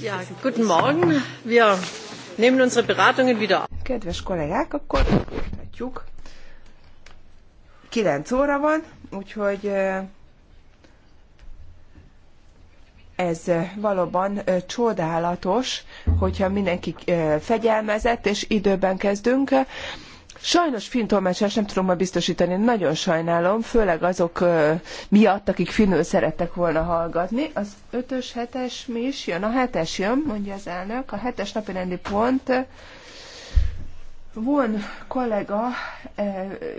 Ja, guten Morgen. Wir nehmen unsere Beratungen wieder auf. Kedves kollégák, akkor folytatjuk. 9 óra van, úgyhogy ez valóban csodálatos, hogyha mindenki fegyelmezett és időben kezdünk. Sajnos finn tolmácsást nem tudom ma biztosítani, nagyon sajnálom, főleg azok miatt, akik finnül szerettek volna hallgatni. Az ötös, hetes mi is jön? A hetes jön, mondja az elnök. A hetes napi rendi pont. Von kollega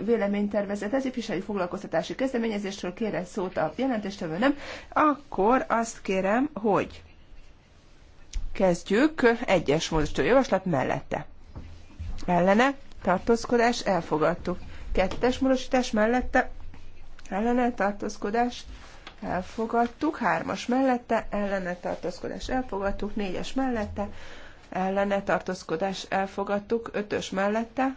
véleménytervezet, ez ifjúsági foglalkoztatási kezdeményezésről kérem szót a jelentéstevő, nem? Akkor azt kérem, hogy kezdjük egyes módosító javaslat mellette. Ellene tartózkodás, elfogadtuk. Kettes morosítás mellette ellene tartózkodás, elfogadtuk. Hármas mellette ellene tartózkodás, elfogadtuk. Négyes mellette ellene tartózkodás, elfogadtuk. Ötös mellette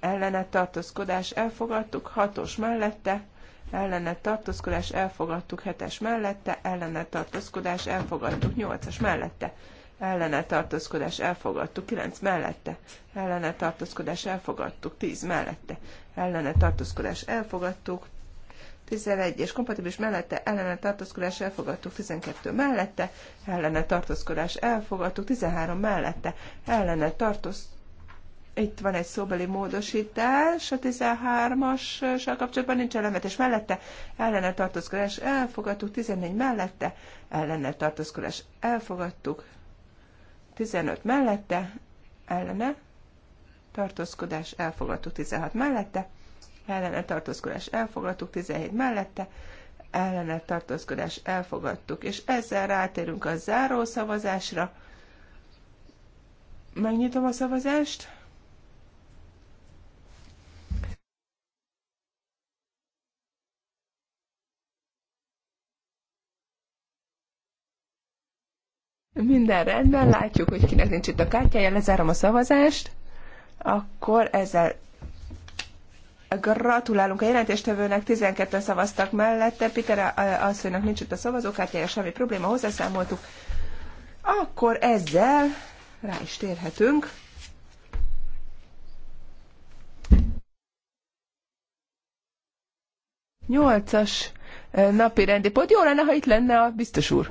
ellene tartózkodás, elfogadtuk. Hatos mellette ellene tartózkodás, elfogadtuk. Hetes mellette ellene tartózkodás, elfogadtuk. Nyolcas mellette ellene tartózkodás elfogadtuk, 9 mellette, ellene tartózkodás elfogadtuk, 10 mellette, ellene tartózkodás elfogadtuk, 11 és kompatibilis mellette, ellene tartózkodás elfogadtuk, 12 mellette, ellene tartózkodás elfogadtuk, 13 mellette, ellene tartózkodás itt van egy szóbeli módosítás a 13-assal kapcsolatban, nincs és mellette, ellene tartózkodás elfogadtuk, 14 mellette, ellene tartózkodás elfogadtuk, 15 mellette, ellene, tartózkodás, elfogadtuk 16 mellette, ellene tartózkodás elfogadtuk, 17 mellette, ellene tartózkodás elfogadtuk. És ezzel rátérünk a záró szavazásra. Megnyitom a szavazást. Minden rendben, látjuk, hogy kinek nincs itt a kártyája, lezárom a szavazást. Akkor ezzel gratulálunk a jelentéstevőnek, 12 szavaztak mellette, Peter asszonynak nincs itt a szavazókártyája, semmi probléma, hozzászámoltuk. Akkor ezzel rá is térhetünk. Nyolcas eh, napi rendi pont. Jó lenne, ha itt lenne a biztos úr.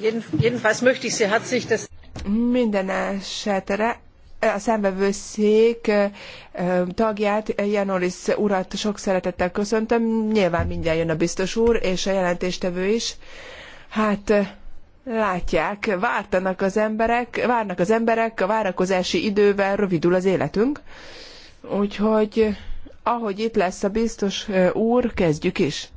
mindenesetre jedenfalls möchte ich Sie herzlich das... Minden esetre a tagját, Janolis urat sok szeretettel köszöntöm. Nyilván mindjárt jön a biztos úr, és a jelentéstevő is. Hát látják, vártanak az emberek, várnak az emberek, a várakozási idővel rövidül az életünk. Úgyhogy ahogy itt lesz a biztos úr, kezdjük is.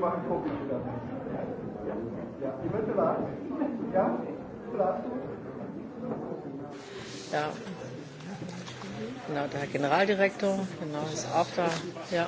machen Copy wieder. Ja, ja. Ich möchte was? Ja? Bleibst Ja. Genau, der Generaldirektor, genau, ist auch da. Ja.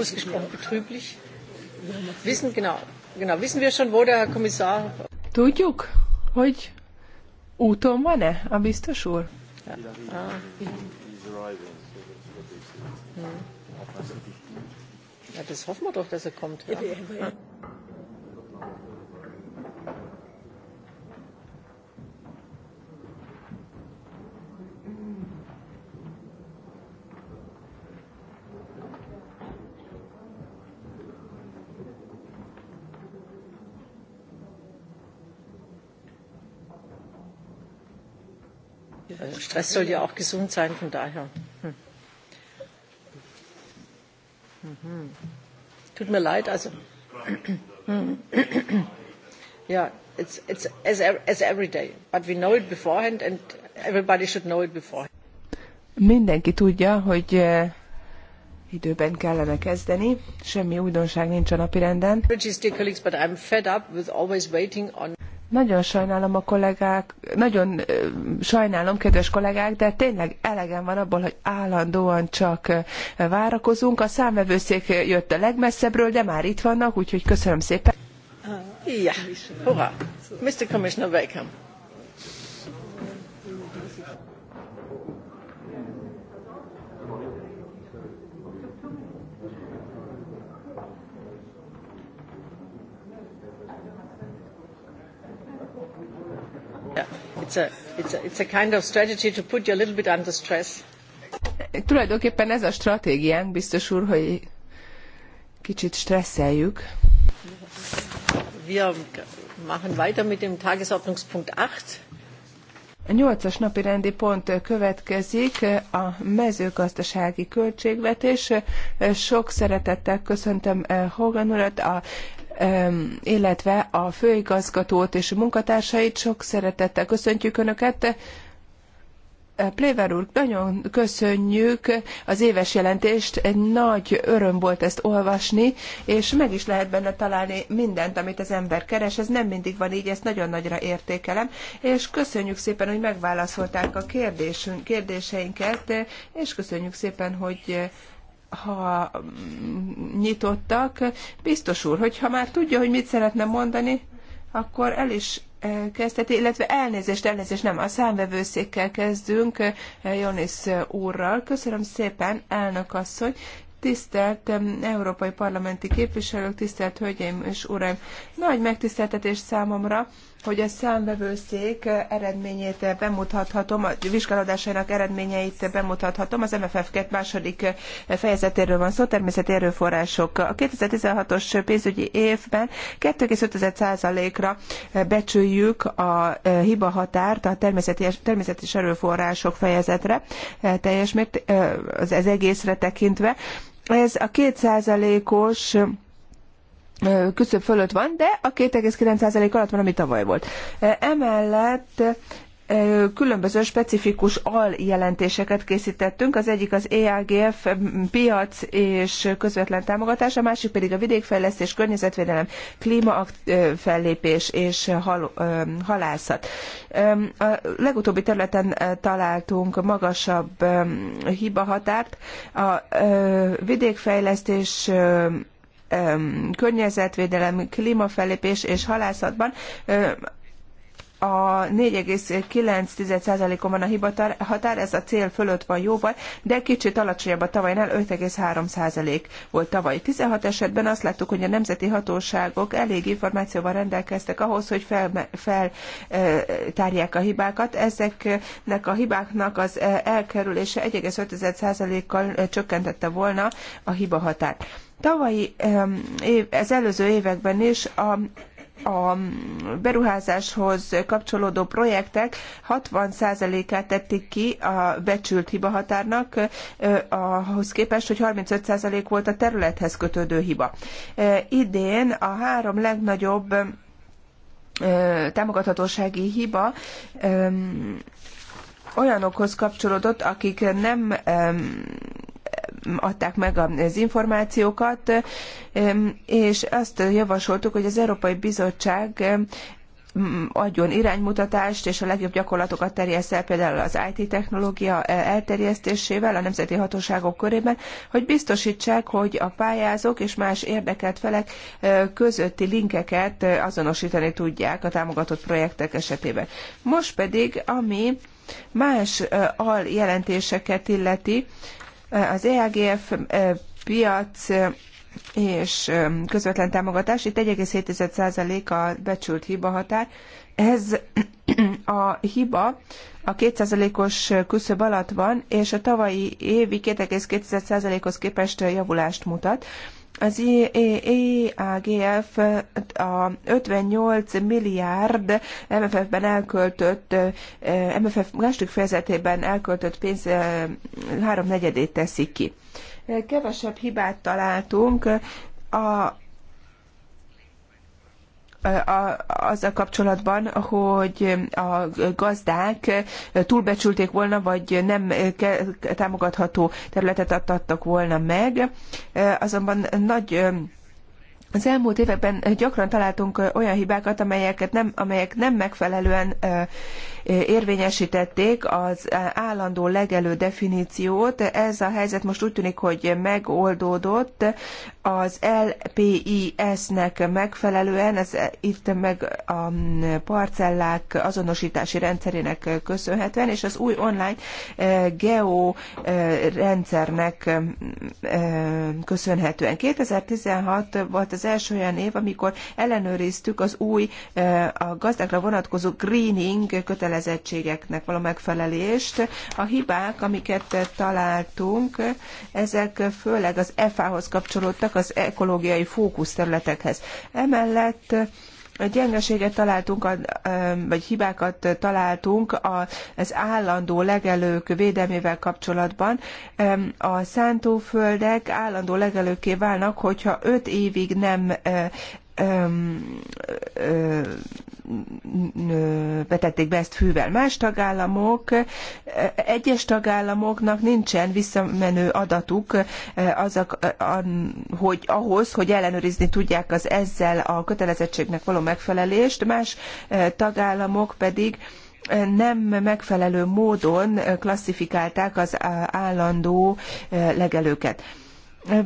ausgesprochen betrüblich. Wissen, genau, genau, wissen wir schon, wo der Herr Kommissar... Tudjuk, hogy úton van-e a biztos úr? Ja. Ah. Hm. Ja, das hoffen wir doch, dass er kommt. Ja. Stress soll ja auch gesund sein, von daher. Hm. Mhm. Tut mir leid, also. Ja, it's, it's as, er, as every day, but we know it beforehand and everybody should know it beforehand. Mindenki tudja, hogy uh, időben kellene kezdeni, semmi újdonság nincs a napirenden. Nagyon sajnálom a kollégák, nagyon sajnálom, kedves kollégák, de tényleg elegem van abból, hogy állandóan csak várakozunk. A számvevőszék jött a legmesszebbről, de már itt vannak, úgyhogy köszönöm szépen. Ah, ja, Mr. Commissioner, welcome. it's a, it's a, it's a kind of strategy to put you a little bit under stress. Tulajdonképpen ez a stratégián biztos úr, hogy kicsit stresszeljük. Wir machen weiter mit dem Tagesordnungspunkt 8. A nyolcas napi rendi pont következik, a mezőgazdasági költségvetés. Sok szeretettel köszöntöm eh, Hogan urat, a illetve a főigazgatót és a munkatársait. Sok szeretettel köszöntjük Önöket. Pléver úr, nagyon köszönjük az éves jelentést, egy nagy öröm volt ezt olvasni, és meg is lehet benne találni mindent, amit az ember keres, ez nem mindig van így, ezt nagyon nagyra értékelem, és köszönjük szépen, hogy megválaszolták a kérdésünk, kérdéseinket, és köszönjük szépen, hogy ha nyitottak, biztos úr, hogyha már tudja, hogy mit szeretne mondani, akkor el is eh, kezdheti, illetve elnézést, elnézést, nem, a számvevőszékkel kezdünk, eh, Jonis úrral. Köszönöm szépen, elnök asszony, tisztelt európai parlamenti képviselők, tisztelt hölgyeim és uraim. Nagy megtiszteltetés számomra, hogy a számvevőszék eredményét bemutathatom, a vizsgálódásának eredményeit bemutathatom. Az MFF 2 második fejezetéről van szó, természeti erőforrások. A 2016-os pénzügyi évben 2,5%-ra becsüljük a hiba határt a természeti, erőforrások fejezetre, teljes mért, az egészre tekintve. Ez a 2 os küszöb fölött van, de a 2,9% alatt van, ami tavaly volt. Emellett különböző specifikus aljelentéseket készítettünk. Az egyik az EAGF piac és közvetlen támogatás, a másik pedig a vidékfejlesztés, környezetvédelem, klímafellépés és hal, halászat. A legutóbbi területen találtunk magasabb hibahatárt. A vidékfejlesztés környezetvédelem, klímafelépés és halászatban a 4,9%-on van a hibahatár, ez a cél fölött van jóval, de kicsit alacsonyabb a tavalynál, 5,3% volt tavaly. 16 esetben azt láttuk, hogy a nemzeti hatóságok elég információval rendelkeztek ahhoz, hogy feltárják fel, a hibákat. Ezeknek a hibáknak az elkerülése 1,5%-kal csökkentette volna a hibahatárt. Tavaly az előző években is a a beruházáshoz kapcsolódó projektek 60%-át tették ki a becsült hibahatárnak, ahhoz képest, hogy 35% volt a területhez kötődő hiba. Idén a három legnagyobb támogathatósági hiba olyanokhoz kapcsolódott, akik nem adták meg az információkat, és azt javasoltuk, hogy az Európai Bizottság adjon iránymutatást, és a legjobb gyakorlatokat terjessze el például az IT technológia elterjesztésével a nemzeti hatóságok körében, hogy biztosítsák, hogy a pályázók és más érdekelt felek közötti linkeket azonosítani tudják a támogatott projektek esetében. Most pedig, ami más aljelentéseket illeti, az EAGF piac és közvetlen támogatás, itt 1,7% a becsült hiba határ. Ez a hiba a 2%-os küszöb alatt van, és a tavalyi évi 2,2%-hoz képest javulást mutat az EAGF a 58 milliárd MFF-ben elköltött, eh, MFF második fejezetében elköltött pénz eh, háromnegyedét teszi ki. Eh, kevesebb hibát találtunk, a azzal kapcsolatban, hogy a gazdák túlbecsülték volna, vagy nem támogatható területet adtattak volna meg. Azonban nagy az elmúlt években gyakran találtunk olyan hibákat, amelyeket nem, amelyek nem megfelelően érvényesítették az állandó legelő definíciót. Ez a helyzet most úgy tűnik, hogy megoldódott az LPIS-nek megfelelően, ez itt meg a mm, parcellák azonosítási rendszerének köszönhetően, és az új online e, geo e, rendszernek e, köszönhetően. 2016 volt az első olyan év, amikor ellenőriztük az új a gazdákra vonatkozó greening kötelezettségeknek való megfelelést. A hibák, amiket találtunk, ezek főleg az FA-hoz kapcsolódtak, csak az ekológiai fókuszterületekhez. Emellett gyengeséget találtunk, vagy hibákat találtunk az állandó legelők védelmével kapcsolatban. A szántóföldek állandó legelőké válnak, hogyha öt évig nem vetették be ezt fűvel. Más tagállamok, egyes tagállamoknak nincsen visszamenő adatuk azok, hogy ahhoz, hogy ellenőrizni tudják az ezzel a kötelezettségnek való megfelelést, más eh, tagállamok pedig eh, nem megfelelő módon eh, klasszifikálták az állandó legelőket.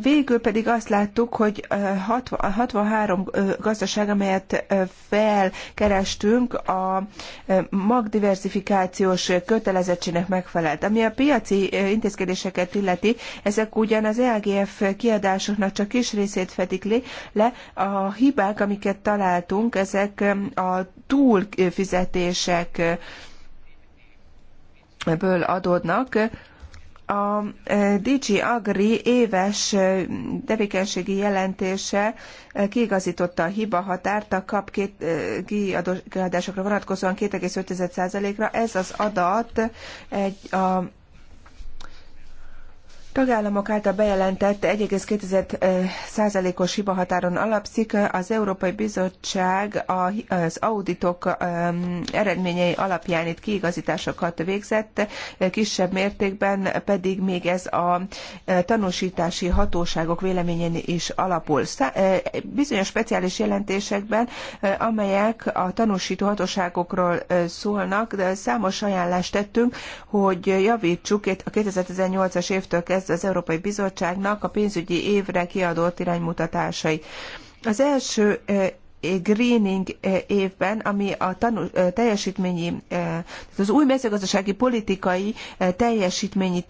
Végül pedig azt láttuk, hogy 63 gazdaság, amelyet felkerestünk, a magdiversifikációs kötelezettségnek megfelelt. Ami a piaci intézkedéseket illeti, ezek ugyan az EGF kiadásoknak csak kis részét fedik le, a hibák, amiket találtunk, ezek a túlfizetések ebből adódnak, a e, DG Agri éves e, tevékenységi jelentése e, kiigazította a hiba határt a kap két, kiadásokra vonatkozóan 2,5%-ra. Ez az adat egy, a tagállamok által bejelentett 1,2%-os hibahatáron alapszik. Az Európai Bizottság az auditok eredményei alapján itt kiigazításokat végzett, kisebb mértékben pedig még ez a tanúsítási hatóságok véleményén is alapul. Bizonyos speciális jelentésekben, amelyek a tanúsító hatóságokról szólnak, de számos ajánlást tettünk, hogy javítsuk a 2018-as évtől kezdve ez az Európai Bizottságnak a pénzügyi évre kiadott iránymutatásai. Az első eh, greening eh, évben, ami a tanul, eh, teljesítményi, tehát az új mezőgazdasági politikai teljesítményi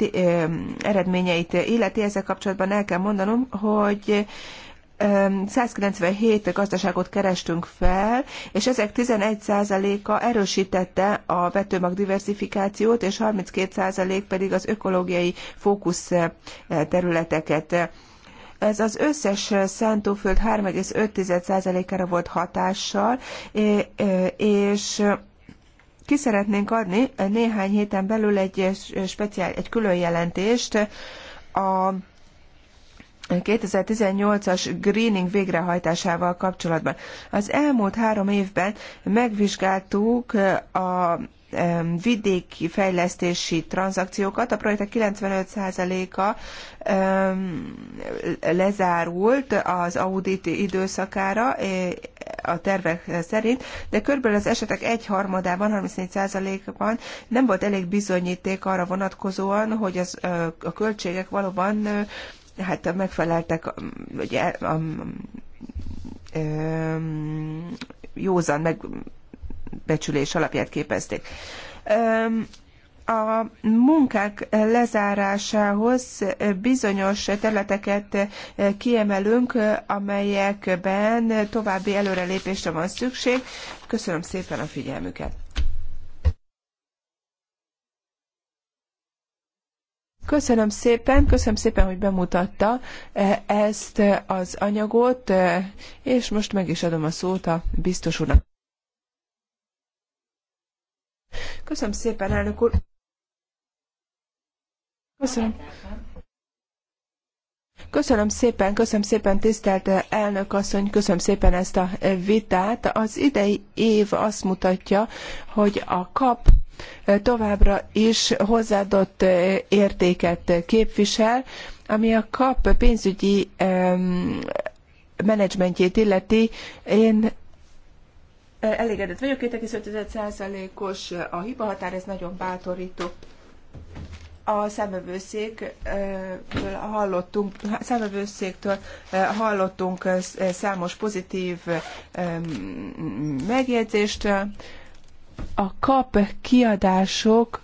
eredményeit illeti, ezzel kapcsolatban el kell mondanom, hogy 197 gazdaságot kerestünk fel, és ezek 11%-a erősítette a vetőmag diversifikációt, és 32% pedig az ökológiai fókusz területeket. Ez az összes szántóföld 3,5%-ára volt hatással, és ki szeretnénk adni néhány héten belül egy, speciál, egy külön jelentést a 2018-as greening végrehajtásával kapcsolatban. Az elmúlt három évben megvizsgáltuk a vidéki fejlesztési tranzakciókat. A projektek 95%-a lezárult az audit időszakára a tervek szerint, de körülbelül az esetek egyharmadában, 34%-ban nem volt elég bizonyíték arra vonatkozóan, hogy az, a költségek valóban hát megfeleltek, ugye, a, a, a, józan megbecsülés alapját képezték. A munkák lezárásához bizonyos területeket kiemelünk, amelyekben további előrelépésre van szükség. Köszönöm szépen a figyelmüket! Köszönöm szépen, köszönöm szépen, hogy bemutatta eh, ezt eh, az anyagot, eh, és most meg is adom a szót a biztos úrnak. Köszönöm szépen, elnök úr. Köszönöm. Köszönöm szépen, köszönöm szépen, tisztelt elnök asszony, köszönöm szépen ezt a vitát. Az idei év azt mutatja, hogy a kap továbbra is hozzáadott értéket képvisel, ami a kap pénzügyi menedzsmentjét illeti. Én elégedett vagyok, 2,5%-os a hibahatár, ez nagyon bátorító. A számövőszéktől hallottunk, számövőszéktől hallottunk számos pozitív megjegyzést, a kap kiadások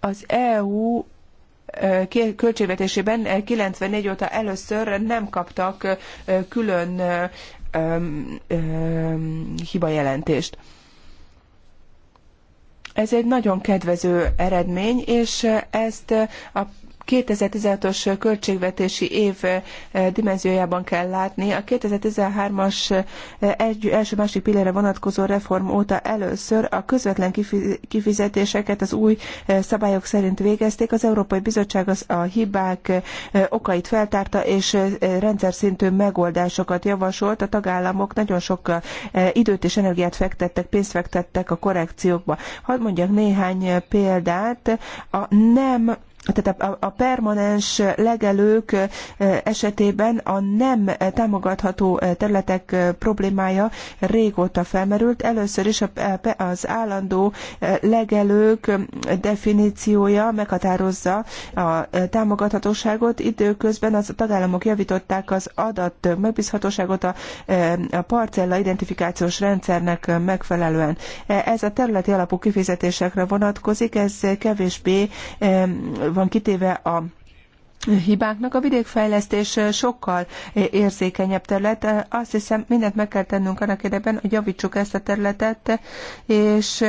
az EU e, költségvetésében 94 e, óta először nem kaptak e, külön hibajelentést. Ez egy nagyon kedvező eredmény, és ezt a 2016-os költségvetési év eh, dimenziójában kell látni. A 2013-as eh, első-másik pillére vonatkozó reform óta először a közvetlen kifizetéseket az új eh, szabályok szerint végezték. Az Európai Bizottság az a hibák okait feltárta, és rendszer szintű megoldásokat javasolt. A tagállamok nagyon sok időt és energiát fektettek, pénzt fektettek a korrekciókba. Hadd mondjak néhány példát. A nem tehát a, a permanens legelők esetében a nem támogatható területek problémája régóta felmerült. Először is az állandó legelők definíciója meghatározza a támogathatóságot. Időközben az tagállamok javították az adat megbízhatóságot a, a parcella identifikációs rendszernek megfelelően. E, ez a területi alapú kifizetésekre vonatkozik, ez kevésbé van kitéve a hibáknak. A vidékfejlesztés sokkal érzékenyebb terület. Azt hiszem, mindent meg kell tennünk annak érdekében, hogy javítsuk ezt a területet, és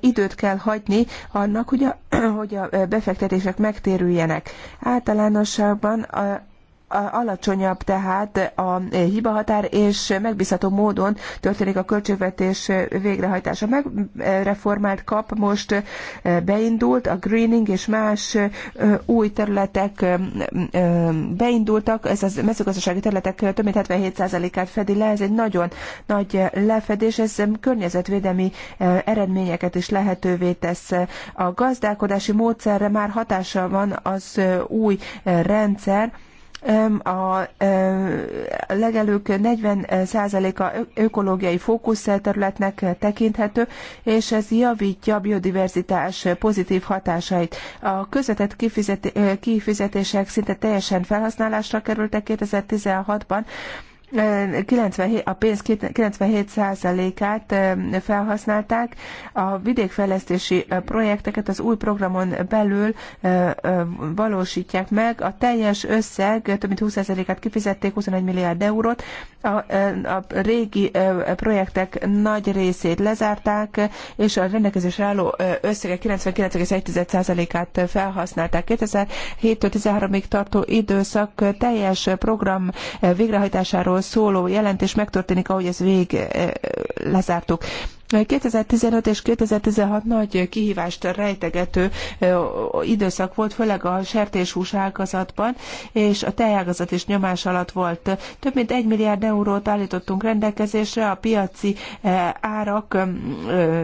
időt kell hagyni annak, hogy a, hogy a befektetések megtérüljenek. Általánosságban a alacsonyabb tehát a eh, hibahatár, és megbízható módon történik a költségvetés eh, végrehajtása. Megreformált kap most eh, beindult, a greening és más új területek beindultak, ez a mezőgazdasági területek több mint 77%-át fedi le, ez egy nagyon nagy lefedés, ez környezetvédelmi eredményeket is lehetővé tesz. A gazdálkodási módszerre már hatása van az új rendszer, a legelők 40%-a eh, ökológiai fókusz területnek eh, tekinthető, és ez javítja a biodiverzitás eh, pozitív hatásait. A közvetett kifizetések szinte teljesen felhasználásra kerültek 2016-ban, 97, a pénz 97%-át felhasználták. A vidékfejlesztési projekteket az új programon belül valósítják meg. A teljes összeg több mint 20%-át kifizették, 21 milliárd eurót. A, a régi projektek nagy részét lezárták, és a rendelkezésre álló összege 99,1%-át felhasználták. 2007-től 13-ig tartó időszak teljes program végrehajtásáról szóló jelentés megtörténik, ahogy ez vég eh, lezártuk. 2015 és 2016 nagy kihívást rejtegető időszak volt, főleg a sertéshús ágazatban, és a tejágazat is nyomás alatt volt. Több mint 1 milliárd eurót állítottunk rendelkezésre a piaci árak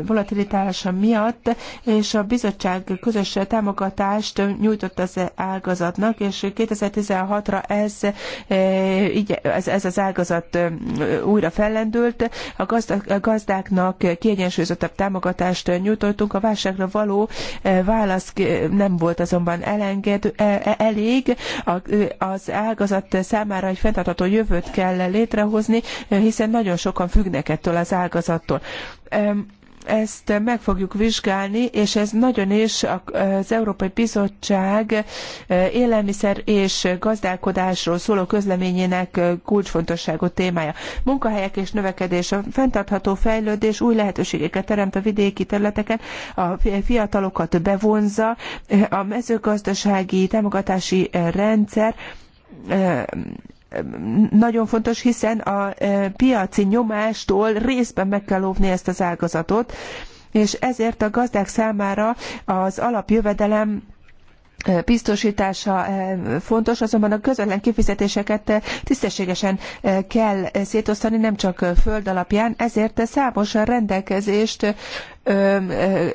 volatilitása miatt, és a bizottság közös támogatást nyújtott az ágazatnak, és 2016-ra ez, ez, ez az ágazat újra fellendült. A gazdáknak kiegyensúlyozottabb támogatást nyújtottunk. A válságra való e, válasz e, nem volt azonban elenged, e, elég. Az ágazat számára egy fenntartható jövőt kell létrehozni, hiszen nagyon sokan függnek ettől az ágazattól ezt meg fogjuk vizsgálni, és ez nagyon is az Európai Bizottság eh, élelmiszer és gazdálkodásról szóló közleményének eh, kulcsfontosságú témája. Munkahelyek és növekedés, a fenntartható fejlődés új lehetőségeket teremt a vidéki területeken, a fiatalokat bevonza, eh, a mezőgazdasági támogatási rendszer nagyon fontos, hiszen a piaci nyomástól részben meg kell óvni ezt az ágazatot, és ezért a gazdák számára az alapjövedelem biztosítása fontos, azonban a közvetlen kifizetéseket tisztességesen kell szétosztani, nem csak föld alapján, ezért számos rendelkezést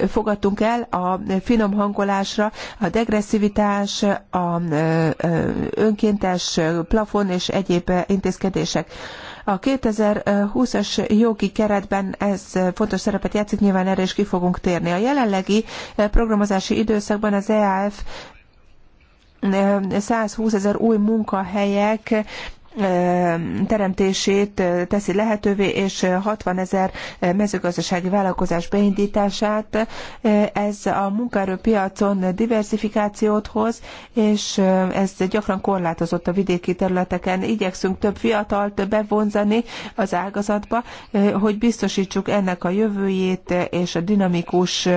fogadtunk el a finom hangolásra, a degresszivitás, a önkéntes plafon és egyéb intézkedések. A 2020-as jogi keretben ez fontos szerepet játszik, nyilván erre is ki fogunk térni. A jelenlegi programozási időszakban az EAF 120 ezer új munkahelyek teremtését teszi lehetővé, és 60 ezer mezőgazdasági vállalkozás beindítását. Ez a munkaerőpiacon diversifikációt hoz, és ez gyakran korlátozott a vidéki területeken. Igyekszünk több fiatalt bevonzani az ágazatba, hogy biztosítsuk ennek a jövőjét és a dinamikus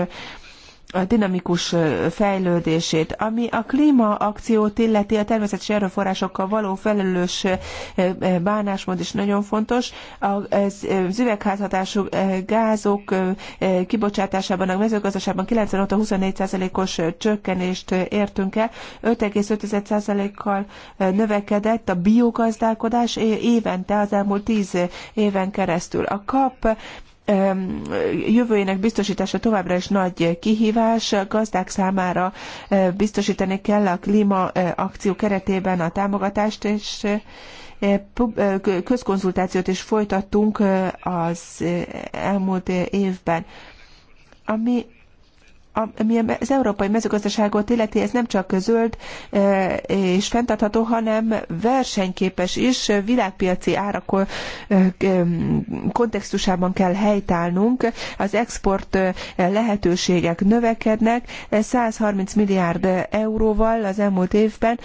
a dinamikus fejlődését. Ami a klímaakciót illeti, a természetes erőforrásokkal való felelős bánásmód is nagyon fontos. Az üvegházhatású gázok kibocsátásában a mezőgazdaságban 90 óta 24%-os csökkenést értünk el, 5,5%-kal növekedett a biogazdálkodás évente az elmúlt 10 éven keresztül. A kap jövőjének biztosítása továbbra is nagy kihívás. A gazdák számára biztosítani kell a akció keretében a támogatást, és közkonzultációt is folytattunk az elmúlt évben. Ami ami az európai mezőgazdaságot illeti, ez nem csak zöld e, és fenntartható, hanem versenyképes is, világpiaci árak e, e, kontextusában kell helytállnunk. Az export lehetőségek növekednek 130 milliárd euróval az elmúlt évben.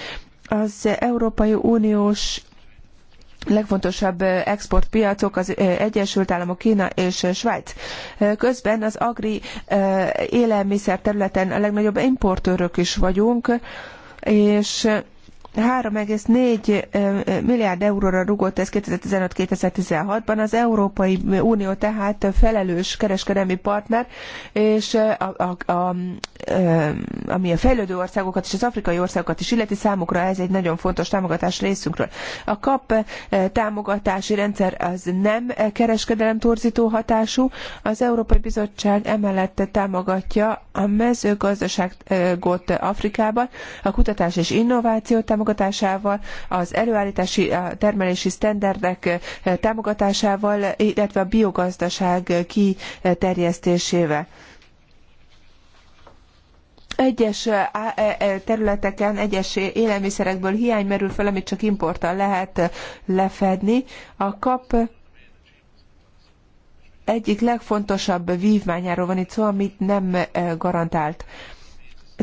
Az Európai Uniós legfontosabb exportpiacok az Egyesült Államok, Kína és Svájc. Közben az agri élelmiszer területen a legnagyobb importőrök is vagyunk, és 3,4 milliárd euróra rugott ez 2015-2016-ban. Az Európai Unió tehát felelős kereskedelmi partner, és a, a, a, ami a fejlődő országokat és az afrikai országokat is illeti, számukra ez egy nagyon fontos támogatás részünkről. A KAP támogatási rendszer az nem kereskedelem torzító hatású. Az Európai Bizottság emellett támogatja a mezőgazdaságot Afrikában, a kutatás és innovációt támogatását támogatásával, az előállítási, termelési sztenderdek támogatásával, illetve a biogazdaság kiterjesztésével egyes területeken, egyes élelmiszerekből hiány merül fel, amit csak importtal lehet lefedni. A kap egyik legfontosabb vívmányáról van itt szó, amit nem garantált.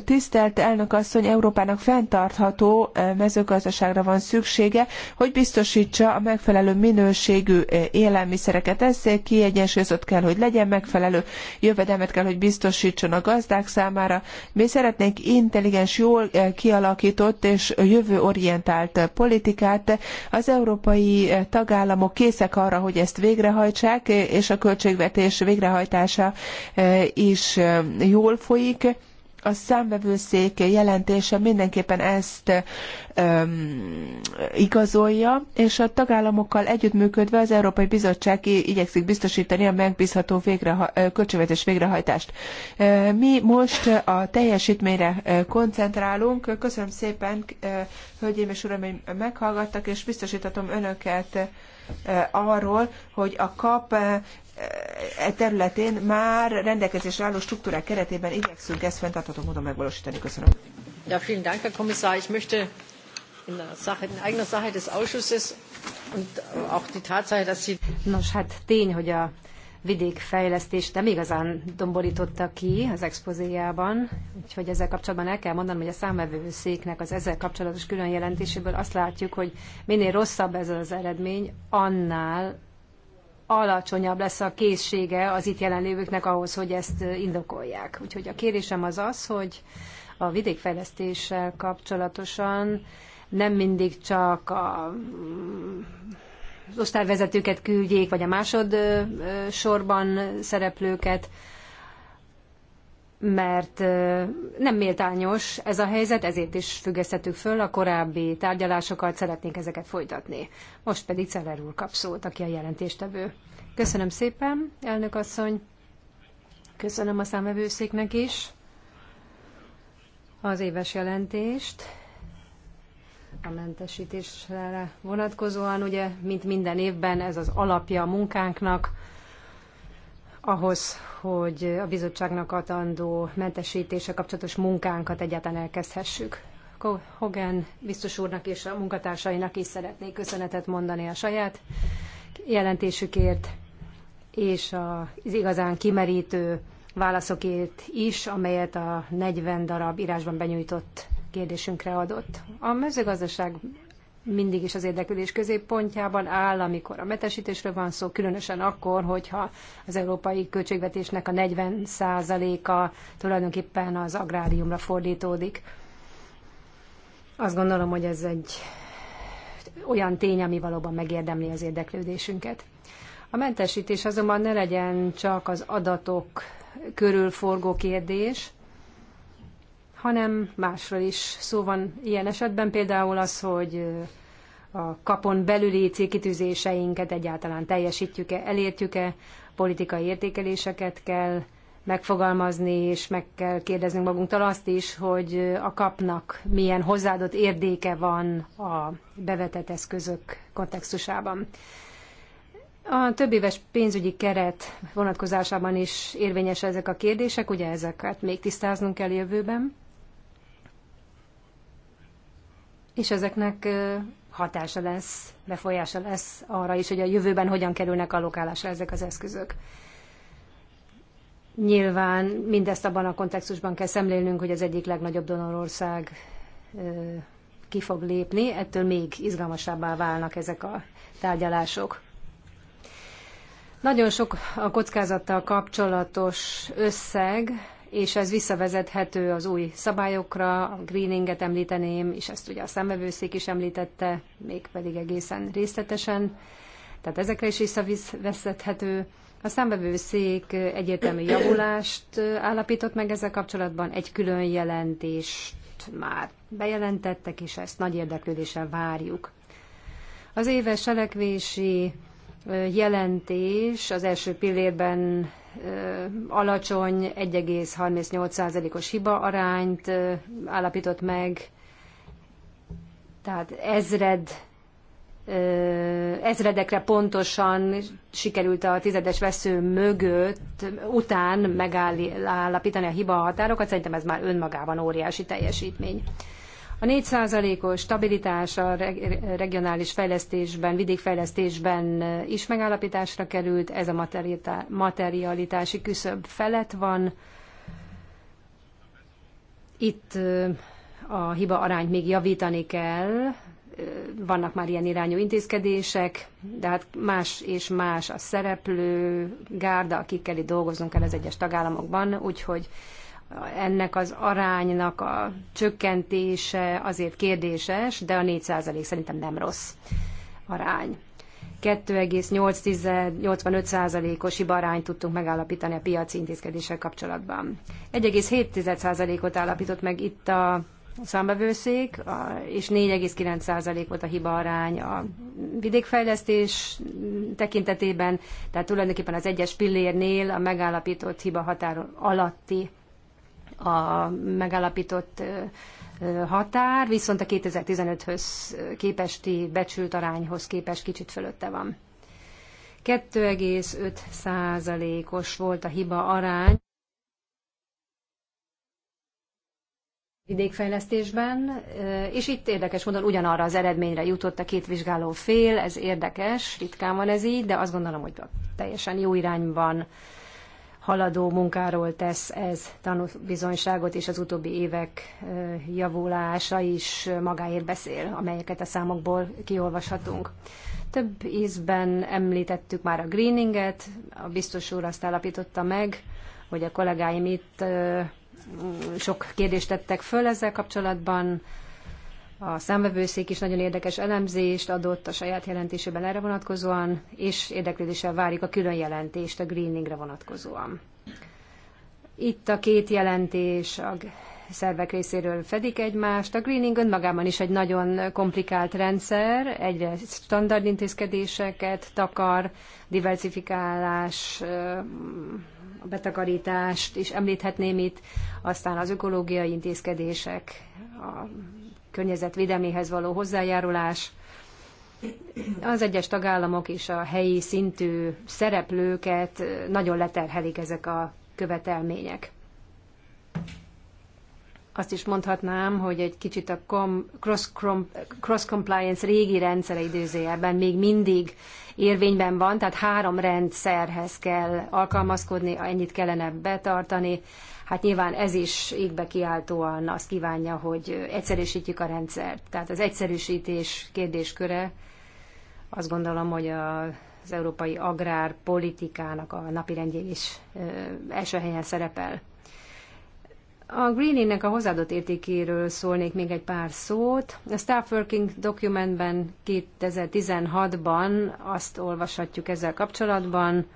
Tisztelt elnök asszony, Európának fenntartható eh, mezőgazdaságra van szüksége, hogy biztosítsa a megfelelő minőségű eh, élelmiszereket. Ez kiegyensúlyozott kell, hogy legyen megfelelő jövedelmet kell, hogy biztosítson a gazdák számára. Mi szeretnénk intelligens, jól eh, kialakított és jövőorientált politikát. Az európai tagállamok készek arra, hogy ezt végrehajtsák, és a költségvetés végrehajtása is jól folyik a számvevőszék jelentése mindenképpen ezt um, igazolja, és a tagállamokkal együttműködve az Európai Bizottság igyekszik biztosítani a megbízható végreha- költségvetés végrehajtást. Mi most a teljesítményre koncentrálunk. Köszönöm szépen, hölgyeim és uraim, hogy meghallgattak, és biztosítatom önöket arról, hogy a kap e területén már rendelkezésre álló struktúrák keretében igyekszünk ezt fenntartható módon megvalósítani. Köszönöm. Ja, vielen Dank, Herr Kommissar. Ich möchte in, der Sache, in eigener Sache des Ausschusses und auch die Tatsache, dass Sie... Nos, hát tény, hogy a vidékfejlesztés nem igazán domborította ki az expozéjában, úgyhogy ezzel kapcsolatban el kell mondanom, hogy a számvevőszéknek az ezzel kapcsolatos külön jelentéséből azt látjuk, hogy minél rosszabb ez az eredmény, annál alacsonyabb lesz a készsége az itt jelenlévőknek ahhoz, hogy ezt indokolják. Úgyhogy a kérésem az az, hogy a vidékfejlesztéssel kapcsolatosan nem mindig csak a mm, az osztályvezetőket küldjék, vagy a másod sorban szereplőket, mert nem méltányos ez a helyzet, ezért is függesztettük föl a korábbi tárgyalásokat, szeretnénk ezeket folytatni. Most pedig Celer úr kap szót, aki a jelentéstevő. Köszönöm szépen, elnök asszony. Köszönöm a számvevőszéknek is az éves jelentést. A mentesítésre vonatkozóan, ugye, mint minden évben ez az alapja a munkánknak, ahhoz, hogy a bizottságnak adandó mentesítése kapcsolatos munkánkat egyáltalán elkezdhessük. Hogan biztos úrnak és a munkatársainak is szeretnék köszönetet mondani a saját jelentésükért, és az igazán kimerítő válaszokért is, amelyet a 40 darab írásban benyújtott kérdésünkre adott. A mezőgazdaság mindig is az érdeklődés középpontjában áll, amikor a metesítésről van szó, különösen akkor, hogyha az európai költségvetésnek a 40%-a tulajdonképpen az agráriumra fordítódik. Azt gondolom, hogy ez egy olyan tény, ami valóban megérdemli az érdeklődésünket. A mentesítés azonban ne legyen csak az adatok körül forgó kérdés, hanem másról is szó van ilyen esetben, például az, hogy a kapon belüli célkitűzéseinket egyáltalán teljesítjük-e, elértjük-e, politikai értékeléseket kell megfogalmazni, és meg kell kérdeznünk magunktól azt is, hogy a kapnak milyen hozzáadott érdéke van a bevetett eszközök kontextusában. A több éves pénzügyi keret vonatkozásában is érvényes ezek a kérdések, ugye ezeket még tisztáznunk kell jövőben. és ezeknek hatása lesz, befolyása lesz arra is, hogy a jövőben hogyan kerülnek allokálásra ezek az eszközök. Nyilván mindezt abban a kontextusban kell szemlélnünk, hogy az egyik legnagyobb donorország ki fog lépni, ettől még izgalmasabbá válnak ezek a tárgyalások. Nagyon sok a kockázattal kapcsolatos összeg, és ez visszavezethető az új szabályokra, a greeninget említeném, és ezt ugye a szemvevőszék is említette, mégpedig egészen részletesen, tehát ezekre is visszavezethető. A számbevőszék egyértelmű javulást állapított meg ezzel kapcsolatban, egy külön jelentést már bejelentettek, és ezt nagy érdeklődéssel várjuk. Az éves selekvési jelentés az első pillérben alacsony 1,38%-os hiba arányt állapított meg, tehát ezred ezredekre pontosan sikerült a tizedes vesző mögött után megállapítani a hiba határokat, szerintem ez már önmagában óriási teljesítmény. A 4%-os stabilitás a regionális fejlesztésben, vidékfejlesztésben eh, is megállapításra került, ez a materialitási küszöb felett van. Itt eh, a hiba arányt még javítani kell, eh, vannak már ilyen irányú intézkedések, de hát más és más a szereplő gárda, akikkel itt dolgozunk el az egyes tagállamokban, úgyhogy ennek az aránynak a csökkentése azért kérdéses, de a 4% szerintem nem rossz arány. 2,85%-os ibarányt tudtunk megállapítani a piaci intézkedéssel kapcsolatban. 1,7%-ot állapított meg itt a számbevőszék, és 4,9% volt a hiba arány a vidékfejlesztés tekintetében, tehát tulajdonképpen az egyes pillérnél a megállapított hiba határ alatti a megállapított határ, viszont a 2015-höz képesti becsült arányhoz képest kicsit fölötte van. 2,5 százalékos volt a hiba arány vidékfejlesztésben, és itt érdekes módon ugyanarra az eredményre jutott a két vizsgáló fél, ez érdekes, ritkán van ez így, de azt gondolom, hogy teljesen jó irányban haladó munkáról tesz ez tanúbizonyságot, és az utóbbi évek javulása is magáért beszél, amelyeket a számokból kiolvashatunk. Több ízben említettük már a greeninget, a biztos úr azt állapította meg, hogy a kollégáim itt sok kérdést tettek föl ezzel kapcsolatban, a számvevőszék is nagyon érdekes elemzést adott a saját jelentésében erre vonatkozóan, és érdeklődéssel várjuk a külön jelentést a greeningre vonatkozóan. Itt a két jelentés a szervek részéről fedik egymást. A greening önmagában is egy nagyon komplikált rendszer, egyre standard intézkedéseket takar, diversifikálás, betakarítást is említhetném itt, aztán az ökológiai intézkedések, a környezetvédelméhez való hozzájárulás, az egyes tagállamok és a helyi szintű szereplőket nagyon leterhelik ezek a követelmények. Azt is mondhatnám, hogy egy kicsit a cross, cross compliance régi rendszere időzőjelben még mindig érvényben van, tehát három rendszerhez kell alkalmazkodni, ennyit kellene betartani, hát nyilván ez is égbe kiáltóan azt kívánja, hogy egyszerűsítjük a rendszert. Tehát az egyszerűsítés kérdésköre azt gondolom, hogy a, az európai agrárpolitikának a rendjén is első helyen szerepel. A Greening-nek a hozzáadott értékéről szólnék még egy pár szót. A Staff Working Documentben 2016-ban azt olvashatjuk ezzel kapcsolatban,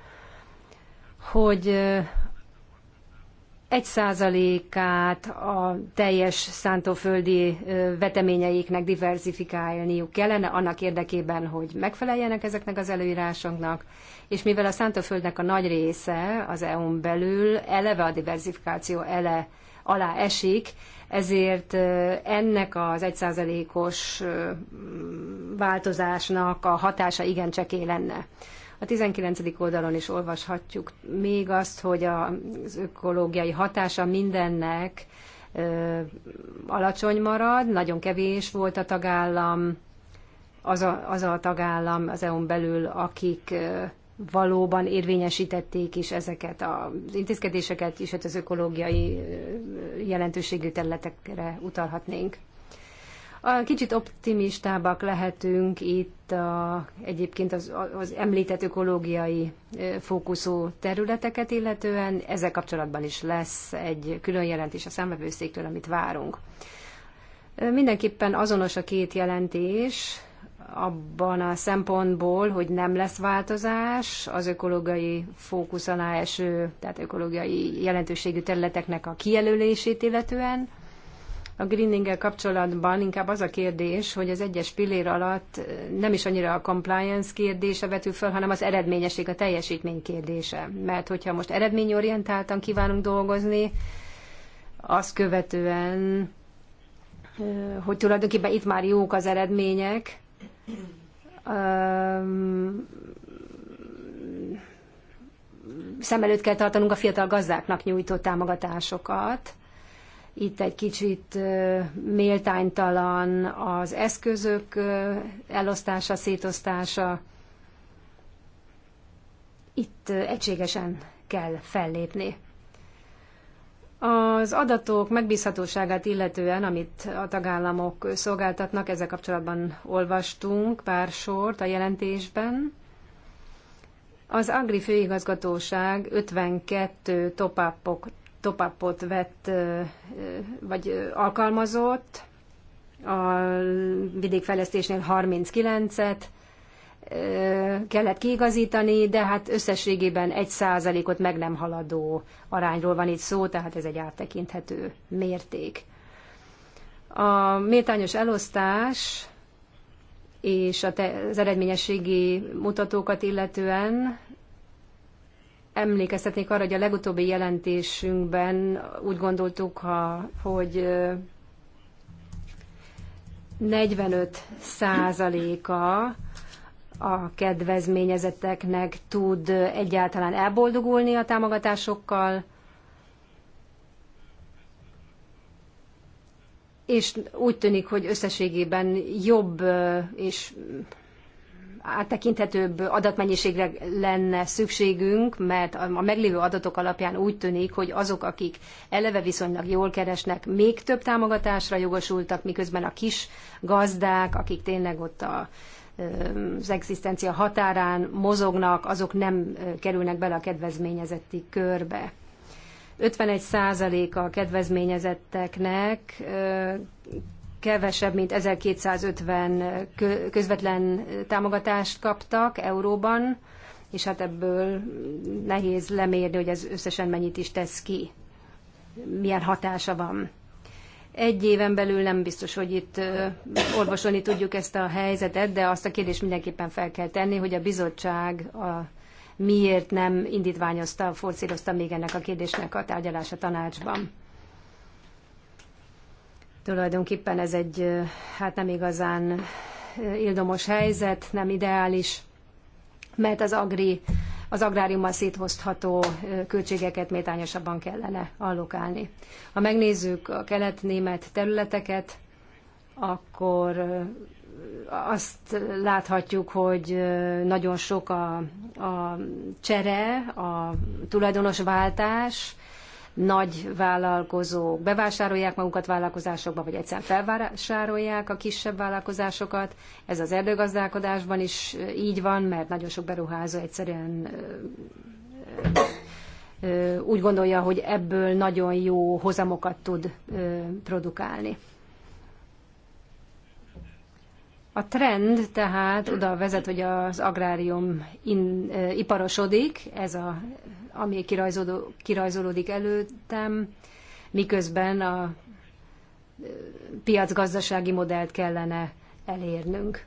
hogy egy százalékát a teljes szántóföldi veteményeiknek diversifikálniuk kellene, annak érdekében, hogy megfeleljenek ezeknek az előírásoknak, és mivel a szántóföldnek a nagy része az EU-n belül eleve a diversifikáció ele alá esik, ezért ennek az egyszázalékos változásnak a hatása igen csekély lenne. A 19. oldalon is olvashatjuk még azt, hogy az ökológiai hatása mindennek alacsony marad, nagyon kevés volt a tagállam, az a, az a tagállam az EU-n belül, akik valóban érvényesítették is ezeket az intézkedéseket, és hát az ökológiai jelentőségű területekre utalhatnénk. A kicsit optimistábbak lehetünk itt a, egyébként az, az említett ökológiai fókuszú területeket illetően. Ezzel kapcsolatban is lesz egy külön jelentés a számvevőszéktől, amit várunk. Mindenképpen azonos a két jelentés, abban a szempontból, hogy nem lesz változás az ökológiai fókusz alá eső, tehát ökológiai jelentőségű területeknek a kijelölését illetően, a greeninggel kapcsolatban inkább az a kérdés, hogy az egyes pillér alatt eh, nem is annyira a compliance kérdése vetül föl, hanem az eredményesség, a teljesítmény kérdése. Mert hogyha most eredményorientáltan kívánunk dolgozni, azt követően, eh, hogy tulajdonképpen itt már jók az eredmények, ehm, szem előtt kell tartanunk a fiatal gazdáknak nyújtott támogatásokat, itt egy kicsit méltánytalan az eszközök elosztása, szétosztása. Itt egységesen kell fellépni. Az adatok megbízhatóságát illetően, amit a tagállamok szolgáltatnak, ezzel kapcsolatban olvastunk pár sort a jelentésben. Az Agri főigazgatóság 52 top topapot vett, vagy alkalmazott, a vidékfejlesztésnél 39-et kellett kiigazítani, de hát összességében egy százalékot meg nem haladó arányról van itt szó, tehát ez egy áttekinthető mérték. A méltányos elosztás és az eredményességi mutatókat illetően emlékeztetnék arra, hogy a legutóbbi jelentésünkben úgy gondoltuk, ha, hogy 45 százaléka a kedvezményezetteknek tud egyáltalán elboldogulni a támogatásokkal, és úgy tűnik, hogy összességében jobb és áttekinthetőbb adatmennyiségre lenne szükségünk, mert a meglévő adatok alapján úgy tűnik, hogy azok, akik eleve viszonylag jól keresnek, még több támogatásra jogosultak, miközben a kis gazdák, akik tényleg ott a, az egzisztencia határán mozognak, azok nem kerülnek bele a kedvezményezetti körbe. 51% a kedvezményezetteknek kevesebb, mint 1250 közvetlen támogatást kaptak euróban, és hát ebből nehéz lemérni, hogy ez összesen mennyit is tesz ki, milyen hatása van. Egy éven belül nem biztos, hogy itt orvosolni tudjuk ezt a helyzetet, de azt a kérdést mindenképpen fel kell tenni, hogy a bizottság a miért nem indítványozta, forszírozta még ennek a kérdésnek a tárgyalása tanácsban. Tulajdonképpen ez egy hát nem igazán ildomos helyzet, nem ideális, mert az agri az agráriummal széthozható költségeket méltányosabban kellene allokálni. Ha megnézzük a kelet-német területeket, akkor azt láthatjuk, hogy nagyon sok a, a csere, a tulajdonosváltás, nagy vállalkozók bevásárolják magukat vállalkozásokba, vagy egyszerűen felvásárolják a kisebb vállalkozásokat. Ez az erdőgazdálkodásban is így van, mert nagyon sok beruházó egyszerűen úgy gondolja, hogy ebből nagyon jó hozamokat tud produkálni. A trend tehát oda vezet, hogy az agrárium in, iparosodik, ez a ami kirajzolódik előttem, miközben a piacgazdasági modellt kellene elérnünk.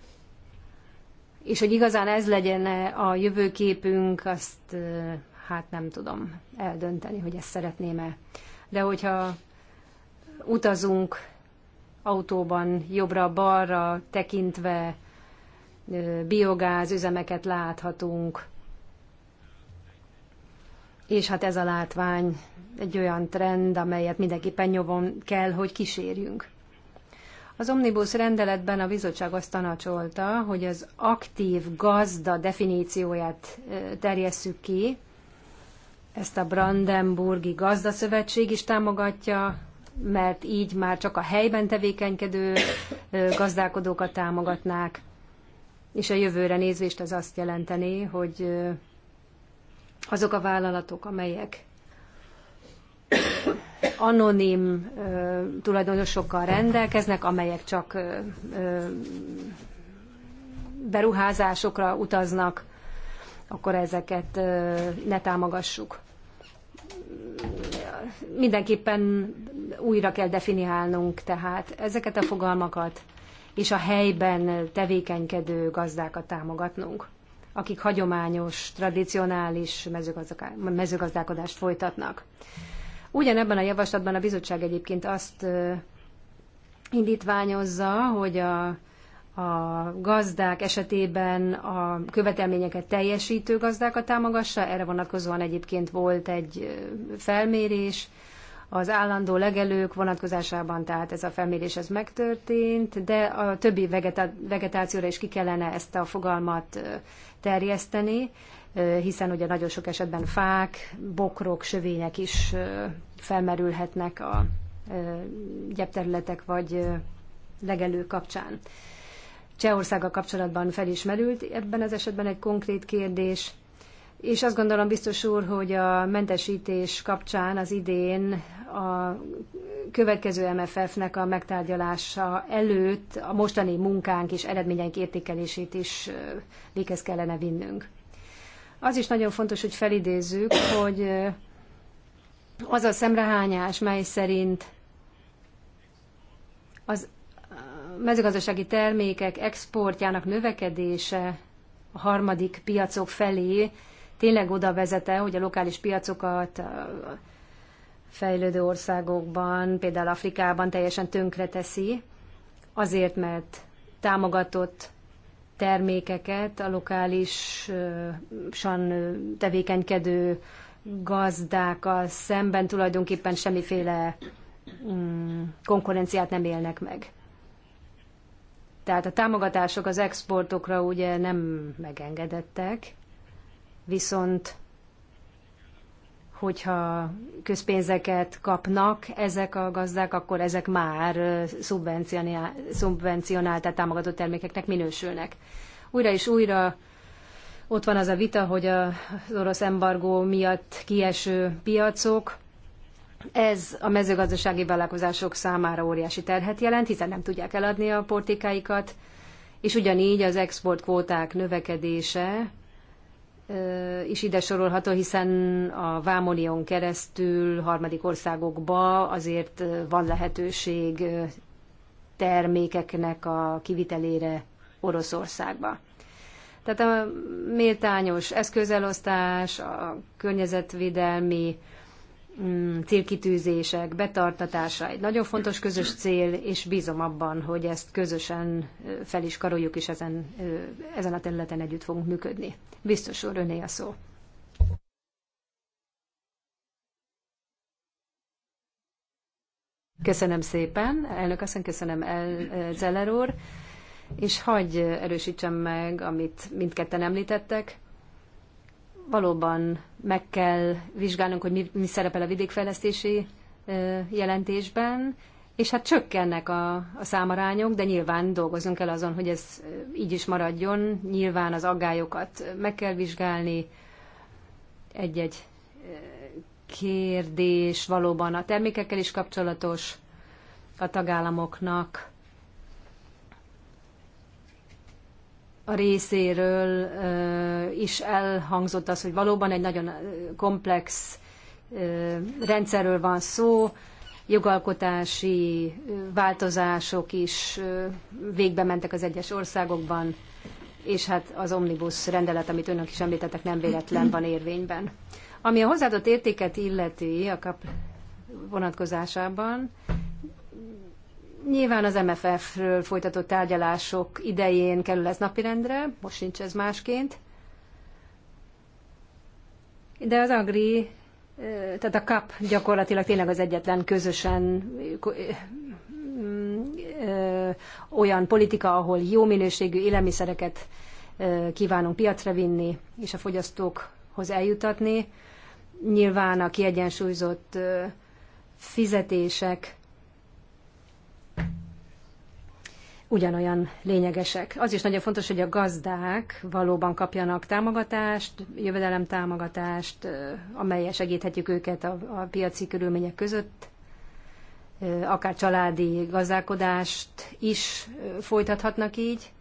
És hogy igazán ez legyen a jövőképünk, azt hát nem tudom eldönteni, hogy ezt szeretném-e. De hogyha utazunk autóban jobbra-balra tekintve, biogáz üzemeket láthatunk, és hát ez a látvány egy olyan trend, amelyet mindenképpen nyomon kell, hogy kísérjünk. Az omnibus rendeletben a bizottság azt tanácsolta, hogy az aktív gazda definícióját terjesszük ki. Ezt a Brandenburgi Gazdaszövetség is támogatja, mert így már csak a helyben tevékenykedő gazdálkodókat támogatnák. És a jövőre nézvést az azt jelenteni, hogy azok a vállalatok, amelyek anonim ö, tulajdonosokkal rendelkeznek, amelyek csak ö, ö, beruházásokra utaznak, akkor ezeket ö, ne támogassuk. Mindenképpen újra kell definiálnunk tehát ezeket a fogalmakat, és a helyben tevékenykedő gazdákat támogatnunk akik hagyományos, tradicionális mezőgazdálkodást folytatnak. Ugyanebben a javaslatban a bizottság egyébként azt indítványozza, hogy a, a gazdák esetében a követelményeket teljesítő gazdákat támogassa. Erre vonatkozóan egyébként volt egy felmérés az állandó legelők vonatkozásában, tehát ez a felmérés ez megtörtént, de a többi vegeta- vegetációra is ki kellene ezt a fogalmat terjeszteni, hiszen ugye nagyon sok esetben fák, bokrok, sövények is felmerülhetnek a gyepterületek vagy legelő kapcsán. Csehországgal kapcsolatban felismerült ebben az esetben egy konkrét kérdés, és azt gondolom biztos úr, hogy a mentesítés kapcsán az idén a következő MFF-nek a megtárgyalása előtt a mostani munkánk és eredményeink értékelését is véghez kellene vinnünk. Az is nagyon fontos, hogy felidézzük, hogy az a szemrehányás, mely szerint az mezőgazdasági termékek exportjának növekedése a harmadik piacok felé tényleg oda vezete, hogy a lokális piacokat fejlődő országokban, például Afrikában teljesen tönkre teszi, azért, mert támogatott termékeket a lokálisan tevékenykedő gazdákkal szemben tulajdonképpen semmiféle mm, konkurenciát nem élnek meg. Tehát a támogatások az exportokra ugye nem megengedettek, viszont hogyha közpénzeket kapnak ezek a gazdák, akkor ezek már szubvencionált, tehát támogatott termékeknek minősülnek. Újra és újra ott van az a vita, hogy az orosz embargó miatt kieső piacok, ez a mezőgazdasági vállalkozások számára óriási terhet jelent, hiszen nem tudják eladni a portikáikat, és ugyanígy az exportkvóták növekedése is ide sorolható, hiszen a Vámonion keresztül harmadik országokba azért van lehetőség termékeknek a kivitelére Oroszországba. Tehát a méltányos eszközelosztás, a környezetvédelmi Mm, célkitűzések betartatása egy nagyon fontos közös cél, és bízom abban, hogy ezt közösen fel is karoljuk, és ezen, ezen a területen együtt fogunk működni. Biztos úr, öné a szó. Köszönöm szépen, elnök asszony, köszönöm el, Zeller úr, és hagy erősítsem meg, amit mindketten említettek valóban meg kell vizsgálnunk, hogy mi, mi szerepel a vidékfejlesztési jelentésben, és hát csökkennek a, a számarányok, de nyilván dolgozunk kell azon, hogy ez így is maradjon. Nyilván az aggályokat meg kell vizsgálni. Egy-egy kérdés valóban a termékekkel is kapcsolatos a tagállamoknak a részéről is elhangzott az, hogy valóban egy nagyon komplex rendszerről van szó, jogalkotási változások is végbe mentek az egyes országokban, és hát az omnibus rendelet, amit önök is említettek, nem véletlen van érvényben. Ami a hozzáadott értéket illeti a kap vonatkozásában, Nyilván az MFF-ről folytatott tárgyalások idején kerül ez napirendre, most nincs ez másként. De az Agri, tehát a CAP gyakorlatilag tényleg az egyetlen közösen olyan politika, ahol jó minőségű élelmiszereket kívánunk piacra vinni, és a fogyasztókhoz eljutatni. Nyilván a kiegyensúlyozott fizetések ugyanolyan lényegesek. Az is nagyon fontos, hogy a gazdák valóban kapjanak támogatást, jövedelemtámogatást, amelyel segíthetjük őket a, a piaci körülmények között, akár családi gazdálkodást is folytathatnak így.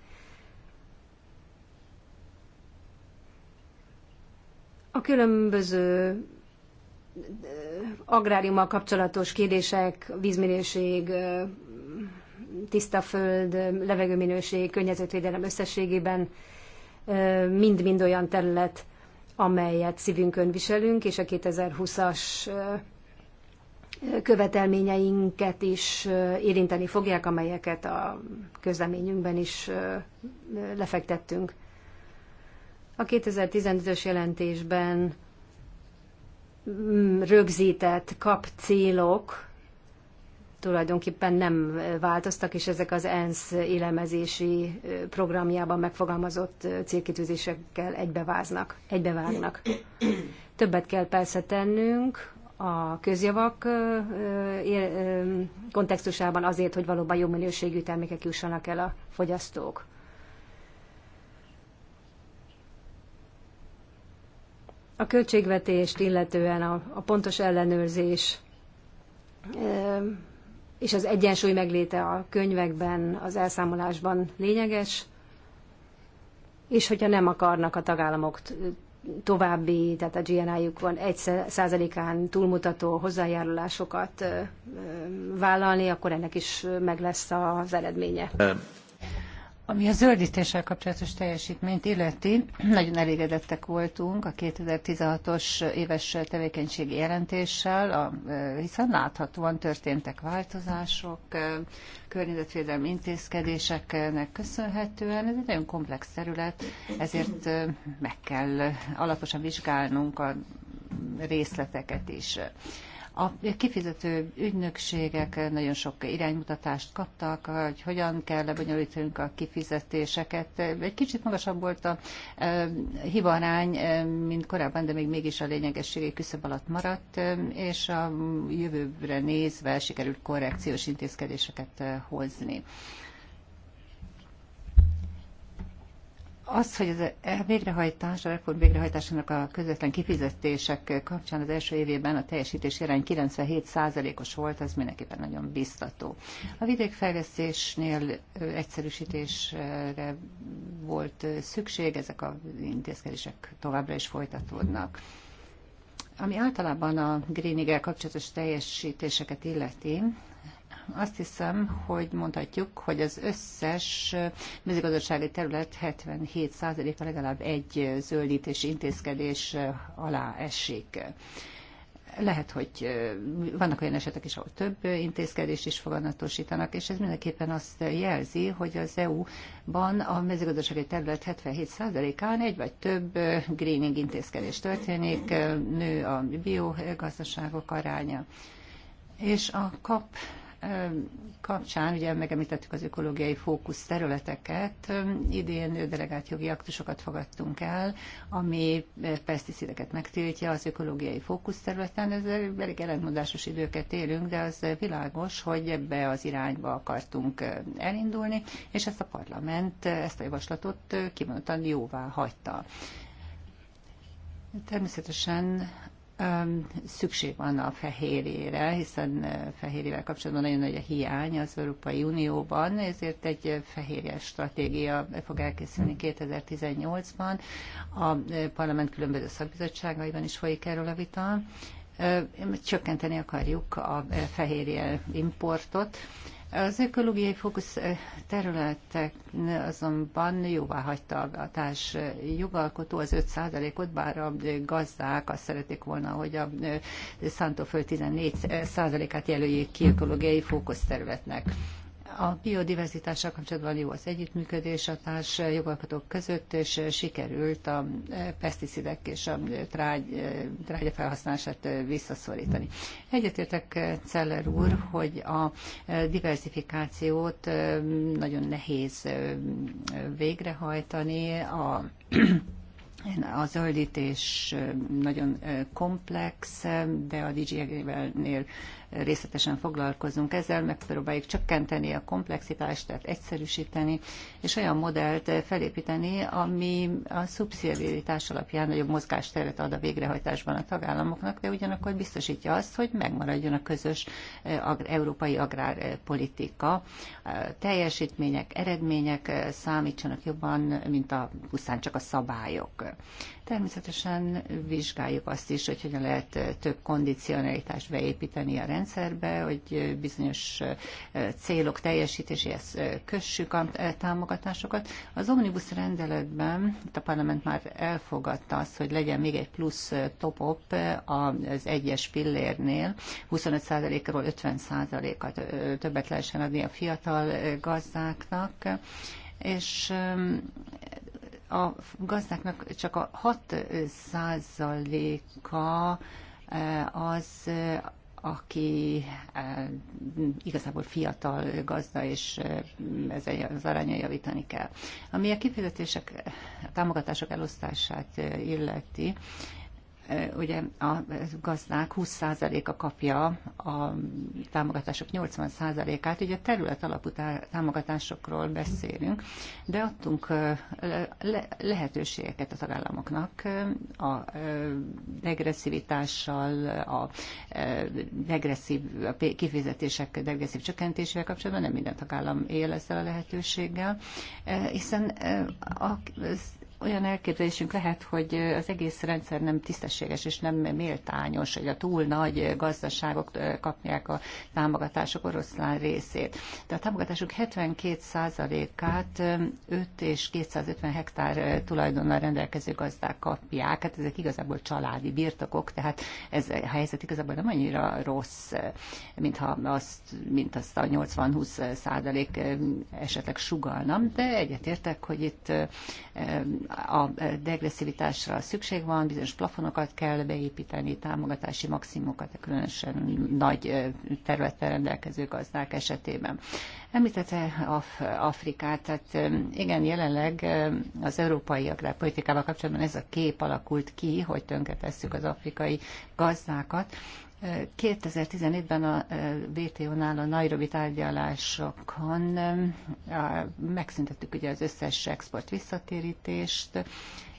A különböző agráriummal kapcsolatos kérdések, vízminőség, tiszta föld, levegőminőség, környezetvédelem összességében mind-mind olyan terület, amelyet szívünkön viselünk, és a 2020-as követelményeinket is érinteni fogják, amelyeket a közleményünkben is lefektettünk. A 2015-ös jelentésben mm, rögzített kap célok tulajdonképpen nem változtak, és ezek az ENSZ élemezési programjában megfogalmazott célkitűzésekkel egybeváznak, egybevágnak. Többet kell persze tennünk a közjavak kontextusában azért, hogy valóban jó minőségű termékek jussanak el a fogyasztók. A költségvetést, illetően a, a pontos ellenőrzés és az egyensúly megléte a könyvekben, az elszámolásban lényeges, és hogyha nem akarnak a tagállamok további, tehát a GNI-juk van egy százalékán túlmutató hozzájárulásokat vállalni, akkor ennek is meg lesz az eredménye. Ami a zöldítéssel kapcsolatos teljesítményt illeti, nagyon elégedettek voltunk a 2016-os éves tevékenységi jelentéssel, a, hiszen láthatóan történtek változások, környezetvédelmi intézkedéseknek köszönhetően. Ez egy nagyon komplex terület, ezért meg kell alaposan vizsgálnunk a részleteket is. A kifizető ügynökségek nagyon sok iránymutatást kaptak, hogy hogyan kell lebonyolítanunk a kifizetéseket. Egy kicsit magasabb volt a eh, hibarány, eh, mint korábban, de még mégis a lényegességi küszöb alatt maradt, eh, és a jövőre nézve sikerült korrekciós intézkedéseket hozni. az, hogy az végrehajtás, a reform végrehajtásának a közvetlen kifizetések kapcsán az első évében a teljesítési arány 97%-os volt, az mindenképpen nagyon biztató. A vidékfejlesztésnél egyszerűsítésre volt szükség, ezek az intézkedések továbbra is folytatódnak. Ami általában a Greenigel kapcsolatos teljesítéseket illeti, azt hiszem, hogy mondhatjuk, hogy az összes mezőgazdasági terület 77%-a legalább egy zöldítési intézkedés alá esik. Lehet, hogy vannak olyan esetek is, ahol több intézkedést is foganatosítanak, és ez mindenképpen azt jelzi, hogy az EU-ban a mezőgazdasági terület 77%-án egy vagy több greening intézkedés történik, nő a biogazdaságok aránya. És a kap kapcsán, ugye megemlítettük az ökológiai fókusz területeket, idén delegált jogi aktusokat fogadtunk el, ami peszticideket megtiltja az ökológiai fókusz területen. Ez elég ellentmondásos időket élünk, de az világos, hogy ebbe az irányba akartunk elindulni, és ezt a parlament, ezt a javaslatot kimondottan jóvá hagyta. Természetesen szükség van a fehérjére, hiszen fehérjével kapcsolatban nagyon nagy a hiány az Európai Unióban, ezért egy fehérje stratégia fog elkészülni 2018-ban. A parlament különböző szakbizottságaiban is folyik erről a vita. Csökkenteni akarjuk a fehérje importot, az ökológiai fókusz területek azonban jóvá hagyta a társ jogalkotó az 5%-ot, bár a gazdák azt szeretik volna, hogy a szántóföld 14%-át jelöljék ki ökológiai fókusz területnek. A biodiverzitással kapcsolatban jó az együttműködés a társ jogalkotók között, és sikerült a eh, peszticidek és a trágy, eh, trágya felhasználását eh, visszaszorítani. Egyetértek Celler úr, hogy a diversifikációt nagyon nehéz végrehajtani. A a zöldítés nagyon komplex, de a DJ-vel részletesen foglalkozunk ezzel, megpróbáljuk csökkenteni a komplexitást, tehát egyszerűsíteni, és olyan modellt felépíteni, ami a szubszidiaritás alapján nagyobb mozgásteret ad a végrehajtásban a tagállamoknak, de ugyanakkor biztosítja azt, hogy megmaradjon a közös eh, európai agrárpolitika. Eh, teljesítmények, eredmények eh, számítsanak jobban, mint a pusztán csak a szabályok. Természetesen vizsgáljuk azt is, hogy hogyan lehet több kondicionalitást beépíteni a rendszerbe, hogy bizonyos célok teljesítéséhez kössük a támogatásokat. Az omnibus rendeletben a parlament már elfogadta azt, hogy legyen még egy plusz top-up az egyes pillérnél, 25%-ról 50%-at többet lehessen adni a fiatal gazdáknak, és a gazdáknak csak a 6 százaléka az, aki igazából fiatal gazda, és ez az aránya javítani kell. Ami a kifizetések, a támogatások elosztását illeti, ugye a gazdák 20%-a kapja a támogatások 80%-át, ugye terület alapú támogatásokról beszélünk, de adtunk lehetőségeket a tagállamoknak a degresszivitással, a degresszív a kifizetések degresszív csökkentésével kapcsolatban nem minden tagállam él ezzel a lehetőséggel, hiszen az olyan elképzelésünk lehet, hogy az egész rendszer nem tisztességes és nem méltányos, hogy a túl nagy gazdaságok kapják a támogatások oroszlán részét. De a támogatások 72%-át 5 és 250 hektár tulajdonnal rendelkező gazdák kapják, hát ezek igazából családi birtokok, tehát ez a helyzet igazából nem annyira rossz, mintha azt, mint azt a 80-20 százalék esetleg sugalnam, de egyetértek, hogy itt a degresszivitásra szükség van, bizonyos plafonokat kell beépíteni, támogatási maximumokat, különösen nagy területen rendelkező gazdák esetében. Említette Af- Afrikát, tehát igen, jelenleg az európai agrárpolitikával kapcsolatban ez a kép alakult ki, hogy tönkretesszük az afrikai gazdákat, 2015-ben a WTO-nál a Nairobi tárgyalásokon megszüntettük ugye az összes export visszatérítést,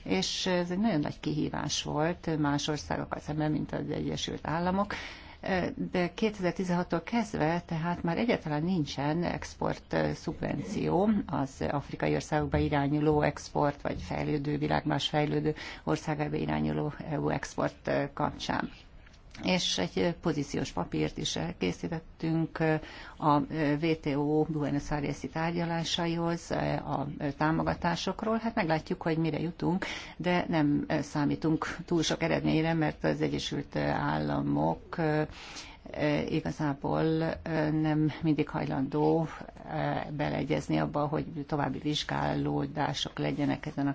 és ez egy nagyon nagy kihívás volt más országokkal szemben, mint az Egyesült Államok de 2016-tól kezdve tehát már egyáltalán nincsen export szubvenció az afrikai országokba irányuló export, vagy fejlődő világ más fejlődő országába irányuló EU export kapcsán és egy pozíciós papírt is elkészítettünk a WTO Buenos Aires-i tárgyalásaihoz a támogatásokról. Hát meglátjuk, hogy mire jutunk, de nem számítunk túl sok eredményre, mert az Egyesült Államok Eh, igazából eh, nem mindig hajlandó eh, beleegyezni abba, hogy további vizsgálódások legyenek ezen a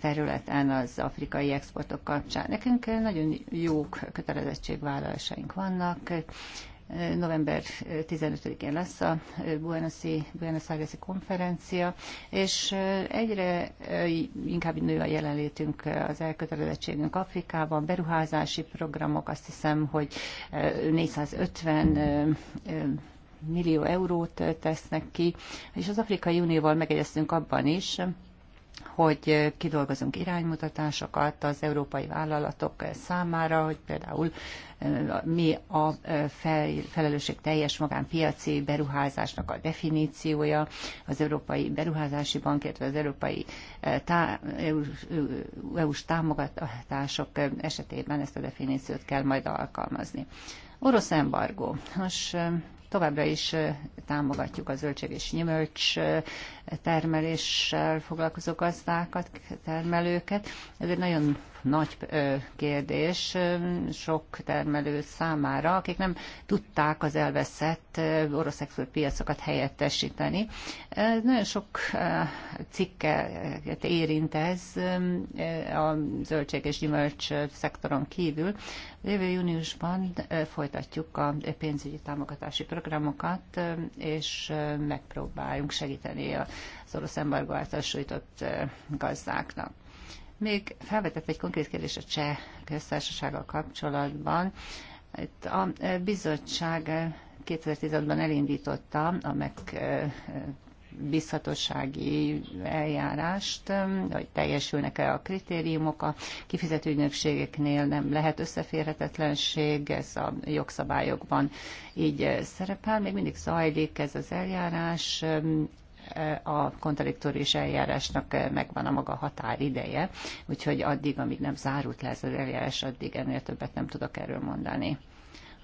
területen az afrikai exportok kapcsán. Nekünk nagyon jók kötelezettségvállalásaink vannak, november 15-én lesz a Buenos Aires-i konferencia, és egyre inkább nő a jelenlétünk, az elkötelezettségünk Afrikában, beruházási programok, azt hiszem, hogy 450 millió eurót tesznek ki, és az Afrikai Unióval megegyeztünk abban is, hogy kidolgozunk iránymutatásokat az európai vállalatok számára, hogy például mi a felelősség teljes magánpiaci beruházásnak a definíciója, az Európai Beruházási Bank, illetve az Európai tá, EU-s támogatások esetében ezt a definíciót kell majd alkalmazni. Orosz embargó. Nos, továbbra is támogatjuk a zöldség és nyümölcs termeléssel foglalkozó gazdákat, termelőket. Ez egy nagyon nagy kérdés sok termelő számára, akik nem tudták az elveszett orosz exportpiacokat helyettesíteni. Nagyon sok cikket érint ez a zöldség és gyümölcs szektoron kívül. Jövő júniusban folytatjuk a pénzügyi támogatási programokat, és megpróbáljunk segíteni az orosz embargo által sújtott gazdáknak. Még felvetett egy konkrét kérdés a cseh köztársasággal kapcsolatban. Itt a bizottság 2016-ban elindította a megbízhatósági eljárást, hogy teljesülnek-e a kritériumok. A kifizető ügynökségeknél nem lehet összeférhetetlenség, ez a jogszabályokban így szerepel. Még mindig zajlik ez az eljárás, a kontradiktórius eljárásnak megvan a maga határideje, úgyhogy addig, amíg nem zárult le ez az eljárás, addig ennél többet nem tudok erről mondani.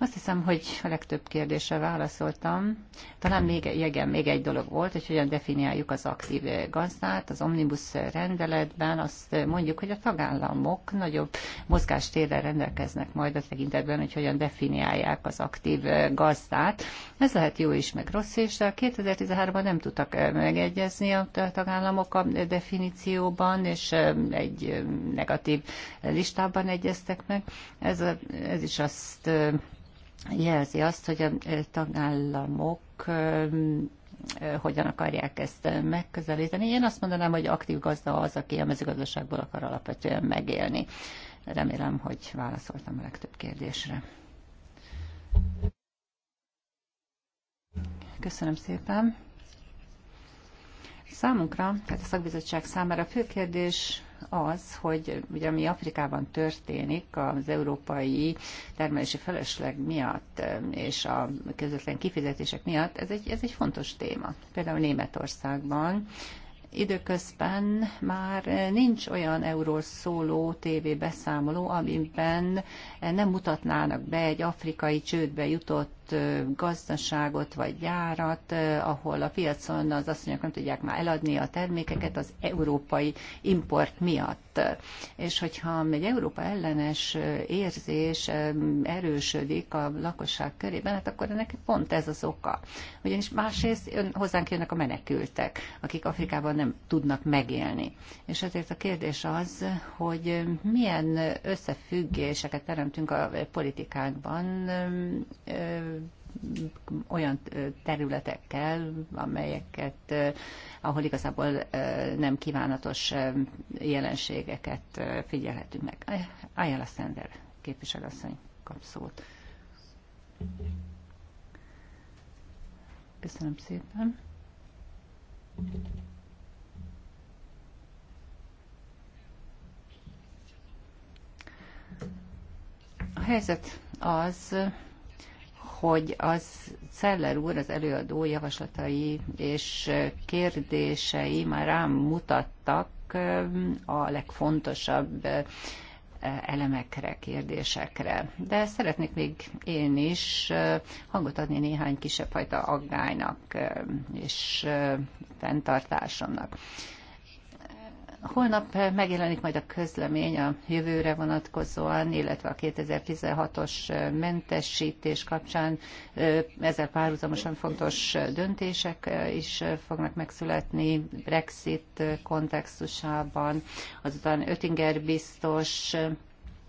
Azt hiszem, hogy a legtöbb kérdésre válaszoltam. Talán még, igen, még egy dolog volt, hogy hogyan definiáljuk az aktív gazdát. Az omnibus rendeletben azt mondjuk, hogy a tagállamok nagyobb mozgástérrel rendelkeznek majd a tekintetben, hogy hogyan definiálják az aktív gazdát. Ez lehet jó is, meg rossz is, de 2013-ban nem tudtak megegyezni a tagállamok a definícióban, és egy negatív listában egyeztek meg. Ez, a, ez is azt jelzi azt, hogy a tagállamok hogyan akarják ezt megközelíteni. Én azt mondanám, hogy aktív gazda az, aki a mezőgazdaságból akar alapvetően megélni. Remélem, hogy válaszoltam a legtöbb kérdésre. Köszönöm szépen. Számunkra, tehát a szakbizottság számára a fő kérdés az, hogy ugye ami Afrikában történik az európai termelési felesleg miatt és a közvetlen kifizetések miatt, ez egy, ez egy fontos téma. Például Németországban időközben már nincs olyan euról szóló tévébeszámoló, amiben nem mutatnának be egy afrikai csődbe jutott adott gazdaságot vagy gyárat, ahol a piacon az asszonyok nem tudják már eladni a termékeket az európai import miatt. És hogyha egy Európa ellenes érzés erősödik a lakosság körében, hát akkor ennek pont ez az oka. Ugyanis másrészt hozzánk jönnek a menekültek, akik Afrikában nem tudnak megélni. És ezért a kérdés az, hogy milyen összefüggéseket teremtünk a politikánkban olyan területekkel, amelyeket, ahol igazából nem kívánatos jelenségeket figyelhetünk meg. Ayala Szender képviselőasszony kap szót. Köszönöm szépen. A helyzet az, hogy az Szeller úr, az előadó javaslatai és kérdései már rám mutattak a legfontosabb elemekre, kérdésekre. De szeretnék még én is hangot adni néhány kisebb fajta aggálynak és fenntartásomnak. Holnap megjelenik majd a közlemény a jövőre vonatkozóan, illetve a 2016-os mentesítés kapcsán ezzel párhuzamosan fontos döntések is fognak megszületni Brexit kontextusában. Azután Ötinger biztos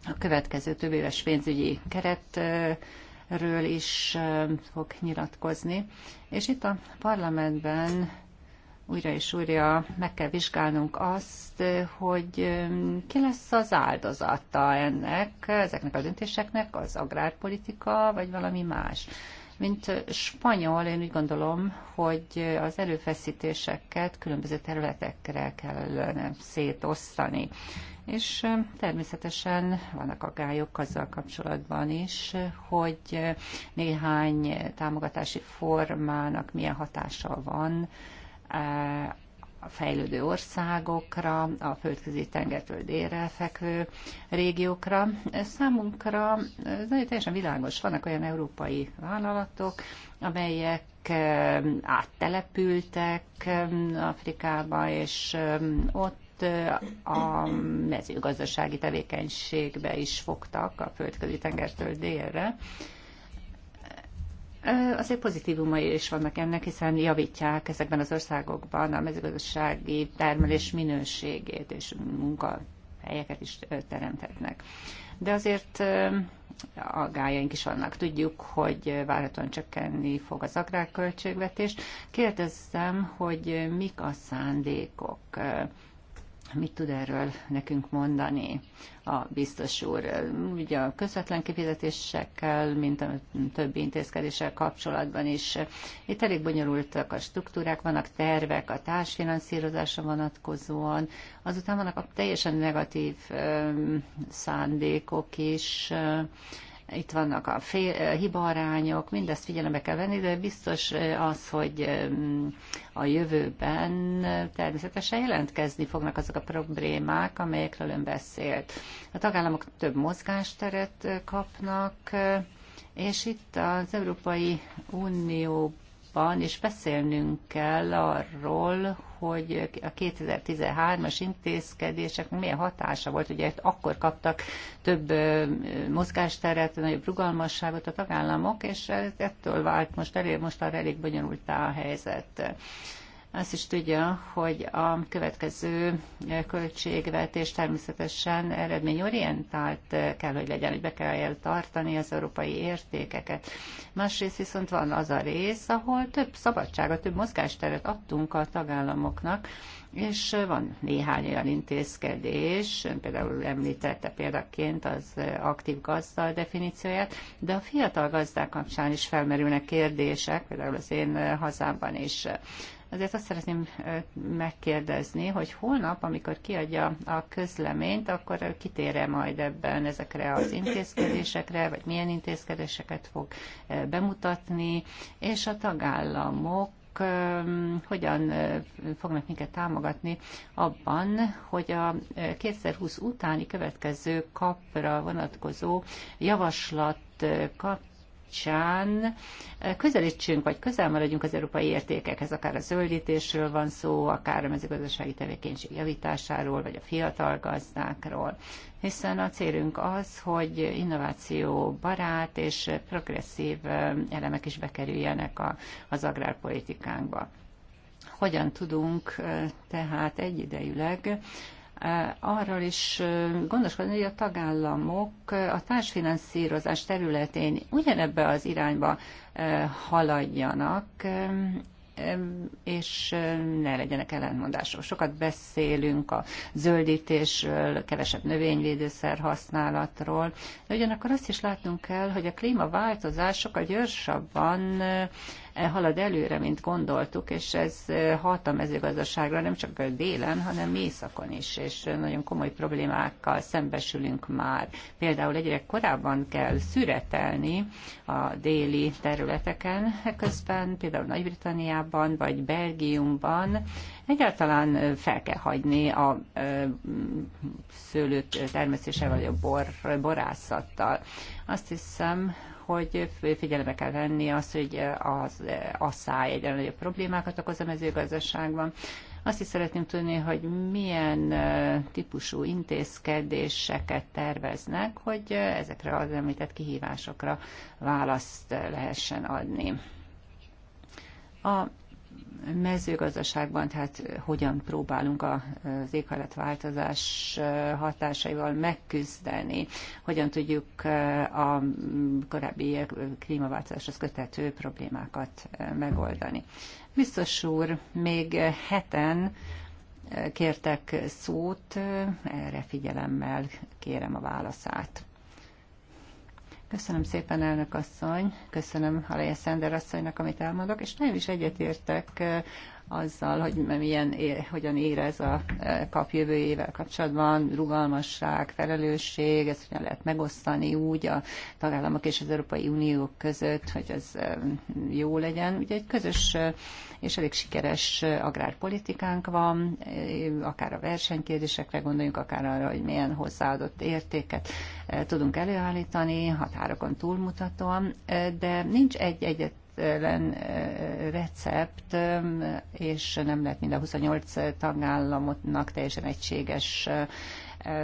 a következő több éves pénzügyi keret ről is fog nyilatkozni. És itt a parlamentben újra és újra meg kell vizsgálnunk azt, hogy um, ki lesz az áldozata ennek, ezeknek a döntéseknek, az agrárpolitika, vagy valami más. Mint spanyol, én úgy gondolom, hogy az erőfeszítéseket különböző területekre kellene szétosztani. És um, természetesen vannak aggályok azzal kapcsolatban is, hogy néhány támogatási formának milyen hatása van a fejlődő országokra, a földközi tengertől délre fekvő régiókra. Számunkra ez nagyon teljesen világos. Vannak olyan európai vállalatok, amelyek áttelepültek Afrikába, és ott a mezőgazdasági tevékenységbe is fogtak a földközi tengertől délre, Azért pozitívumai is vannak ennek, hiszen javítják ezekben az országokban a mezőgazdasági termelés minőségét és munkahelyeket is teremthetnek. De azért a gájaink is vannak. Tudjuk, hogy várhatóan csökkenni fog az agrárköltségvetés. Kérdezzem, hogy mik a szándékok mit tud erről nekünk mondani a biztos úr? Ugye a közvetlen kifizetésekkel, mint a többi intézkedéssel kapcsolatban is. Itt elég bonyolultak a struktúrák, vannak tervek a társfinanszírozásra vonatkozóan, azután vannak a teljesen negatív szándékok is, itt vannak a fél, hibaarányok, mindezt figyelembe kell venni, de biztos az, hogy a jövőben természetesen jelentkezni fognak azok a problémák, amelyekről ön beszélt. A tagállamok több mozgásteret kapnak, és itt az Európai Unió van, és beszélnünk kell arról, hogy a 2013-as intézkedések milyen hatása volt. Ugye akkor kaptak több mozgásteret, nagyobb rugalmasságot a tagállamok, és ettől vált most elég, most elég bonyolultá a helyzet azt is tudja, hogy a következő költségvetés természetesen eredményorientált kell, hogy legyen, hogy be kell tartani az európai értékeket. Másrészt viszont van az a rész, ahol több szabadságot, több mozgásteret adtunk a tagállamoknak, és van néhány olyan intézkedés, ön például említette példaként az aktív gazda definícióját, de a fiatal gazdák kapcsán is felmerülnek kérdések, például az én hazámban is. Azért azt szeretném megkérdezni, hogy holnap, amikor kiadja a közleményt, akkor kitére majd ebben ezekre az intézkedésekre, vagy milyen intézkedéseket fog bemutatni, és a tagállamok hogyan fognak minket támogatni abban, hogy a 2020 utáni következő kapra vonatkozó javaslat kap kapcsán eh, közelítsünk, vagy közel maradjunk az európai értékekhez, akár a zöldítésről van szó, akár a mezőgazdasági tevékenység javításáról, vagy a fiatal gazdákról. Hiszen a célunk az, hogy innováció barát és progresszív eh, elemek is bekerüljenek a, az agrárpolitikánkba. Hogyan tudunk eh, tehát egyidejűleg Eh, arról is eh, gondoskodni, hogy a tagállamok eh, a társfinanszírozás területén ugyanebbe az irányba haladjanak, és ne legyenek ellentmondások. Sokat beszélünk a zöldítésről, kevesebb növényvédőszer használatról, de ugyanakkor azt is látnunk kell, hogy a klímaváltozás sokkal gyorsabban halad előre, mint gondoltuk, és ez hat a mezőgazdaságra nem csak délen, hanem éjszakon is, és nagyon komoly problémákkal szembesülünk már. Például egyre korábban kell szüretelni a déli területeken, közben például Nagy-Britanniában vagy Belgiumban egyáltalán fel kell hagyni a szőlőt termesztésével vagy a bor, borászattal. Azt hiszem, hogy figyelembe kell venni azt, hogy az asszály egyre nagyobb problémákat okoz a mezőgazdaságban. Azt is szeretném tudni, hogy milyen típusú intézkedéseket terveznek, hogy ezekre az említett kihívásokra választ lehessen adni. A mezőgazdaságban, tehát hogyan próbálunk az éghajlatváltozás hatásaival megküzdeni, hogyan tudjuk eh, a korábbi klímaváltozáshoz kötető problémákat eh, megoldani. Biztos úr, még heten eh, kértek szót, erre figyelemmel kérem a válaszát. Köszönöm szépen, elnök asszony, köszönöm Aleja Szender asszonynak, amit elmondok, és nem is egyetértek azzal, hogy milyen, hogyan érez a e, kap jövőjével kapcsolatban, rugalmasság, felelősség, ezt hogyan lehet megosztani úgy a tagállamok és az Európai Unió között, hogy ez e, jó legyen. Ugye egy közös e, és elég sikeres agrárpolitikánk van, akár a versenykérdésekre gondoljunk, akár arra, hogy milyen hozzáadott értéket tudunk előállítani határokon túlmutatóan, de nincs egy egyet egyetlen recept, és nem lehet mind a 28 tagállamotnak teljesen egységes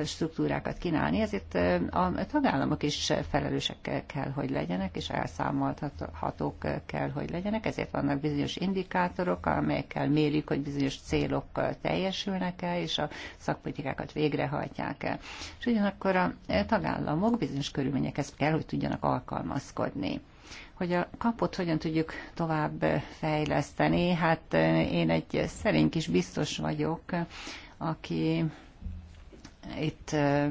struktúrákat kínálni, ezért a tagállamok is felelősek kell, hogy legyenek, és elszámolhatók kell, hogy legyenek, ezért vannak bizonyos indikátorok, amelyekkel mérjük, hogy bizonyos célok teljesülnek-e, és a szakpolitikákat végrehajtják-e. És ugyanakkor a tagállamok bizonyos körülményekhez kell, hogy tudjanak alkalmazkodni hogy a kapot hogyan tudjuk tovább fejleszteni. Hát eh, én egy szerint is biztos vagyok, aki itt eh,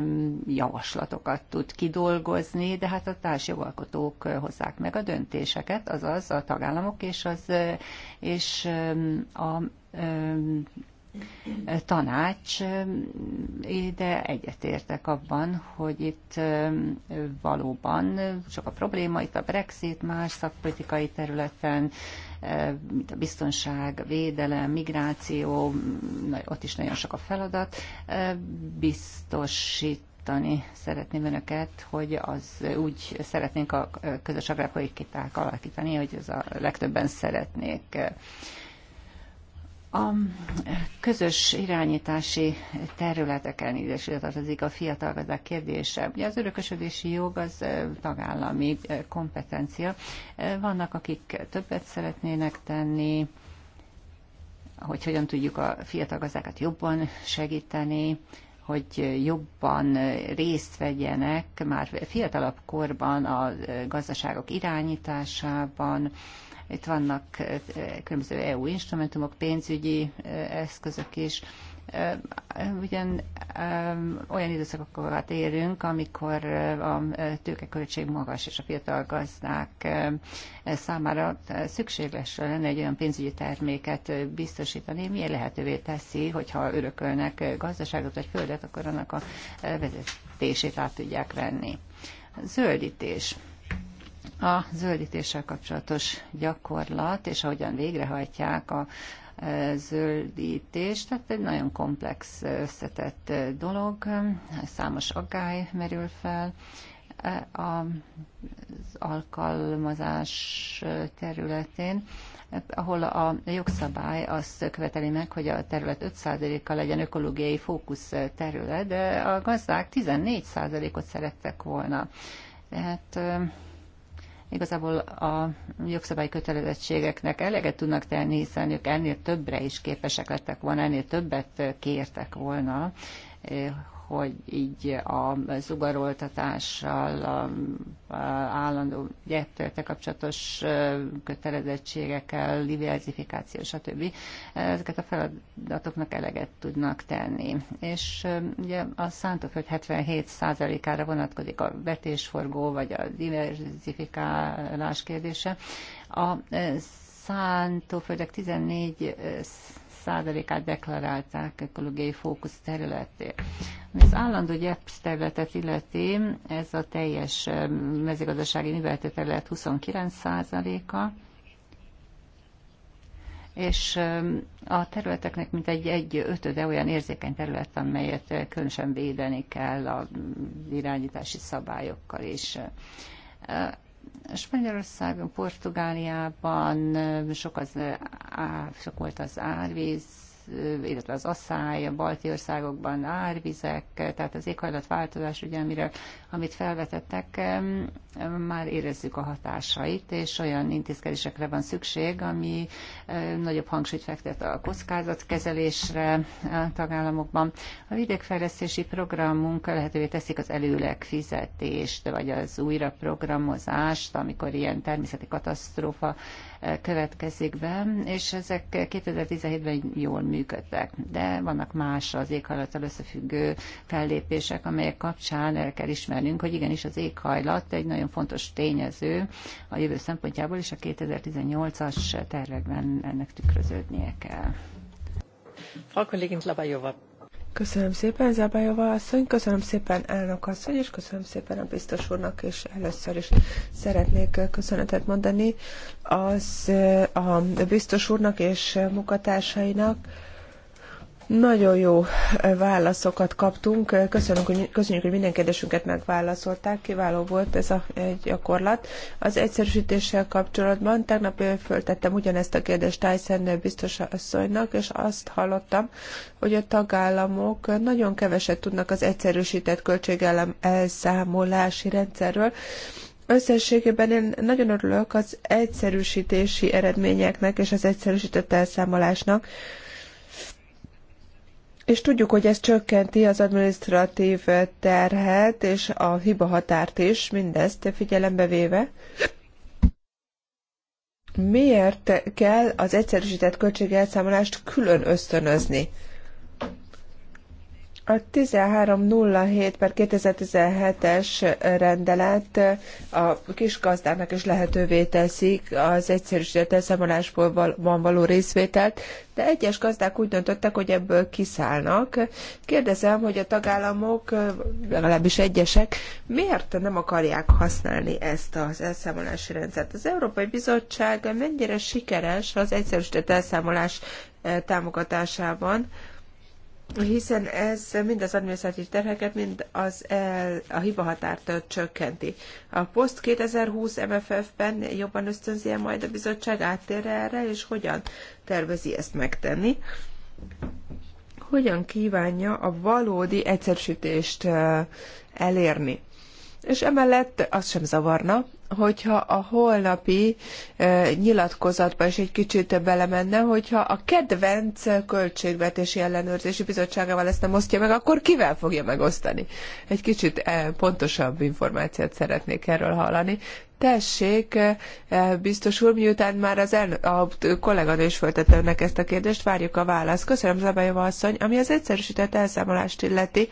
javaslatokat tud kidolgozni, de hát a társjogalkotók eh, hozzák meg a döntéseket, azaz a tagállamok és, az, és a tanács, de egyetértek abban, hogy itt valóban sok a probléma, itt a Brexit, más szakpolitikai területen, mint a biztonság, védelem, migráció, ott is nagyon sok a feladat, biztosít biztosítani szeretném önöket, hogy az úgy szeretnénk a közös agrárpolitikát alakítani, hogy ez a legtöbben szeretnék. A közös irányítási területeken is tartozik a fiatal gazdák kérdése. Ugye az örökösödési jog az tagállami kompetencia. Vannak, akik többet szeretnének tenni, hogy hogyan tudjuk a fiatal gazdákat jobban segíteni, hogy jobban részt vegyenek már fiatalabb korban a gazdaságok irányításában, itt vannak különböző EU instrumentumok, pénzügyi eszközök is. Ugyan olyan időszakokat érünk, amikor a tőkeköltség magas, és a fiatal gazdák számára szükséges lenne egy olyan pénzügyi terméket biztosítani, milyen lehetővé teszi, hogyha örökölnek gazdaságot vagy földet, akkor annak a vezetését át tudják venni. Zöldítés a zöldítéssel kapcsolatos gyakorlat, és ahogyan végrehajtják a e, zöldítés, tehát egy nagyon komplex, e, összetett e, dolog, számos aggály merül fel, az alkalmazás területén, ahol a jogszabály azt követeli meg, hogy a terület 5%-a legyen ökológiai fókusz terület, de a gazdák 14%-ot szerettek volna. Tehát igazából a jogszabályi kötelezettségeknek eleget tudnak tenni, hiszen ők ennél többre is képesek lettek volna, ennél többet kértek volna, eh, hogy így a zugaroltatással, a, a állandó gyertőte kapcsolatos kötelezettségekkel, diversifikáció, stb. Ezeket a feladatoknak eleget tudnak tenni. És ugye a szántóföld 77%-ára vonatkozik a vetésforgó, vagy a diversifikálás kérdése. A szántóföldek 14 százalékát deklarálták ökológiai fókusz területé. Az állandó gyepsz területet illeti, ez a teljes mezőgazdasági művelte terület 29 százaléka, és a területeknek mint egy, egy ötöde olyan érzékeny terület, amelyet különösen védeni kell a irányítási szabályokkal is. Spanyolországban, Portugáliában sok, az, sok volt az árvíz illetve az asszály, a balti országokban árvizek, tehát az éghajlatváltozás, ugye, amire, amit felvetettek, már érezzük a hatásait, és olyan intézkedésekre van szükség, ami nagyobb hangsúlyt fektet a kockázatkezelésre a tagállamokban. A vidékfejlesztési programunk lehetővé teszik az előleg fizetést, vagy az újraprogramozást, amikor ilyen természeti katasztrófa következik be, és ezek 2017-ben jól működtek, de vannak más az éghajlattal összefüggő fellépések, amelyek kapcsán el kell ismernünk, hogy igenis az éghajlat egy nagyon fontos tényező a jövő szempontjából, és a 2018-as tervekben ennek tükröződnie kell. Frau Kollegin Labajova. Köszönöm szépen, Zábájova asszony, köszönöm szépen elnök asszony, és köszönöm szépen a biztos úrnak, és először is szeretnék köszönetet mondani az eh, a biztos úrnak és munkatársainak, nagyon jó eh, válaszokat kaptunk. Eh, köszönjük, hogy, köszönjük, hogy minden kérdésünket megválaszolták. Kiváló volt ez a gyakorlat. Az egyszerűsítéssel kapcsolatban tegnap eh, föltettem ugyanezt a kérdést Tyson biztos asszonynak, és azt hallottam, hogy a tagállamok nagyon keveset tudnak az egyszerűsített költségelem elszámolási rendszerről. Összességében én nagyon örülök az egyszerűsítési eredményeknek és az egyszerűsített elszámolásnak. És tudjuk, hogy ez csökkenti az administratív terhet és a hiba határt is, mindezt figyelembe véve. Miért kell az egyszerűsített költségelszámolást külön ösztönözni? A 1307 per 2017-es rendelet a kisgazdának is lehetővé teszik az egyszerűsített elszámolásból van való részvételt, de egyes gazdák úgy döntöttek, hogy ebből kiszállnak. Kérdezem, hogy a tagállamok, legalábbis egyesek, miért nem akarják használni ezt az elszámolási rendszert? Az Európai Bizottság mennyire sikeres az egyszerűsített elszámolás eh, támogatásában, hiszen ez mind az adminisztratív terheket, mind az el, a hibahatárt csökkenti. A POST 2020 MFF-ben jobban ösztönzi -e majd a bizottság, áttér erre, és hogyan tervezi ezt megtenni? Hogyan kívánja a valódi egyszerűsítést elérni? És emellett az sem zavarna, hogyha a holnapi e, nyilatkozatba is egy kicsit belemenne, hogyha a kedvenc költségvetési ellenőrzési bizottságával ezt nem osztja meg, akkor kivel fogja megosztani? Egy kicsit e, pontosabb információt szeretnék erről hallani. Tessék, e, e biztos úr, miután már az el, a kolléganő is föltette önnek ezt a kérdést, várjuk a választ. Köszönöm, Zabajova asszony, ami az egyszerűsített elszámolást illeti.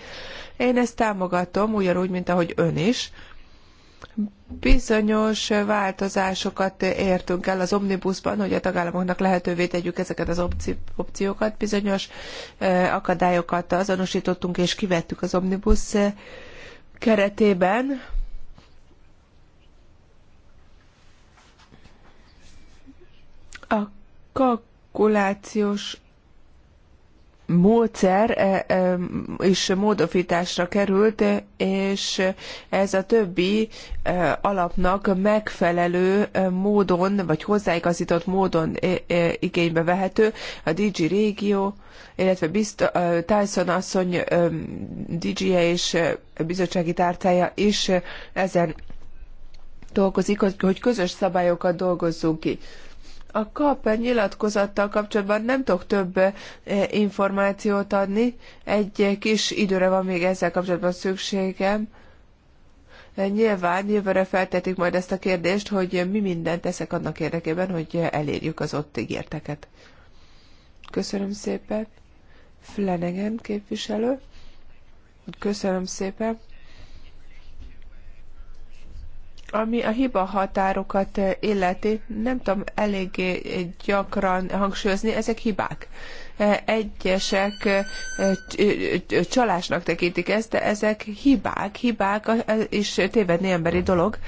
Én ezt támogatom, ugyanúgy, mint ahogy ön is. Bizonyos változásokat értünk el az omnibusban, hogy a tagállamoknak lehetővé tegyük ezeket az opciókat, bizonyos akadályokat azonosítottunk és kivettük az omnibus keretében. A kalkulációs módszer e, e, is módosításra került, és ez a többi e, alapnak megfelelő módon, vagy hozzáigazított módon igénybe vehető. A DG Régió, illetve Tyson asszony DG-je és bizottsági tárcája is ezen dolgozik, hogy közös szabályokat dolgozzunk ki. A KAP nyilatkozattal kapcsolatban nem tudok több eh, információt adni. Egy kis időre van még ezzel kapcsolatban szükségem. Eh, nyilván jövőre feltetik majd ezt a kérdést, hogy mi mindent teszek annak érdekében, hogy elérjük az ott ígérteket. Köszönöm szépen. Flanagan képviselő. Köszönöm szépen. Ami a hiba határokat eh, illeti, nem tudom eléggé eh, gyakran hangsúlyozni, ezek hibák. Eh, egyesek csalásnak tekintik ezt, de ezek hibák, hibák és tévedni emberi dolog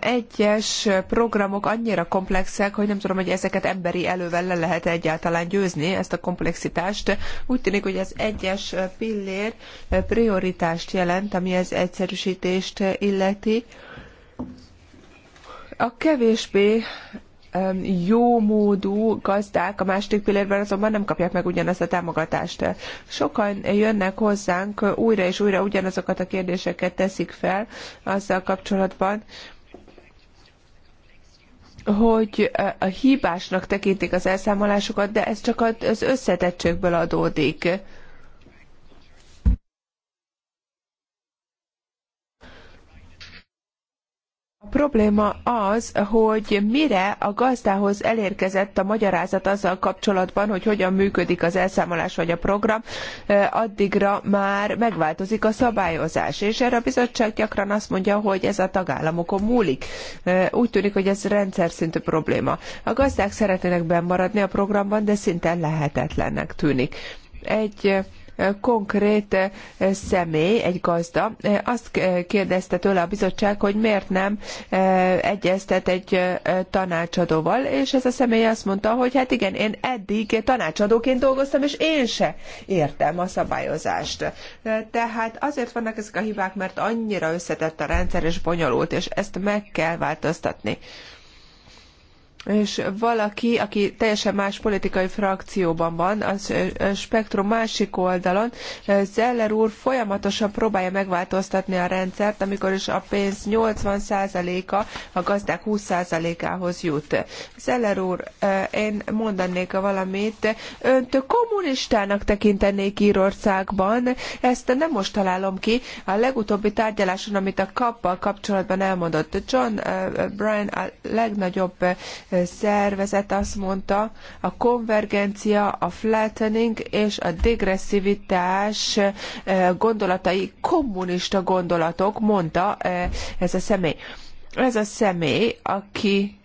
egyes programok annyira komplexek, hogy nem tudom, hogy ezeket emberi elővel le lehet egyáltalán győzni, ezt a komplexitást. Úgy tűnik, hogy az egyes pillér prioritást jelent, ami az egyszerűsítést illeti. A kevésbé jó módú gazdák a második pillérben azonban nem kapják meg ugyanazt a támogatást. Sokan jönnek hozzánk, újra és újra ugyanazokat a kérdéseket teszik fel azzal kapcsolatban, hogy a hibásnak tekintik az elszámolásokat, de ez csak az összetettségből adódik. probléma az, hogy mire a gazdához elérkezett a magyarázat azzal kapcsolatban, hogy hogyan működik az elszámolás vagy a program, addigra már megváltozik a szabályozás. És erre a bizottság gyakran azt mondja, hogy ez a tagállamokon múlik. Úgy tűnik, hogy ez rendszer szintű probléma. A gazdák szeretnének bennmaradni a programban, de szinte lehetetlennek tűnik. Egy konkrét eh, személy, egy gazda, eh, azt eh, kérdezte tőle a bizottság, hogy miért nem egyeztet egy tanácsadóval, és ez a személy azt mondta, hogy hát igen, én eddig tanácsadóként dolgoztam, és én se értem a szabályozást. Tehát azért vannak ezek a hibák, mert annyira összetett a rendszer, és bonyolult, és ezt meg kell változtatni és valaki, aki teljesen más politikai frakcióban van, az spektrum másik oldalon, Zeller úr folyamatosan próbálja megváltoztatni a rendszert, amikor is a pénz 80%-a a gazdák 20%-ához jut. Zeller úr, én mondanék valamit, önt kommunistának tekintenék Írországban, ezt nem most találom ki, a legutóbbi tárgyaláson, amit a kappal kapcsolatban elmondott John Bryan a legnagyobb szervezet azt mondta, a konvergencia, a flattening és a degresszivitás gondolatai kommunista gondolatok, mondta ez a személy. Ez a személy, aki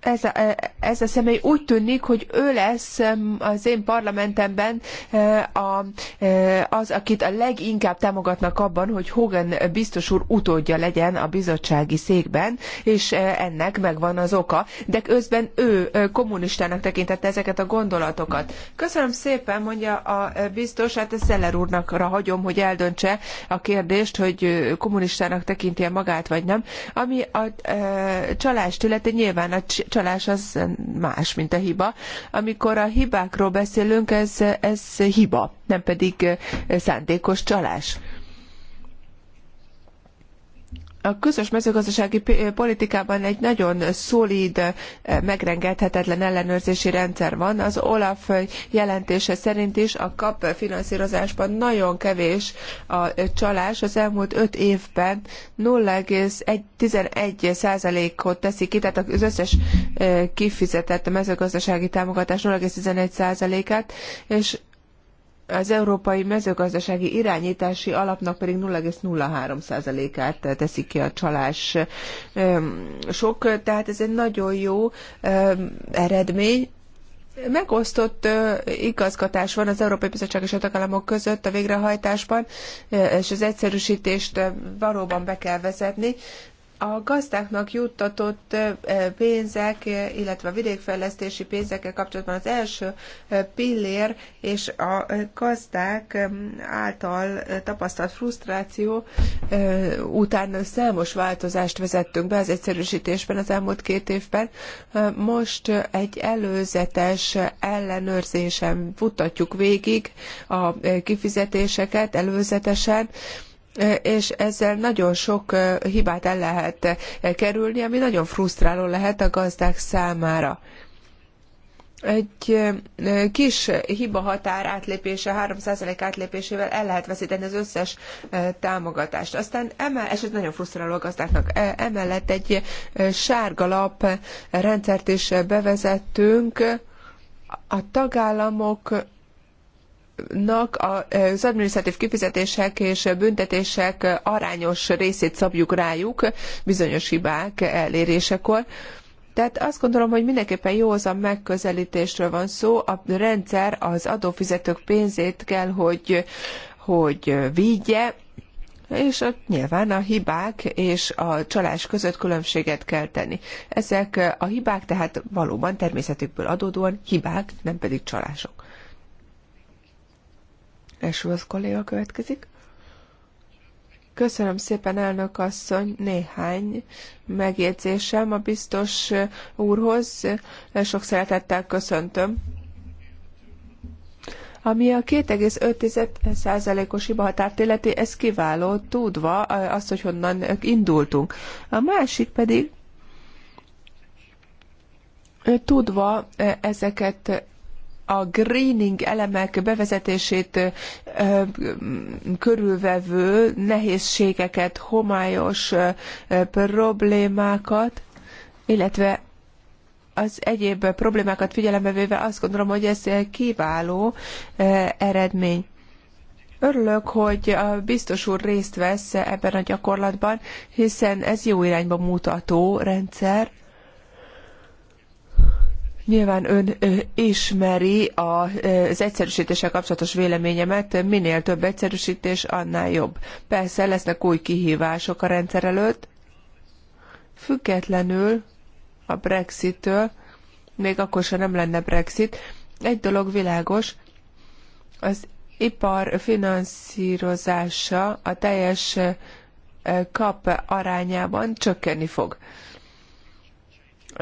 ez a, ez a személy úgy tűnik, hogy ő lesz az én parlamentemben e, a, e, az, akit a leginkább támogatnak abban, hogy Hogan biztos úr utódja legyen a bizottsági székben, és e, ennek megvan az oka, de közben ő kommunistának tekintette ezeket a gondolatokat. Köszönöm szépen, mondja a biztos, hát ezt Szeller úrnakra hagyom, hogy eldöntse a kérdést, hogy kommunistának tekinti -e magát, vagy nem. Ami a, a csalást illeti, nyilván a csalás az más, mint a hiba. Amikor a hibákról beszélünk, ez, ez hiba, nem pedig szándékos csalás a közös mezőgazdasági eh, politikában egy nagyon szolíd, eh, megrengethetetlen ellenőrzési rendszer van. Az OLAF eh, jelentése szerint is a kap finanszírozásban nagyon kevés a csalás. Az elmúlt öt évben 0,11%-ot teszi ki, tehát az összes kifizetett mezőgazdasági támogatás 0,11%-át, és az európai mezőgazdasági irányítási alapnak pedig 0,03%-át teszik ki a csalás sok, tehát ez egy nagyon jó eredmény, Megosztott igazgatás van az Európai Bizottság és a tagállamok között a végrehajtásban, és az egyszerűsítést valóban be kell vezetni a gazdáknak juttatott pénzek, illetve a vidékfejlesztési pénzekkel kapcsolatban az első pillér és a gazdák által tapasztalt frusztráció után számos változást vezettünk be az egyszerűsítésben az elmúlt két évben. Most egy előzetes ellenőrzésen futtatjuk végig a kifizetéseket előzetesen, és ezzel nagyon sok hibát el lehet kerülni, ami nagyon frusztráló lehet a gazdák számára. Egy kis hiba határ átlépése, 3% átlépésével el lehet veszíteni az összes támogatást. Aztán emel, és ez nagyon frusztráló a gazdáknak, emellett egy sárgalap rendszert is bevezettünk, a tagállamok az adminisztratív kifizetések és büntetések arányos részét szabjuk rájuk bizonyos hibák elérésekor. Tehát azt gondolom, hogy mindenképpen józan megközelítésről van szó. A rendszer az adófizetők pénzét kell, hogy, hogy vigye, és ott nyilván a hibák és a csalás között különbséget kell tenni. Ezek a hibák tehát valóban természetükből adódóan hibák, nem pedig csalások. Esúz kolléga következik. Köszönöm szépen, elnök asszony, néhány megjegyzésem a biztos úrhoz. Sok szeretettel köszöntöm. Ami a 2,5%-os hibahatárt illeti, ez kiváló, tudva azt, hogy honnan indultunk. A másik pedig, tudva ezeket a greening elemek bevezetését körülvevő nehézségeket, homályos problémákat, illetve az egyéb problémákat figyelembe véve azt gondolom, hogy ez kiváló eredmény. Örülök, hogy a biztos úr részt vesz ebben a gyakorlatban, hiszen ez jó irányba mutató rendszer. Nyilván ön ismeri az egyszerűsítéssel kapcsolatos véleményemet, minél több egyszerűsítés, annál jobb. Persze lesznek új kihívások a rendszer előtt, függetlenül a Brexit-től, még akkor sem nem lenne Brexit. Egy dolog világos, az ipar finanszírozása a teljes kap arányában csökkenni fog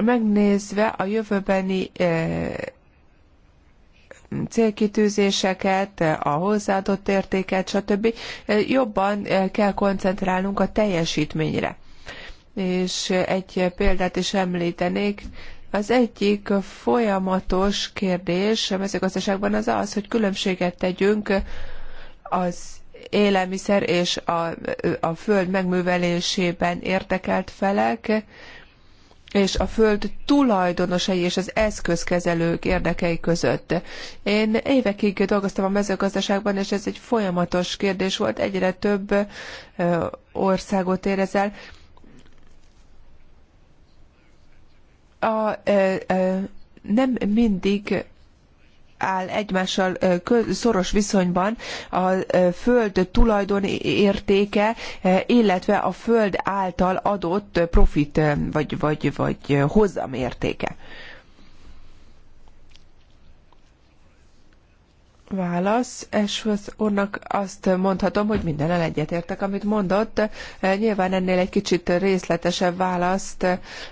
megnézve a jövőbeni e, célkitűzéseket, a hozzáadott értéket, stb. E, jobban e, kell koncentrálnunk a teljesítményre. És egy példát is említenék, az egyik folyamatos kérdés a mezőgazdaságban az az, hogy különbséget tegyünk az élelmiszer és a, a föld megművelésében érdekelt felek, és a föld tulajdonosai és az eszközkezelők érdekei között. Én évekig dolgoztam a mezőgazdaságban, és ez egy folyamatos kérdés volt, egyre több országot A, a, A, nem mindig áll egymással szoros viszonyban a föld tulajdon értéke, illetve a föld által adott profit vagy, vagy, vagy hozam értéke. Válasz. és úrnak azt mondhatom, hogy mindennel egyetértek, amit mondott. Nyilván ennél egy kicsit részletesebb választ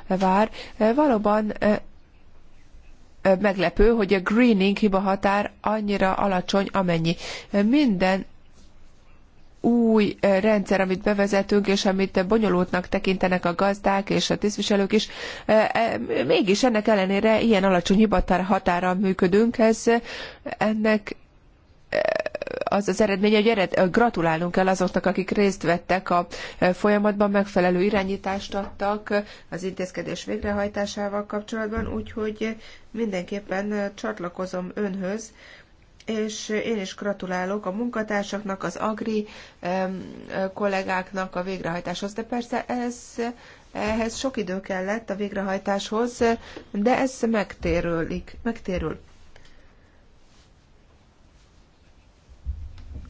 vár. Valóban meglepő, hogy a greening hiba határ annyira alacsony, amennyi. Minden új rendszer, amit bevezetünk, és amit bonyolultnak tekintenek a gazdák és a tisztviselők is, e, e, mégis ennek ellenére ilyen alacsony hibatár határa működünk, ez ennek e, az az eredménye, hogy ered, gratulálnunk kell azoknak, akik részt vettek a e, folyamatban, megfelelő irányítást adtak az intézkedés végrehajtásával kapcsolatban, úgyhogy mindenképpen e, csatlakozom önhöz, és én is gratulálok a munkatársaknak, az agri e, kollégáknak a végrehajtáshoz. De persze ez, ehhez sok idő kellett a végrehajtáshoz, de ez megtérülik, megtérül.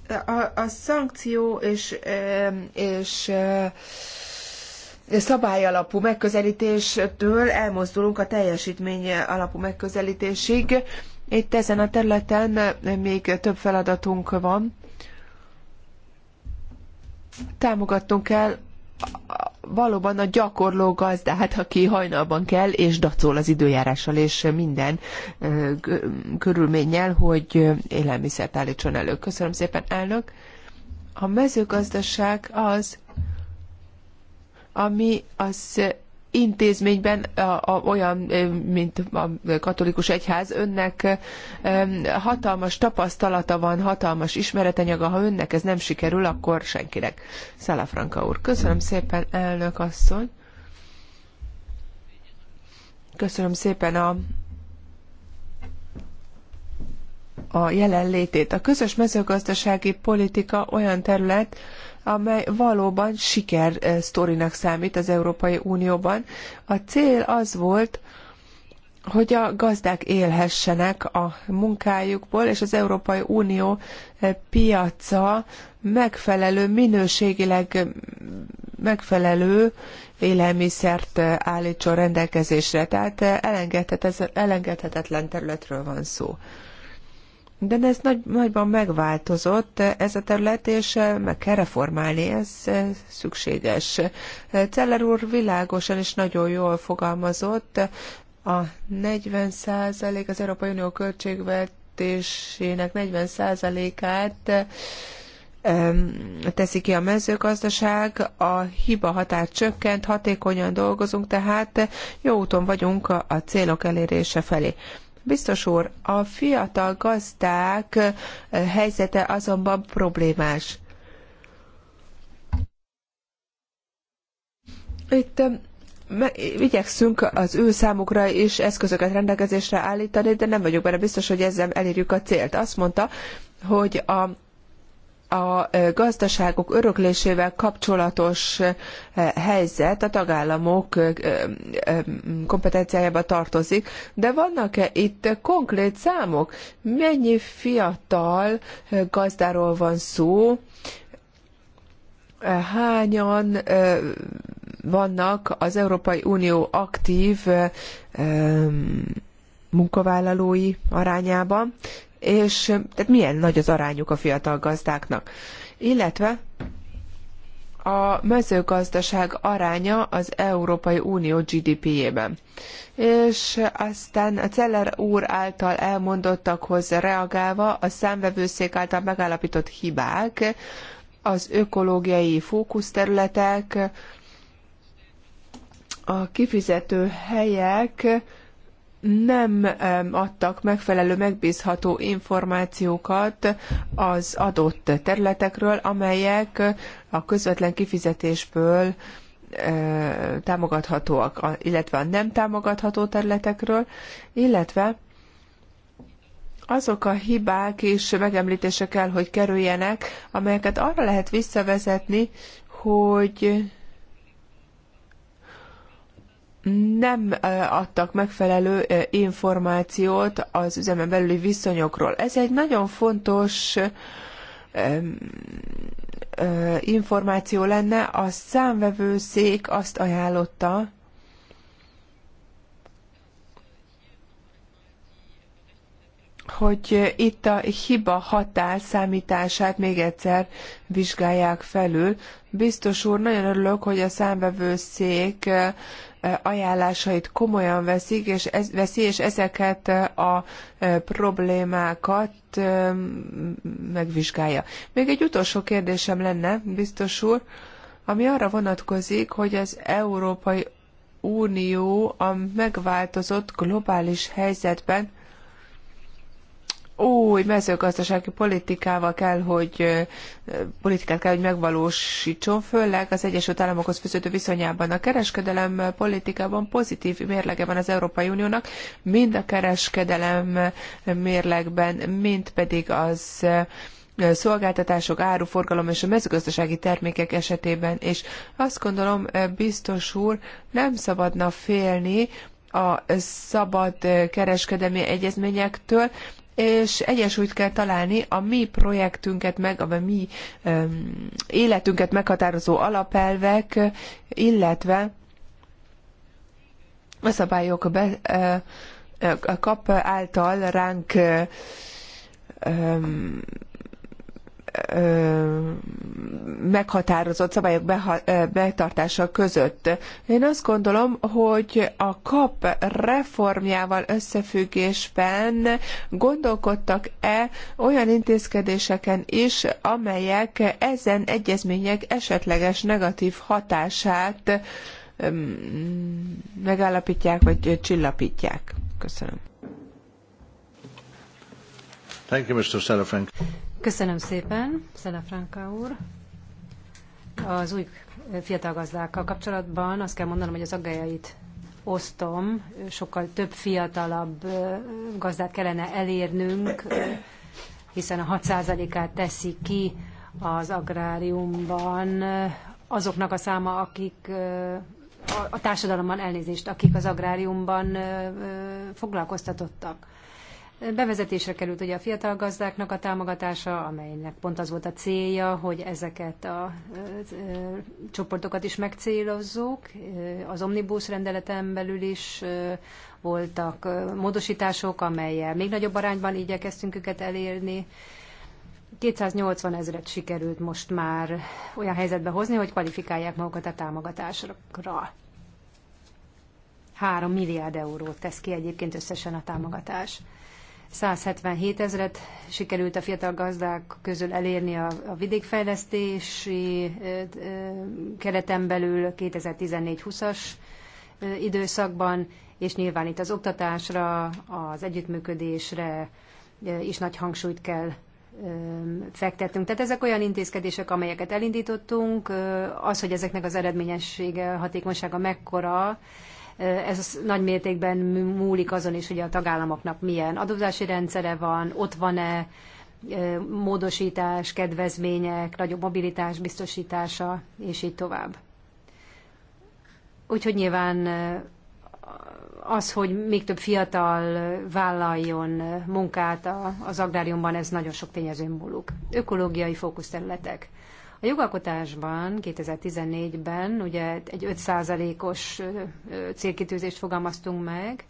a, a szankció és, és eh, szabályalapú megközelítéstől elmozdulunk a teljesítmény alapú megközelítésig. Itt ezen a területen még több feladatunk van. Támogattunk kell valóban a gyakorló gazdát, aki hajnalban kell, és dacol az időjárással, és minden körülménnyel, hogy élelmiszert állítson elő. Köszönöm szépen, elnök. A mezőgazdaság az, ami az intézményben a, a, olyan, mint a katolikus egyház, önnek hatalmas tapasztalata van, hatalmas ismeretanyaga, ha önnek ez nem sikerül, akkor senkinek. Szalafranka úr, köszönöm szépen, elnök asszony. Köszönöm szépen a, a jelenlétét. A közös mezőgazdasági politika olyan terület, amely valóban siker eh, sztorinak számít az Európai Unióban. A cél az volt, hogy a gazdák élhessenek a munkájukból, és az Európai Unió eh, piaca megfelelő, minőségileg mm, megfelelő élelmiszert eh, állítson rendelkezésre. Tehát elengedhetetlen területről van szó. De ez nagy, nagyban megváltozott eh, ez a terület, és eh, meg kell reformálni, ez eh, szükséges. Celler úr világosan és nagyon jól fogalmazott, a 40 százalék az Európai Unió költségvetésének 40 százalékát teszi ki a mezőgazdaság, a hiba határ csökkent, hatékonyan dolgozunk, tehát jó úton vagyunk a célok elérése felé. Biztos úr, a fiatal gazdák helyzete azonban problémás. Itt igyekszünk az ő számukra is eszközöket rendelkezésre állítani, de nem vagyok benne biztos, hogy ezzel elérjük a célt. Azt mondta, hogy a a gazdaságok öröklésével kapcsolatos helyzet a tagállamok kompetenciájába tartozik, de vannak-e itt konkrét számok? Mennyi fiatal gazdáról van szó, hányan vannak az Európai Unió aktív munkavállalói arányában, és tehát milyen nagy az arányuk a fiatal gazdáknak. Illetve a mezőgazdaság aránya az Európai Unió GDP-jében. És aztán a Celler úr által elmondottakhoz reagálva a számvevőszék által megállapított hibák, az ökológiai fókuszterületek, a kifizető helyek, nem adtak megfelelő megbízható információkat az adott területekről, amelyek a közvetlen kifizetésből e, támogathatóak, illetve a nem támogatható területekről, illetve azok a hibák és megemlítések kell, hogy kerüljenek, amelyeket arra lehet visszavezetni, hogy nem adtak megfelelő információt az üzemen belüli viszonyokról. Ez egy nagyon fontos információ lenne. A számvevőszék azt ajánlotta, hogy itt a hiba határ számítását még egyszer vizsgálják felül. Biztos úr, nagyon örülök, hogy a számvevőszék ajánlásait komolyan veszik, és ez, veszi, és ezeket a e, problémákat e, megvizsgálja. Még egy utolsó kérdésem lenne, biztos úr, ami arra vonatkozik, hogy az Európai Unió a megváltozott globális helyzetben új mezőgazdasági politikával kell, hogy politikát kell, hogy megvalósítson, főleg az Egyesült Államokhoz fűződő viszonyában. A kereskedelem politikában pozitív mérlege van az Európai Uniónak, mind a kereskedelem mérlegben, mind pedig az szolgáltatások, áruforgalom és a mezőgazdasági termékek esetében. És azt gondolom, biztos úr, nem szabadna félni a szabad kereskedelmi egyezményektől, és egyensúlyt kell találni a mi projektünket, meg a mi um, életünket meghatározó alapelvek, illetve a szabályok be, uh, a kap által ránk um, meghatározott szabályok betartása között. Én azt gondolom, hogy a kap reformjával összefüggésben gondolkodtak-e olyan intézkedéseken is, amelyek ezen egyezmények esetleges negatív hatását megállapítják vagy csillapítják. Köszönöm. Thank you, Mr. Sarafrank. Köszönöm szépen, Franka úr. Az új fiatal gazdákkal kapcsolatban azt kell mondanom, hogy az aggájait osztom, sokkal több fiatalabb gazdát kellene elérnünk, hiszen a 6%-át teszi ki az agráriumban azoknak a száma, akik a társadalomban elnézést, akik az agráriumban foglalkoztatottak. Bevezetésre került ugye a fiatal gazdáknak a támogatása, amelynek pont az volt a célja, hogy ezeket a csoportokat is megcélozzuk. Az omnibus rendeleten belül is voltak módosítások, amelyel még nagyobb arányban igyekeztünk őket elérni. 280 ezeret sikerült most már olyan helyzetbe hozni, hogy kvalifikálják magukat a támogatásra. 3 milliárd eurót tesz ki egyébként összesen a támogatás. 177 ezeret sikerült a fiatal gazdák közül elérni a, a vidékfejlesztési kereten belül 2014-20-as időszakban, és nyilván itt az oktatásra, az együttműködésre is nagy hangsúlyt kell fektettünk. Tehát ezek olyan intézkedések, amelyeket elindítottunk. Az, hogy ezeknek az eredményessége, hatékonysága mekkora, Eh, ez nagy mértékben múlik azon is, hogy a tagállamoknak milyen adózási rendszere van, ott van-e eh, módosítás, kedvezmények, nagyobb mobilitás biztosítása, és így tovább. Úgyhogy nyilván eh, az, hogy még több fiatal vállaljon munkát az agráriumban, ez nagyon sok tényezőn múlik. Ökológiai fókuszterületek. A jogalkotásban 2014-ben ugye egy 5%-os célkitűzést fogalmaztunk meg,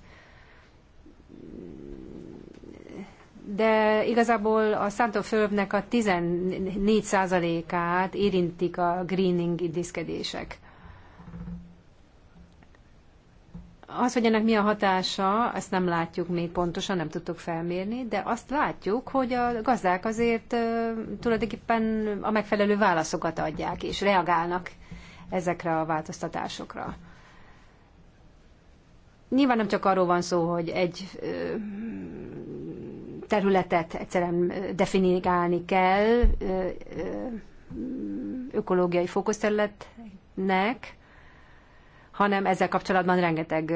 de igazából a szántóföldnek a 14%-át érintik a greening intézkedések. Az, hogy ennek mi a hatása, ezt nem látjuk még pontosan, nem tudtuk felmérni, de azt látjuk, hogy a gazdák azért tulajdonképpen a megfelelő válaszokat adják és reagálnak ezekre a változtatásokra. Nyilván nem csak arról van szó, hogy egy területet egyszerűen definiálni kell ökológiai fókuszterületnek, hanem ezzel kapcsolatban rengeteg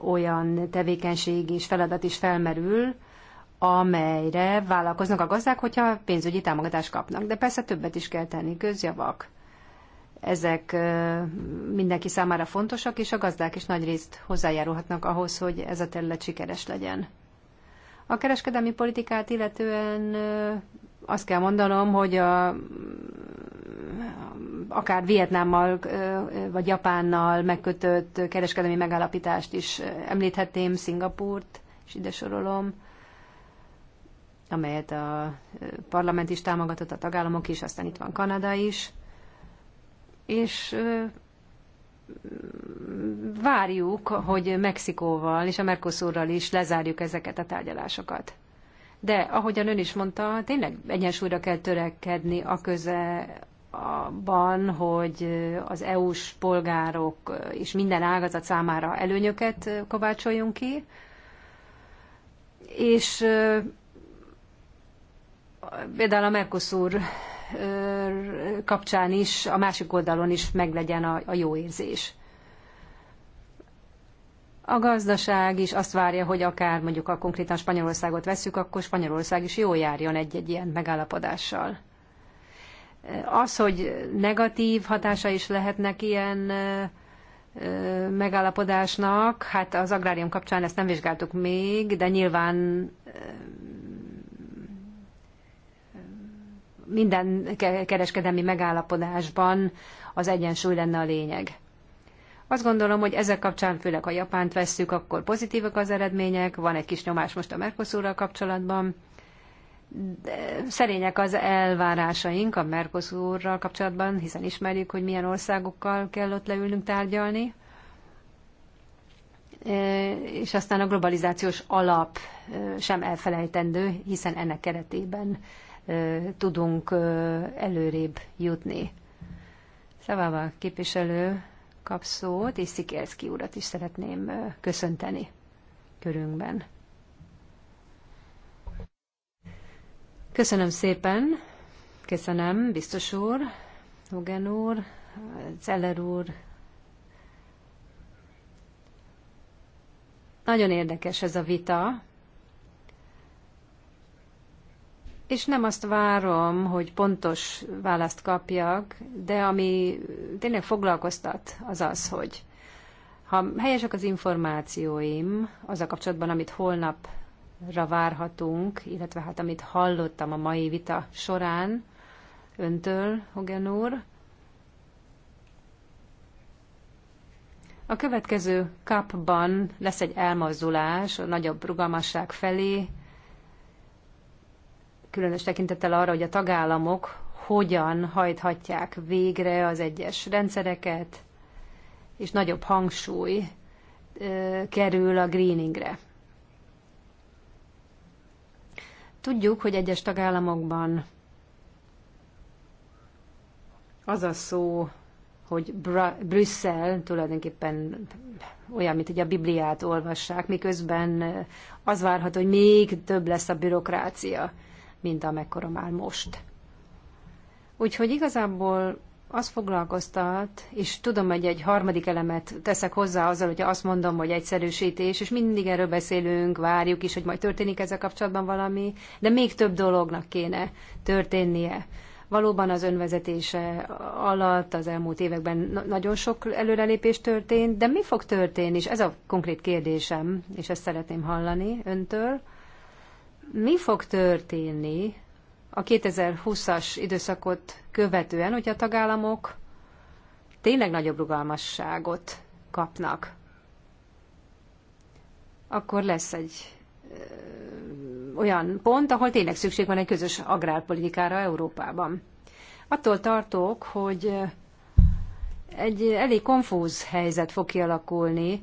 olyan tevékenység és feladat is felmerül, amelyre vállalkoznak a gazdák, hogyha pénzügyi támogatást kapnak. De persze többet is kell tenni, közjavak. Ezek mindenki számára fontosak, és a gazdák is nagy részt hozzájárulhatnak ahhoz, hogy ez a terület sikeres legyen. A kereskedelmi politikát illetően azt kell mondanom, hogy a akár Vietnámmal vagy Japánnal megkötött kereskedelmi megállapítást is említhetném, Szingapurt, és ide sorolom, amelyet a parlament is támogatott, a tagállamok is, aztán itt van Kanada is. És várjuk, hogy Mexikóval és a Mercosurral is lezárjuk ezeket a tárgyalásokat. De ahogyan ön is mondta, tényleg egyensúlyra kell törekedni a köze abban, hogy az EU-s polgárok és minden ágazat számára előnyöket kovácsoljunk ki, és például a Mercosur kapcsán is, a másik oldalon is meglegyen a, a jó érzés. A gazdaság is azt várja, hogy akár mondjuk a konkrétan Spanyolországot veszük, akkor Spanyolország is jól járjon egy-egy ilyen megállapodással. Az, hogy negatív hatása is lehetnek ilyen megállapodásnak, hát az agrárium kapcsán ezt nem vizsgáltuk még, de nyilván minden kereskedelmi megállapodásban az egyensúly lenne a lényeg. Azt gondolom, hogy ezek kapcsán, főleg a Japánt vesszük, akkor pozitívak az eredmények, van egy kis nyomás most a Mercosurral kapcsolatban, szerények az elvárásaink a Mercosurral kapcsolatban, hiszen ismerjük, hogy milyen országokkal kell ott leülnünk tárgyalni. E, és aztán a globalizációs alap e, sem elfelejtendő, hiszen ennek keretében e, tudunk előrébb jutni. Szavával képviselő kap szót, és Szikerszki urat is szeretném köszönteni körünkben. Köszönöm szépen, köszönöm, biztos úr, Hogan úr, Celler úr. Nagyon érdekes ez a vita, és nem azt várom, hogy pontos választ kapjak, de ami tényleg foglalkoztat, az az, hogy ha helyesek az információim az a kapcsolatban, amit holnap várhatunk, illetve hát amit hallottam a mai vita során öntől, Hogan úr. A következő kapban lesz egy elmozdulás a nagyobb rugalmasság felé, különös tekintettel arra, hogy a tagállamok hogyan hajthatják végre az egyes rendszereket, és nagyobb hangsúly kerül a greeningre. Tudjuk, hogy egyes tagállamokban az a szó, hogy Bra- Brüsszel tulajdonképpen olyan, mint hogy a Bibliát olvassák, miközben az várható, hogy még több lesz a bürokrácia, mint amekkora már most. Úgyhogy igazából az foglalkoztat, és tudom, hogy egy harmadik elemet teszek hozzá azzal, hogyha azt mondom, hogy egyszerűsítés, és mindig erről beszélünk, várjuk is, hogy majd történik ezzel kapcsolatban valami, de még több dolognak kéne történnie. Valóban az önvezetése alatt az elmúlt években nagyon sok előrelépés történt, de mi fog történni, és ez a konkrét kérdésem, és ezt szeretném hallani öntől, mi fog történni a 2020-as időszakot követően, hogy a tagállamok tényleg nagyobb rugalmasságot kapnak, akkor lesz egy ö, olyan pont, ahol tényleg szükség van egy közös agrárpolitikára Európában. Attól tartok, hogy egy elég konfúz helyzet fog kialakulni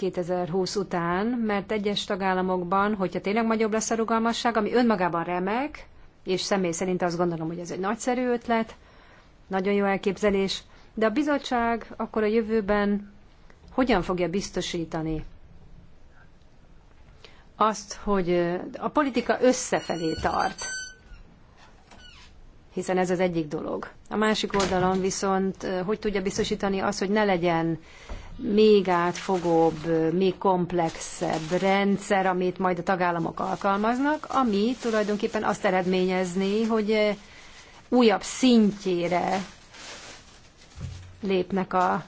2020 után, mert egyes tagállamokban, hogyha tényleg nagyobb lesz a rugalmasság, ami önmagában remek, és személy szerint azt gondolom, hogy ez egy nagyszerű ötlet, nagyon jó elképzelés, de a bizottság akkor a jövőben hogyan fogja biztosítani azt, hogy a politika összefelé tart, hiszen ez az egyik dolog. A másik oldalon viszont eh, hogy tudja biztosítani azt, hogy ne legyen még átfogóbb, még komplexebb rendszer, amit majd a tagállamok alkalmaznak, ami tulajdonképpen azt eredményezné, hogy eh, újabb szintjére lépnek a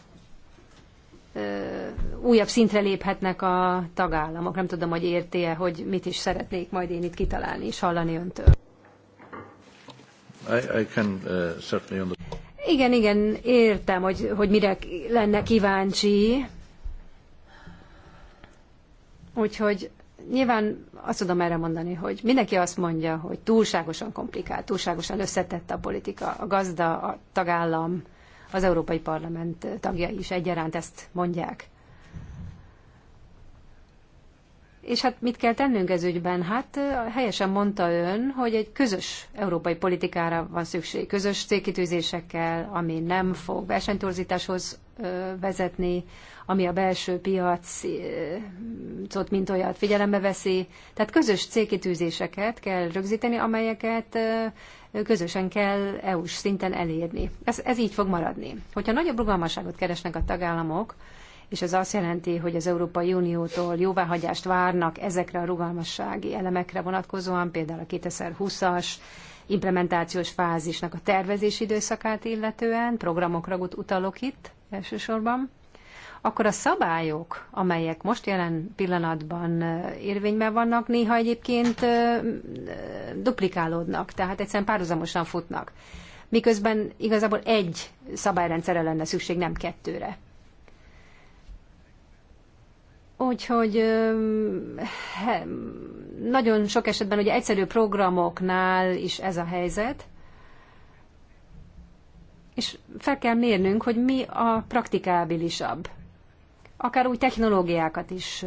eh, újabb szintre léphetnek a tagállamok. Nem tudom, hogy érti-e, hogy mit is szeretnék majd én itt kitalálni és hallani öntől. I, I can, uh, igen, igen, értem, hogy, hogy mire lenne kíváncsi. Úgyhogy nyilván azt tudom erre mondani, hogy mindenki azt mondja, hogy túlságosan komplikált, túlságosan összetett a politika, a gazda, a tagállam, az Európai Parlament tagjai is egyaránt ezt mondják. És hát mit kell tennünk ez ügyben? Hát helyesen mondta ön, hogy egy közös európai politikára van szükség, közös célkitűzésekkel, ami nem fog versenytorzításhoz vezetni, ami a belső piacot mint olyat figyelembe veszi. Tehát közös célkitűzéseket kell rögzíteni, amelyeket közösen kell EU-s szinten elérni. Ez, ez így fog maradni. Hogyha nagyobb rugalmasságot keresnek a tagállamok, és ez azt jelenti, hogy az Európai Uniótól jóváhagyást várnak ezekre a rugalmassági elemekre vonatkozóan, például a 2020-as implementációs fázisnak a tervezési időszakát illetően, programokra utalok itt elsősorban, akkor a szabályok, amelyek most jelen pillanatban érvényben vannak, néha egyébként duplikálódnak, tehát egyszerűen párhuzamosan futnak. Miközben igazából egy szabályrendszerre lenne szükség, nem kettőre. Úgyhogy nagyon sok esetben ugye egyszerű programoknál is ez a helyzet, és fel kell mérnünk, hogy mi a praktikábilisabb. Akár új technológiákat is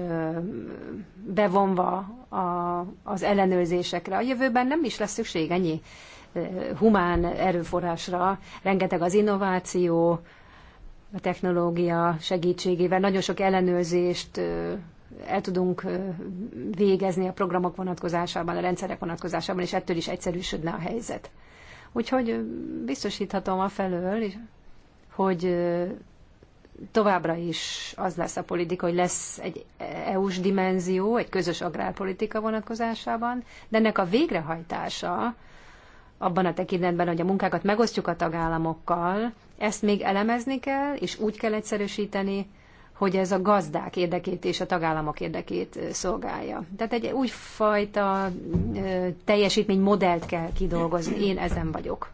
bevonva a, az ellenőrzésekre. A jövőben nem is lesz szükség ennyi humán erőforrásra, rengeteg az innováció, a technológia segítségével nagyon sok ellenőrzést el tudunk végezni a programok vonatkozásában, a rendszerek vonatkozásában, és ettől is egyszerűsödne a helyzet. Úgyhogy biztosíthatom a felől, hogy továbbra is az lesz a politika, hogy lesz egy EU-s dimenzió, egy közös agrárpolitika vonatkozásában, de ennek a végrehajtása, abban a tekintetben, hogy a munkákat megosztjuk a tagállamokkal, ezt még elemezni kell, és úgy kell egyszerűsíteni, hogy ez a gazdák érdekét és a tagállamok érdekét szolgálja. Tehát egy újfajta teljesítménymodellt kell kidolgozni. Én ezen vagyok.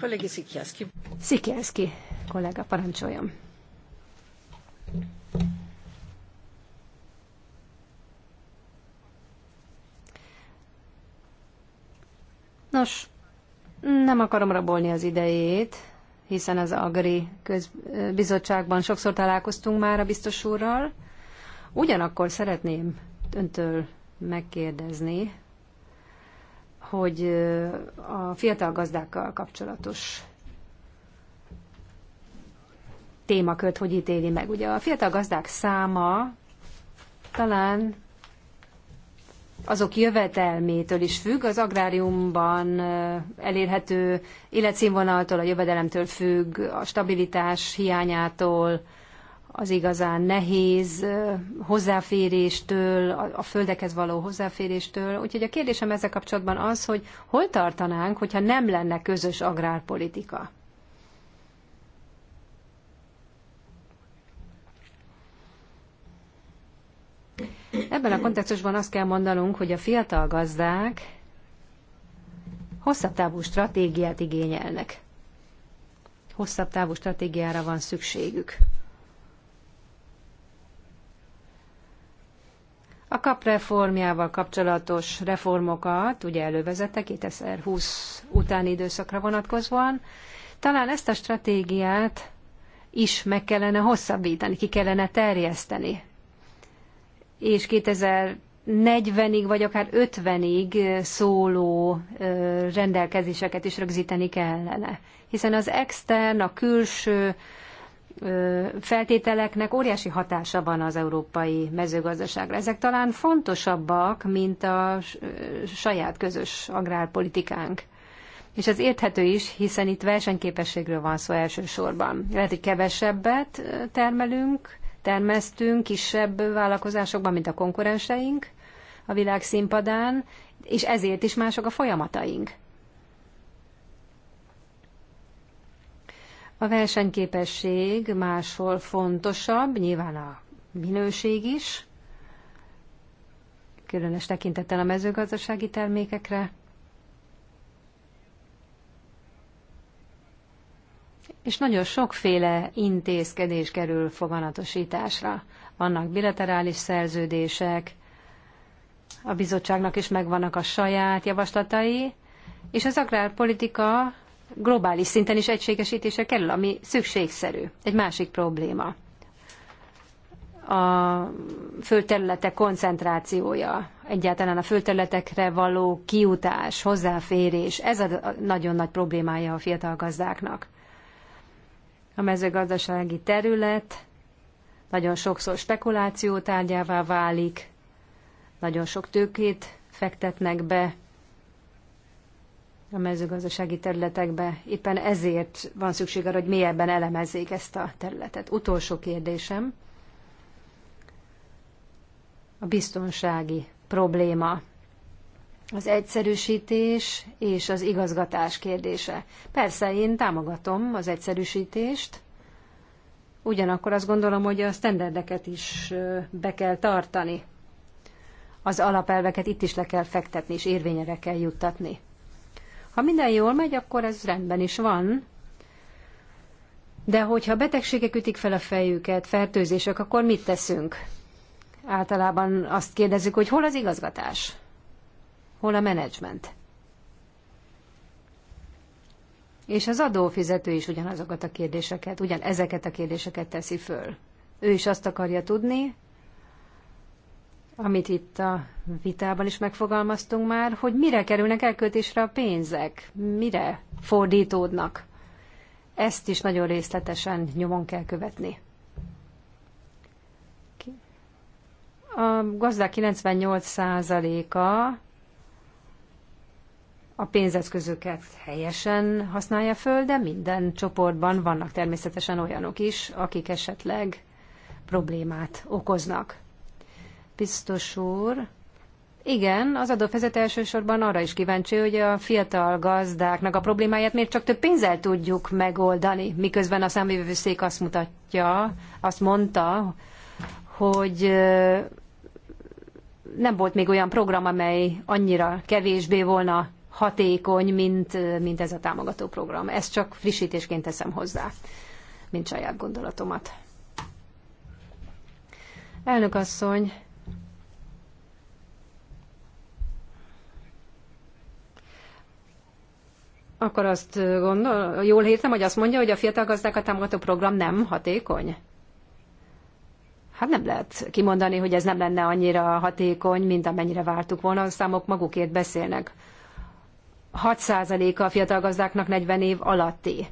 Kollégi Szikjelszki. Szikjelszki kollega, parancsoljon. Nos, nem akarom rabolni az idejét, hiszen az Agri közbizottságban sokszor találkoztunk már a biztos úrral. Ugyanakkor szeretném öntől megkérdezni, hogy a fiatal gazdákkal kapcsolatos témakört hogy ítéli meg. Ugye a fiatal gazdák száma talán azok jövedelmétől is függ, az agráriumban elérhető életszínvonaltól, a jövedelemtől függ, a stabilitás hiányától, az igazán nehéz hozzáféréstől, a földekhez való hozzáféréstől. Úgyhogy a kérdésem ezzel kapcsolatban az, hogy hol tartanánk, hogyha nem lenne közös agrárpolitika? Ebben a kontextusban azt kell mondanunk, hogy a fiatal gazdák hosszabb távú stratégiát igényelnek. Hosszabb távú stratégiára van szükségük. A KAP reformjával kapcsolatos reformokat ugye elővezette 2020 utáni időszakra vonatkozóan. Talán ezt a stratégiát is meg kellene hosszabbítani, ki kellene terjeszteni és 2040-ig, vagy akár 50-ig szóló rendelkezéseket is rögzíteni kellene. Hiszen az extern, a külső feltételeknek óriási hatása van az európai mezőgazdaságra. Ezek talán fontosabbak, mint a saját közös agrárpolitikánk. És ez érthető is, hiszen itt versenyképességről van szó elsősorban. Lehet, hogy kevesebbet termelünk, termesztünk kisebb vállalkozásokban, mint a konkurenseink a világ színpadán, és ezért is mások a folyamataink. A versenyképesség máshol fontosabb, nyilván a minőség is, különös tekintettel a mezőgazdasági termékekre, és nagyon sokféle intézkedés kerül foganatosításra. Vannak bilaterális szerződések, a bizottságnak is megvannak a saját javaslatai, és az agrárpolitika globális szinten is egységesítése kerül, ami szükségszerű. Egy másik probléma. A földterületek koncentrációja, egyáltalán a földterületekre való kiutás, hozzáférés, ez a nagyon nagy problémája a fiatal gazdáknak. A mezőgazdasági terület nagyon sokszor spekuláció tárgyává válik, nagyon sok tőkét fektetnek be a mezőgazdasági területekbe. Éppen ezért van szükség arra, hogy mélyebben elemezzék ezt a területet. Utolsó kérdésem. A biztonsági probléma az egyszerűsítés és az igazgatás kérdése. Persze én támogatom az egyszerűsítést, ugyanakkor azt gondolom, hogy a standardeket is be kell tartani. Az alapelveket itt is le kell fektetni, és érvényre kell juttatni. Ha minden jól megy, akkor ez rendben is van, de hogyha betegségek ütik fel a fejüket, fertőzések, akkor mit teszünk? Általában azt kérdezzük, hogy hol az igazgatás? hol a menedzsment. És az adófizető is ugyanazokat a kérdéseket, ugyan ezeket a kérdéseket teszi föl. Ő is azt akarja tudni, amit itt a vitában is megfogalmaztunk már, hogy mire kerülnek elköltésre a pénzek, mire fordítódnak. Ezt is nagyon részletesen nyomon kell követni. A gazdák 98%-a a pénzeszközöket helyesen használja föl, de minden csoportban vannak természetesen olyanok is, akik esetleg problémát okoznak. Biztos úr, igen, az adófezet elsősorban arra is kíváncsi, hogy a fiatal gazdáknak a problémáját miért csak több pénzzel tudjuk megoldani, miközben a számvevőszék azt mutatja, azt mondta, hogy nem volt még olyan program, amely annyira kevésbé volna hatékony, mint, mint ez a támogató program. Ezt csak frissítésként teszem hozzá, mint saját gondolatomat. Elnök asszony, akkor azt gondol, jól értem, hogy azt mondja, hogy a fiatal gazdákat támogató program nem hatékony? Hát nem lehet kimondani, hogy ez nem lenne annyira hatékony, mint amennyire vártuk volna, a számok magukért beszélnek. 6%-a a fiatal gazdáknak 40 év alatti.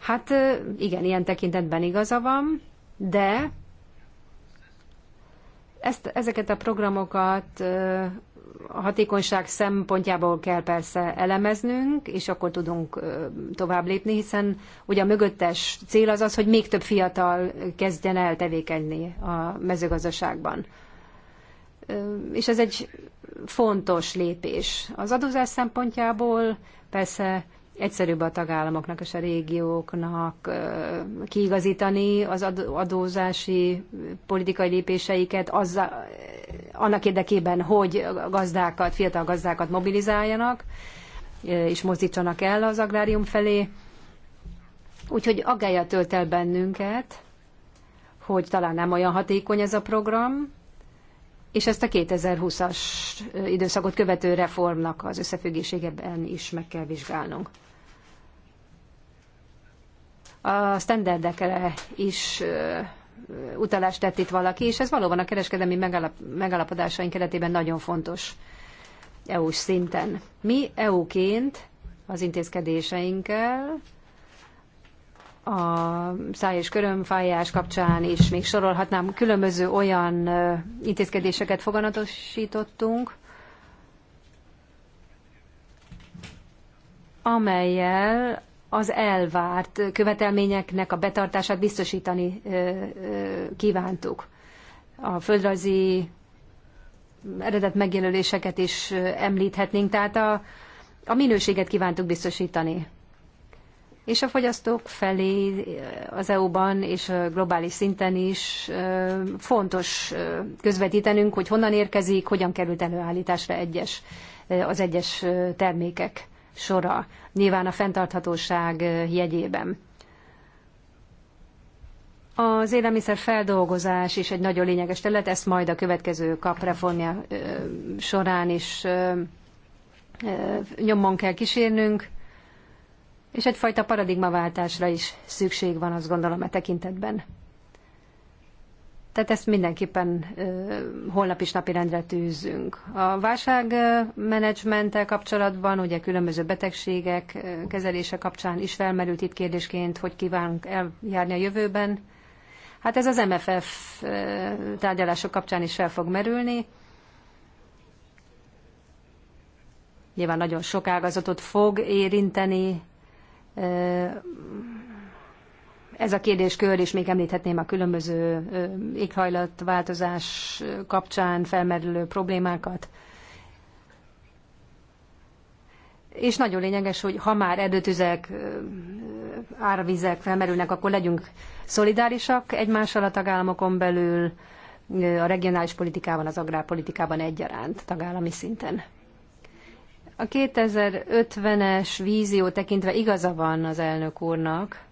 Hát igen, ilyen tekintetben igaza van, de ezt, ezeket a programokat a hatékonyság szempontjából kell persze elemeznünk, és akkor tudunk tovább lépni, hiszen ugye a mögöttes cél az az, hogy még több fiatal kezdjen el tevékenyni a mezőgazdaságban és ez egy fontos lépés. Az adózás szempontjából persze egyszerűbb a tagállamoknak és a régióknak kiigazítani az adózási politikai lépéseiket azzal, annak érdekében, hogy gazdákat, fiatal gazdákat mobilizáljanak és mozdítsanak el az agrárium felé. Úgyhogy aggája tölt el bennünket, hogy talán nem olyan hatékony ez a program, és ezt a 2020-as időszakot követő reformnak az összefüggésében is meg kell vizsgálnunk. A standardekre is utalást tett itt valaki, és ez valóban a kereskedelmi megállapodásaink keretében nagyon fontos EU-s szinten. Mi EU-ként az intézkedéseinkkel a száj és körömfájás kapcsán is még sorolhatnám, különböző olyan intézkedéseket foganatosítottunk, amelyel az elvárt követelményeknek a betartását biztosítani kívántuk. A földrajzi eredet megjelöléseket is említhetnénk, tehát a, a minőséget kívántuk biztosítani és a fogyasztók felé az EU-ban és globális szinten is fontos közvetítenünk, hogy honnan érkezik, hogyan került előállításra egyes, az egyes termékek sora, nyilván a fenntarthatóság jegyében. Az élelmiszer feldolgozás is egy nagyon lényeges terület, ezt majd a következő kapreformja során is nyomban kell kísérnünk és egyfajta paradigmaváltásra is szükség van, azt gondolom, a e tekintetben. Tehát ezt mindenképpen ö, holnap is napirendre tűzünk. A válságmenedzsmenttel kapcsolatban, ugye különböző betegségek kezelése kapcsán is felmerült itt kérdésként, hogy kívánunk eljárni a jövőben. Hát ez az MFF tárgyalások kapcsán is fel fog merülni. Nyilván nagyon sok ágazatot fog érinteni ez a kérdéskör, és még említhetném a különböző éghajlatváltozás kapcsán felmerülő problémákat. És nagyon lényeges, hogy ha már erdőtüzek, áravizek felmerülnek, akkor legyünk szolidárisak egymással a tagállamokon belül, a regionális politikában, az agrárpolitikában egyaránt tagállami szinten. A 2050-es vízió tekintve igaza van az elnök úrnak,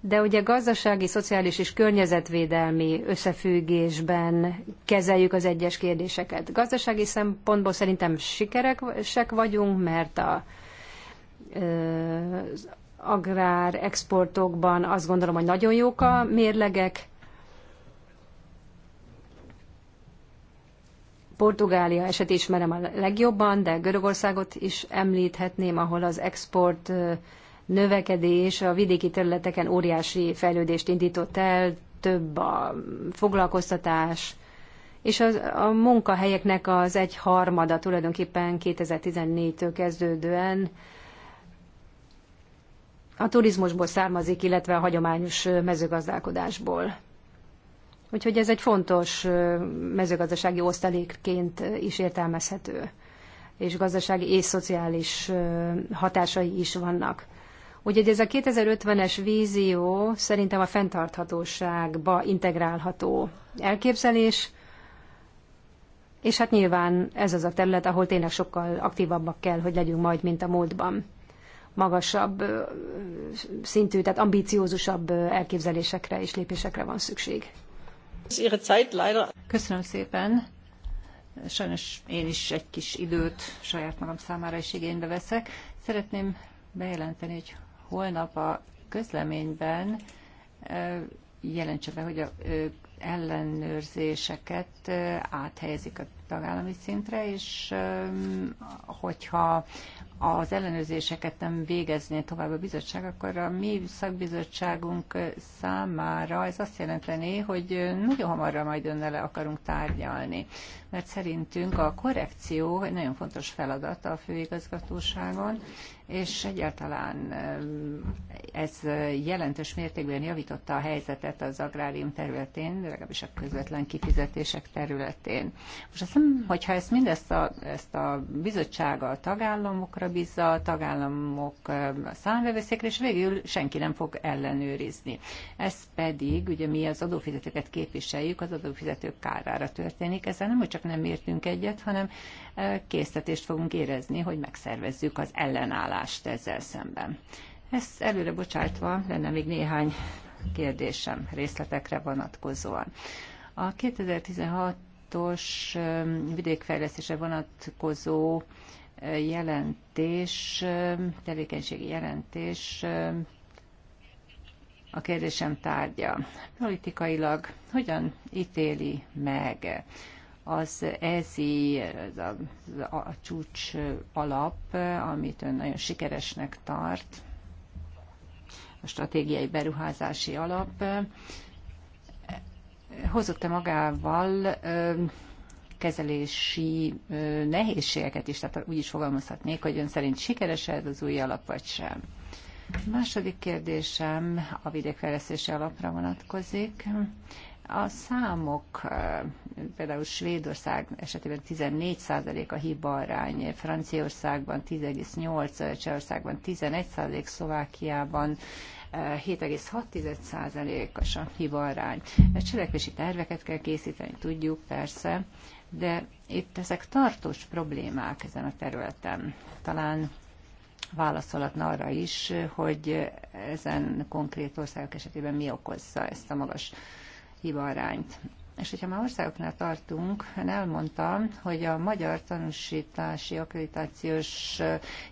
de ugye gazdasági, szociális és környezetvédelmi összefüggésben kezeljük az egyes kérdéseket. Gazdasági szempontból szerintem sikeresek vagyunk, mert a az azt gondolom, hogy nagyon jók a mérlegek, Portugália eset ismerem a legjobban, de Görögországot is említhetném, ahol az export növekedés a vidéki területeken óriási fejlődést indított el, több a foglalkoztatás, és a, a munkahelyeknek az egy harmada tulajdonképpen 2014-től kezdődően a turizmusból származik, illetve a hagyományos mezőgazdálkodásból. Úgyhogy ez egy fontos mezőgazdasági osztalékként is értelmezhető, és gazdasági és szociális hatásai is vannak. Úgyhogy ez a 2050-es vízió szerintem a fenntarthatóságba integrálható elképzelés, és hát nyilván ez az a terület, ahol tényleg sokkal aktívabbak kell, hogy legyünk majd, mint a múltban. Magasabb szintű, tehát ambíciózusabb elképzelésekre és lépésekre van szükség. Köszönöm szépen. Sajnos én is egy kis időt saját magam számára is igénybe veszek. Szeretném bejelenteni, hogy holnap a közleményben jelentse be, hogy a ellenőrzéseket áthelyezik a tagállami szintre, és hogyha az ellenőrzéseket nem végezné tovább a bizottság, akkor a mi szakbizottságunk számára ez azt jelenteni, hogy nagyon hamarra majd önnel akarunk tárgyalni. Mert szerintünk a korrekció egy nagyon fontos feladat a főigazgatóságon, és egyáltalán eh, ez jelentős mértékben javította a helyzetet az agrárium területén, legalábbis a közvetlen kifizetések területén. Most azt mondom, hogyha ezt mindezt a, ezt a bizottság a tagállamokra bízza, a tagállamok eh, a és végül senki nem fog ellenőrizni. Ez pedig, ugye mi az adófizetőket képviseljük, az adófizetők kárára történik. Ezzel nem, hogy csak nem értünk egyet, hanem késztetést fogunk érezni, hogy megszervezzük az ellenállást ezzel szemben. Ezt előre bocsátva lenne még néhány kérdésem részletekre vonatkozóan. A 2016-os vidékfejlesztésre vonatkozó jelentés, tevékenységi jelentés a kérdésem tárgya. Politikailag hogyan ítéli meg az e ezi az a, a csúcs alap, amit ön nagyon sikeresnek tart, a stratégiai beruházási alap, hozott-e magával kezelési nehézségeket is, tehát úgy is fogalmazhatnék, hogy ön szerint sikeres ez az új alap, vagy sem. A második kérdésem a vidékfejlesztési alapra vonatkozik. A számok, például Svédország esetében 14% a hiba arány, Franciaországban 10,8%, Csehországban 11%, Szlovákiában 7,6%-os a hiba arány. Cselekvési terveket kell készíteni, tudjuk persze, de itt ezek tartós problémák ezen a területen. Talán válaszolatna arra is, hogy ezen konkrét országok esetében mi okozza ezt a magas hibarányt. És hogyha már országoknál tartunk, én elmondtam, hogy a magyar tanúsítási akkreditációs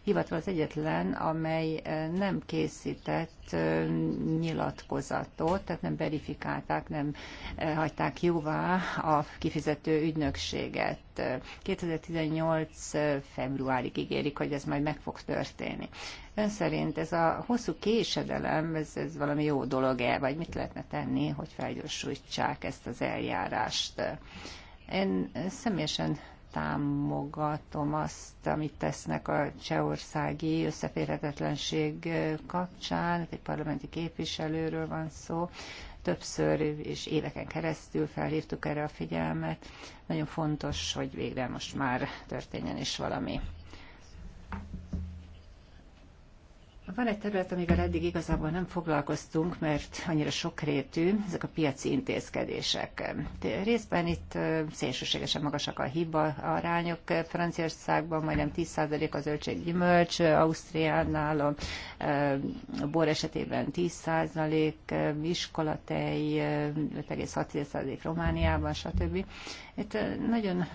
hivatal az egyetlen, amely nem készített nyilatkozatot, tehát nem verifikálták, nem hagyták jóvá a kifizető ügynökséget. 2018 hát, februárig ígérik, hogy ez majd meg fog történni. Ön szerint ez a hosszú késedelem, ez, ez valami jó dolog-e, vagy mit lehetne tenni, hogy felgyorsítsák ezt az eljárást? Én személyesen támogatom azt, amit tesznek a csehországi összeférhetetlenség kapcsán, egy parlamenti képviselőről van szó, többször és éveken keresztül felhívtuk erre a figyelmet. Nagyon fontos, hogy végre most már történjen is valami. Van egy terület, amivel eddig igazából nem foglalkoztunk, mert annyira sokrétű, ezek a piaci intézkedések. Részben itt szélsőségesen magasak a hiba arányok. Franciaországban majdnem 10% a gyümölcs, Ausztriánál a bor esetében 10%, iskolatej 5,6% Romániában, stb. Itt nagyon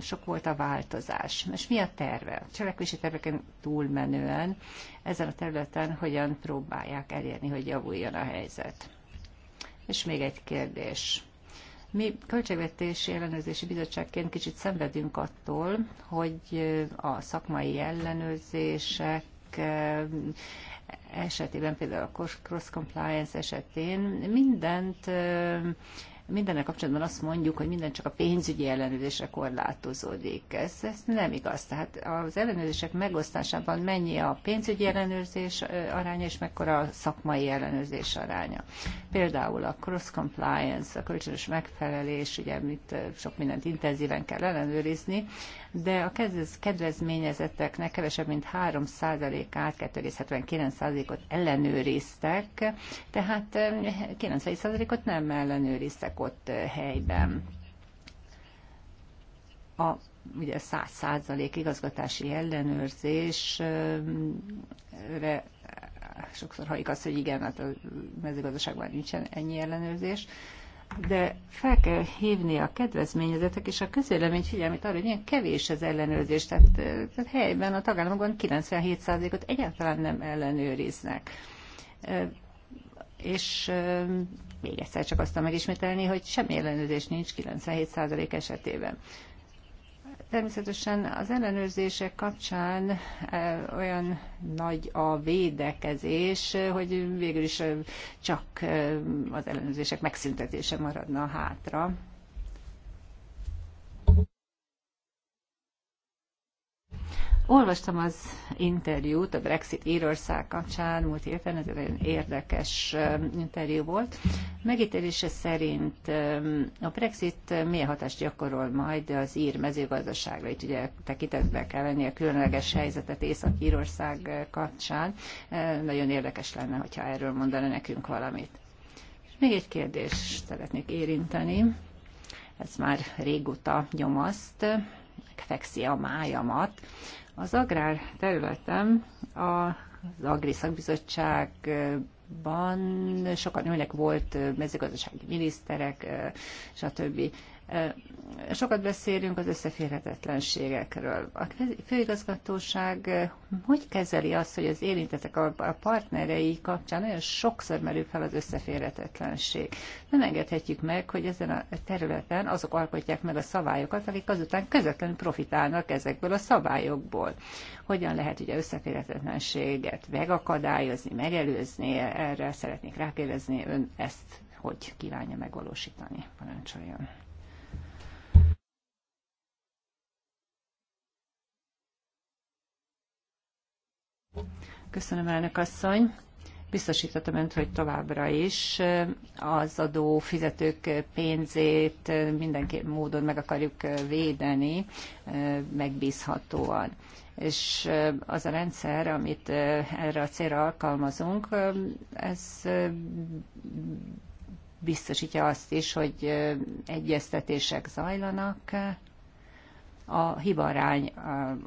sok volt a változás. És mi a terve? A cselekvési terveken túlmenően ezen a területen hogyan próbálják elérni, hogy javuljon a helyzet? És még egy kérdés. Mi Költségvetési Ellenőrzési Bizottságként kicsit szenvedünk attól, hogy a szakmai ellenőrzések esetében, például a cross compliance esetén mindent mindennel kapcsolatban azt mondjuk, hogy minden csak a pénzügyi ellenőrzésre korlátozódik. Ez, ez nem igaz. Tehát az ellenőrzések megosztásában mennyi a pénzügyi ellenőrzés aránya, és mekkora a szakmai ellenőrzés aránya. Például a cross-compliance, a kölcsönös megfelelés, ugye mit sok mindent intenzíven kell ellenőrizni, de a kedvezményezetteknek kevesebb, mint 3%-át, 2,79%-ot ellenőriztek, tehát 91%-ot eh, nem ellenőriztek ott eh, helyben. A ugye 100 igazgatási ellenőrzésre sokszor hajik az, hogy igen, hát a mezőgazdaságban nincsen ennyi ellenőrzés, de fel kell hívni a kedvezményezetek és a közvélemény figyelmét arra, hogy ilyen kevés az ellenőrzés. Tehát, tehát helyben a tagállamokban 97%-ot egyáltalán nem ellenőriznek. És még egyszer csak azt megismételni, hogy semmi ellenőrzés nincs 97% esetében. Természetesen az ellenőrzések kapcsán e, olyan nagy a védekezés, hogy végül is e, csak e, az ellenőrzések megszüntetése maradna hátra. Olvastam az interjút a Brexit Írország kapcsán múlt héten, ez egy érdekes um, interjú volt. Megítélése szerint um, a Brexit um, milyen hatást gyakorol majd az ír mezőgazdaságra? Itt ugye tekintetbe kell venni a különleges helyzetet Észak-Írország uh, kapcsán. Uh, nagyon érdekes lenne, hogyha erről mondana nekünk valamit. És még egy kérdést szeretnék érinteni. Ez már régóta nyomaszt, megfekszi a májamat. Az agrár területen az Agri Szakbizottságban sokan ülnek, volt mezőgazdasági miniszterek, stb. Sokat beszélünk az összeférhetetlenségekről. A főigazgatóság hogy kezeli azt, hogy az érintetek a partnerei kapcsán nagyon sokszor merül fel az összeférhetetlenség? Nem engedhetjük meg, hogy ezen a területen azok alkotják meg a szabályokat, akik azután közvetlenül profitálnak ezekből a szabályokból. Hogyan lehet ugye összeférhetetlenséget megakadályozni, megelőzni? Erre szeretnék rákérdezni, ön ezt hogy kívánja megvalósítani? Parancsoljon! Köszönöm, elnök asszony. Biztosítottam önt, hogy továbbra is eh, az adó fizetők pénzét eh, mindenki módon meg akarjuk eh, védeni megbízhatóan és az a rendszer, amit erre a célra alkalmazunk, ez biztosítja azt is, hogy egyeztetések zajlanak, a hibarány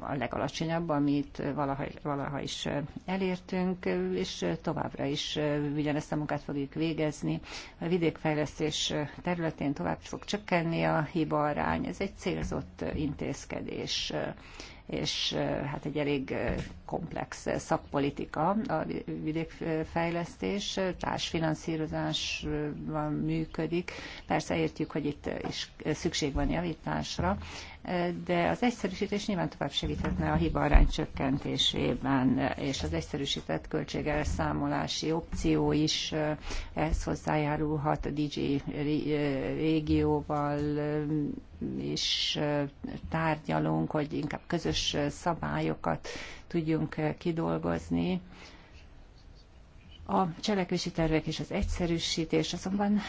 a legalacsonyabb, amit valaha, valaha is elértünk, és továbbra is ugyanezt a munkát fogjuk végezni. A vidékfejlesztés területén tovább fog csökkenni a hibarány. Ez egy célzott intézkedés és hát egy elég komplex szakpolitika a vidékfejlesztés, társfinanszírozásban működik. Persze értjük, hogy itt is szükség van javításra, de az egyszerűsítés nyilván tovább segíthetne a arány csökkentésében, és az egyszerűsített költségelszámolási opció is eh, ehhez hozzájárulhat a DJ régióval, és eh, eh, tárgyalunk, hogy inkább közös szabályokat tudjunk kidolgozni a cselekvési tervek és az egyszerűsítés azonban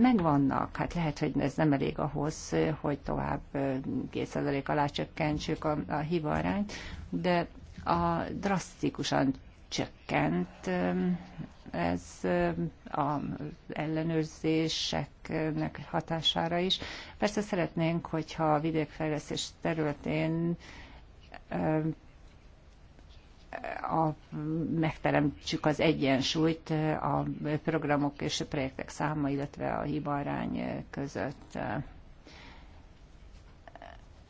megvannak. Hát lehet, hogy ez nem elég ahhoz, hogy tovább 2% alá csökkentsük a, a hibarányt, de a drasztikusan csökkent ez az ellenőrzéseknek hatására is. Persze szeretnénk, hogyha a vidékfejlesztés területén a, megteremtsük az egyensúlyt a programok és a projektek száma, illetve a hibarány között.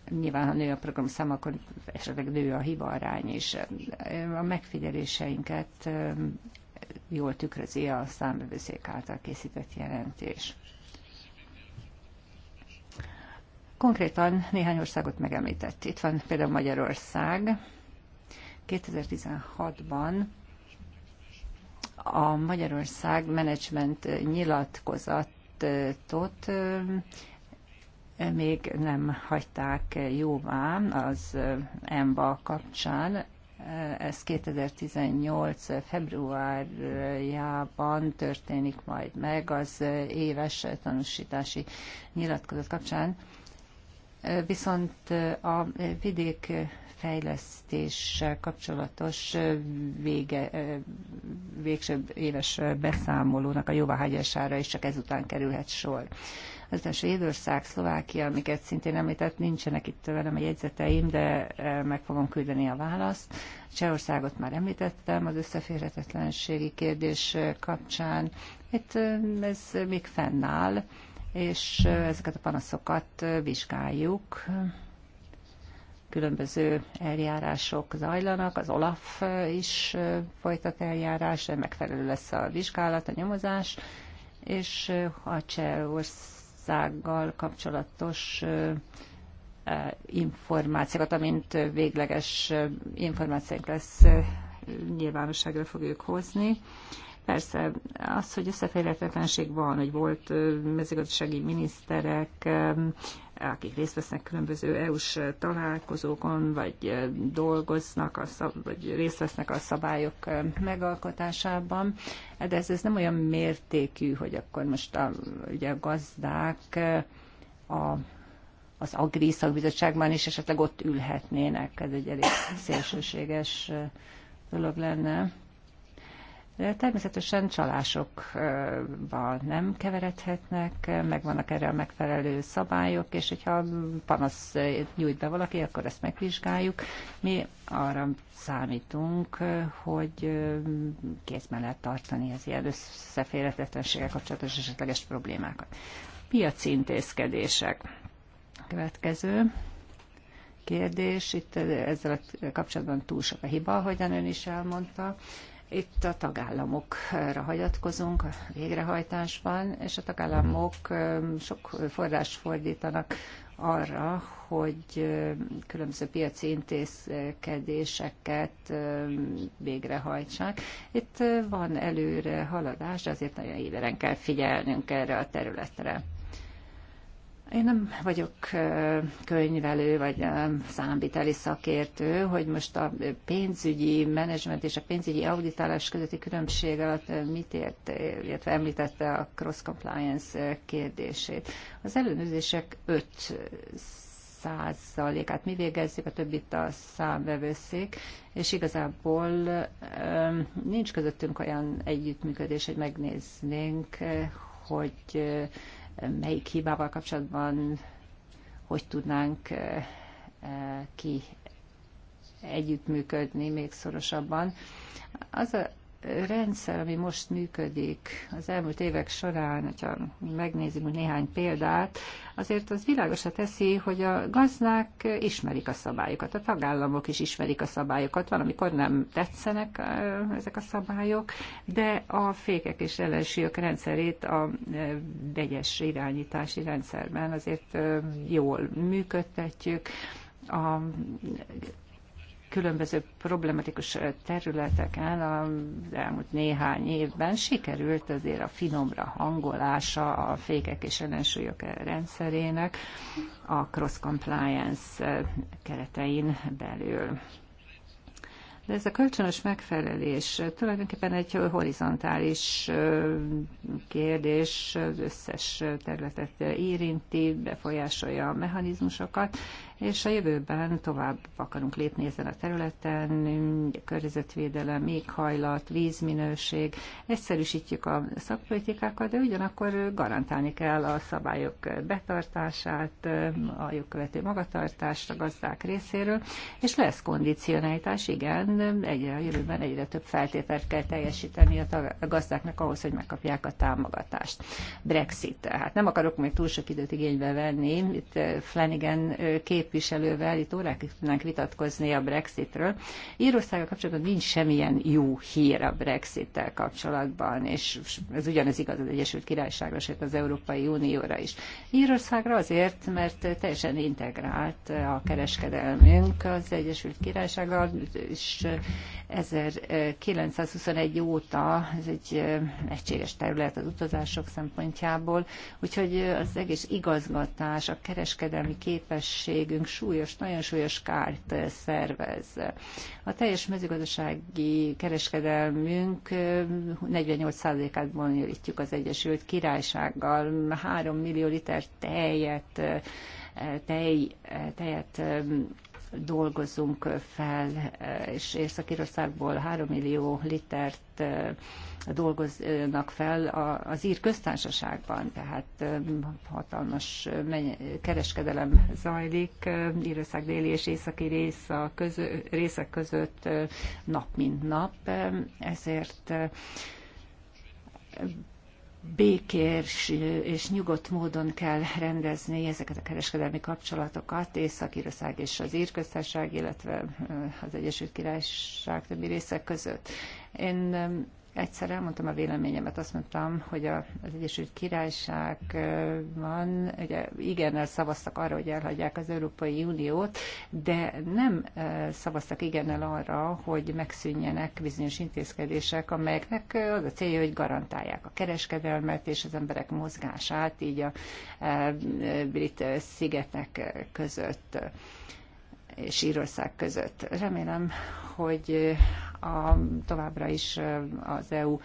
Nyilván, ha nő a program száma, akkor esetleg nő a hibarány is. A megfigyeléseinket jól tükrözi a számbevőszék által készített jelentés. Konkrétan néhány országot megemlített. Itt van például Magyarország, 2016-ban a Magyarország menedzsment nyilatkozatot még nem hagyták jóvá az EMBA kapcsán. Ez 2018. februárjában történik majd meg az éves tanúsítási nyilatkozat kapcsán. Viszont a vidék fejlesztéssel kapcsolatos vége, végső éves beszámolónak a jóváhagyására is csak ezután kerülhet sor. Aztán Svédország, Szlovákia, amiket szintén említett, nincsenek itt velem a jegyzeteim, de meg fogom küldeni a választ. Csehországot már említettem az összeférhetetlenségi kérdés kapcsán. Itt ez még fennáll, és ezeket a panaszokat vizsgáljuk különböző eljárások zajlanak, az OLAF is folytat eljárás, megfelelő lesz a vizsgálat, a nyomozás, és a Csehországgal kapcsolatos információkat, amint végleges információk lesz, nyilvánosságra fogjuk hozni. Persze, az, hogy összeférhetetlenség van, hogy volt mezőgazdasági miniszterek, akik részt vesznek különböző EU-s eh, találkozókon, vagy eh, dolgoznak, a szab- vagy részt vesznek a szabályok eh, megalkotásában. De ez, ez nem olyan mértékű, hogy akkor most a, ugye a gazdák a az Agri szakbizottságban is esetleg ott ülhetnének. Ez egy elég szélsőséges dolog lenne. De természetesen csalásokban nem keveredhetnek, meg vannak erre a megfelelő szabályok, és hogyha panasz nyújt be valaki, akkor ezt megvizsgáljuk. Mi arra számítunk, hogy kézben lehet tartani az ilyen összeférhetetlenséggel kapcsolatos esetleges problémákat. Piaci intézkedések. Következő kérdés. Itt ezzel kapcsolatban túl sok a hiba, ahogyan ön is elmondta. Itt a tagállamokra hagyatkozunk a végrehajtásban, és a tagállamok sok forrás fordítanak arra, hogy különböző piaci intézkedéseket végrehajtsák. Itt van előre haladás, de azért nagyon éveren kell figyelnünk erre a területre. Én nem vagyok könyvelő, vagy számbiteli szakértő, hogy most a pénzügyi menedzsment és a pénzügyi auditálás közötti különbség alatt mit ért, illetve említette a cross-compliance kérdését. Az ellenőrzések 5 százalékát mi végezzük, a többit a számbevőszék, és igazából nincs közöttünk olyan együttműködés, hogy megnéznénk, hogy melyik hibával kapcsolatban hogy tudnánk eh, eh, ki együttműködni még szorosabban. Az a rendszer, ami most működik az elmúlt évek során, hogyha megnézzünk néhány példát, azért az világosra teszi, hogy a gazdák ismerik a szabályokat, a tagállamok is ismerik a szabályokat, valamikor nem tetszenek ezek a szabályok, de a fékek és ellensúlyok rendszerét a vegyes irányítási rendszerben azért jól működtetjük, a különböző problematikus területeken az elmúlt néhány évben sikerült azért a finomra hangolása a fékek és ellensúlyok rendszerének a cross-compliance keretein belül. De ez a kölcsönös megfelelés tulajdonképpen egy horizontális kérdés, az összes területet érinti, befolyásolja a mechanizmusokat, és a jövőben tovább akarunk lépni ezen a területen, környezetvédelem, éghajlat, vízminőség, egyszerűsítjük a szakpolitikákat, de ugyanakkor garantálni kell a szabályok betartását, a jogkövető magatartást a gazdák részéről, és lesz kondicionálítás, igen, egyre a jövőben egyre több feltételt kell teljesíteni a gazdáknak ahhoz, hogy megkapják a támogatást. Brexit. Hát nem akarok még túl sok időt igénybe venni, itt Flanagan kép képviselővel itt órákig tudnánk vitatkozni a Brexitről. Írországgal kapcsolatban nincs semmilyen jó hír a Brexittel kapcsolatban, és ez ugyanez igaz az Egyesült Királyságra, sőt az Európai Unióra is. Írországra azért, mert teljesen integrált a kereskedelmünk az Egyesült Királysággal, és 1921 óta ez egy egységes terület az utazások szempontjából, úgyhogy az egész igazgatás, a kereskedelmi képesség rendszerünk súlyos, nagyon súlyos kárt eh, szervez. A teljes mezőgazdasági kereskedelmünk 48%-át eh, bonyolítjuk az Egyesült Királysággal, 3 millió liter tejet eh, tej, tejet dolgozunk fel, és Észak-Írországból 3 millió litert dolgoznak fel az ír köztársaságban, tehát hatalmas kereskedelem zajlik Írország déli és északi része közö, részek között nap mint nap, ezért békés és nyugodt módon kell rendezni ezeket a kereskedelmi kapcsolatokat Észak-Írország és az Írköztárság, illetve az Egyesült Királyság többi része között. Én Egyszer elmondtam a véleményemet, azt mondtam, hogy a, az Egyesült Királyságban ugye igennel szavaztak arra, hogy elhagyják az Európai Uniót, de nem szavaztak igennel arra, hogy megszűnjenek bizonyos intézkedések, amelyeknek az a célja, hogy garantálják a kereskedelmet és az emberek mozgását így a brit szigetek között és Írország között. Remélem, hogy a, továbbra is az EU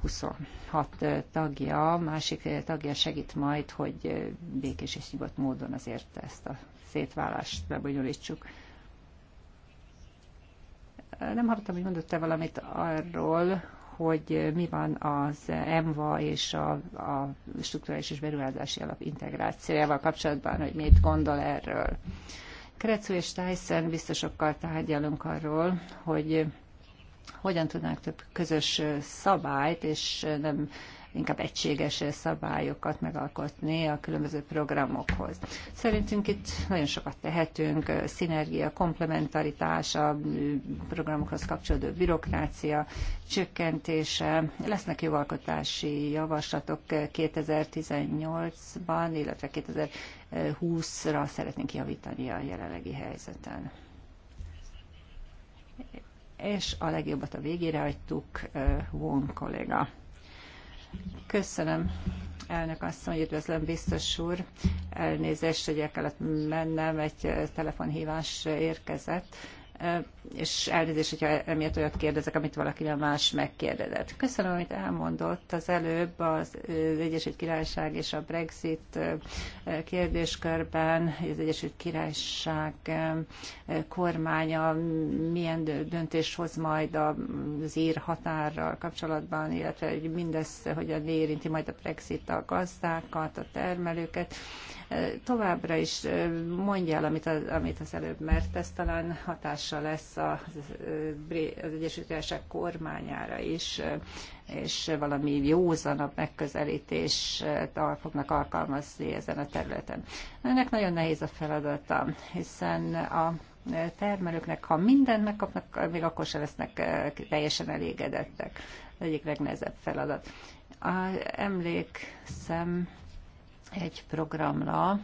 26 tagja, másik tagja segít majd, hogy békés és nyugodt módon azért ezt a szétválást lebonyolítsuk. Nem hallottam, hogy mondott-e valamit arról, hogy mi van az EMVA és a, a strukturális és beruházási alap integrációjával kapcsolatban, hogy mit gondol erről. Krecu és Tyson biztosokkal tárgyalunk arról, hogy hogyan tudnánk több közös szabályt, és nem inkább egységes szabályokat megalkotni a különböző programokhoz. Szerintünk itt nagyon sokat tehetünk, szinergia, komplementaritás, a programokhoz kapcsolódó bürokrácia csökkentése. Lesznek jogalkotási javaslatok 2018-ban, illetve 2020-ra szeretnénk javítani a jelenlegi helyzeten és a legjobbat a végére hagytuk, Wong kolléga. Köszönöm, elnök asszony, üdvözlöm biztos úr. Elnézést, hogy el kellett mennem, egy telefonhívás érkezett és elnézést, hogyha emiatt olyat kérdezek, amit valaki más megkérdezett. Köszönöm, amit elmondott az előbb az Egyesült Királyság és a Brexit kérdéskörben, az Egyesült Királyság kormánya milyen döntést hoz majd az ír határral kapcsolatban, illetve hogy mindez hogyan érinti majd a Brexit a gazdákat, a termelőket továbbra is mondja el, amit az, amit az előbb, mert ez talán hatása lesz az, az Egyesült Királyság kormányára is, és valami józanabb megközelítést fognak alkalmazni ezen a területen. Ennek nagyon nehéz a feladata, hiszen a termelőknek, ha mindent megkapnak, még akkor sem lesznek teljesen elégedettek. Az egyik legnehezebb feladat. A, emlékszem, egy programra,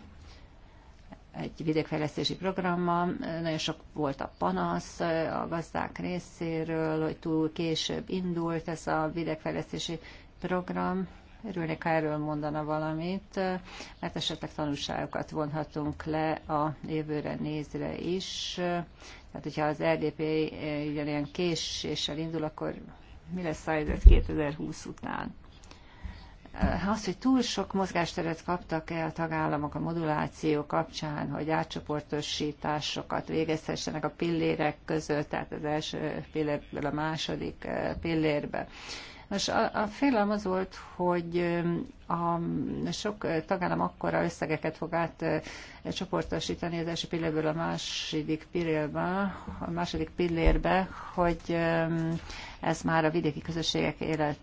egy vidékfejlesztési programmal. Nagyon sok volt a panasz a gazdák részéről, hogy túl később indult ez a vidékfejlesztési program. Örülnék, ha erről mondana valamit, mert esetleg tanulságokat vonhatunk le a jövőre nézve is. Tehát, hogyha az RDP ilyen késéssel indul, akkor mi lesz a helyzet 2020 után? Eh, az, hogy túl sok mozgásteret kaptak el a tagállamok a moduláció kapcsán, hogy átcsoportosításokat végezhessenek a pillérek között, tehát az első pillérből a második eh, pillérbe. Most a, a félelem az volt, hogy eh, a sok tagállam akkora összegeket fog át csoportosítani az első pillérből a második pillérbe, a második pillérbe, hogy ez már a vidéki közösségek élet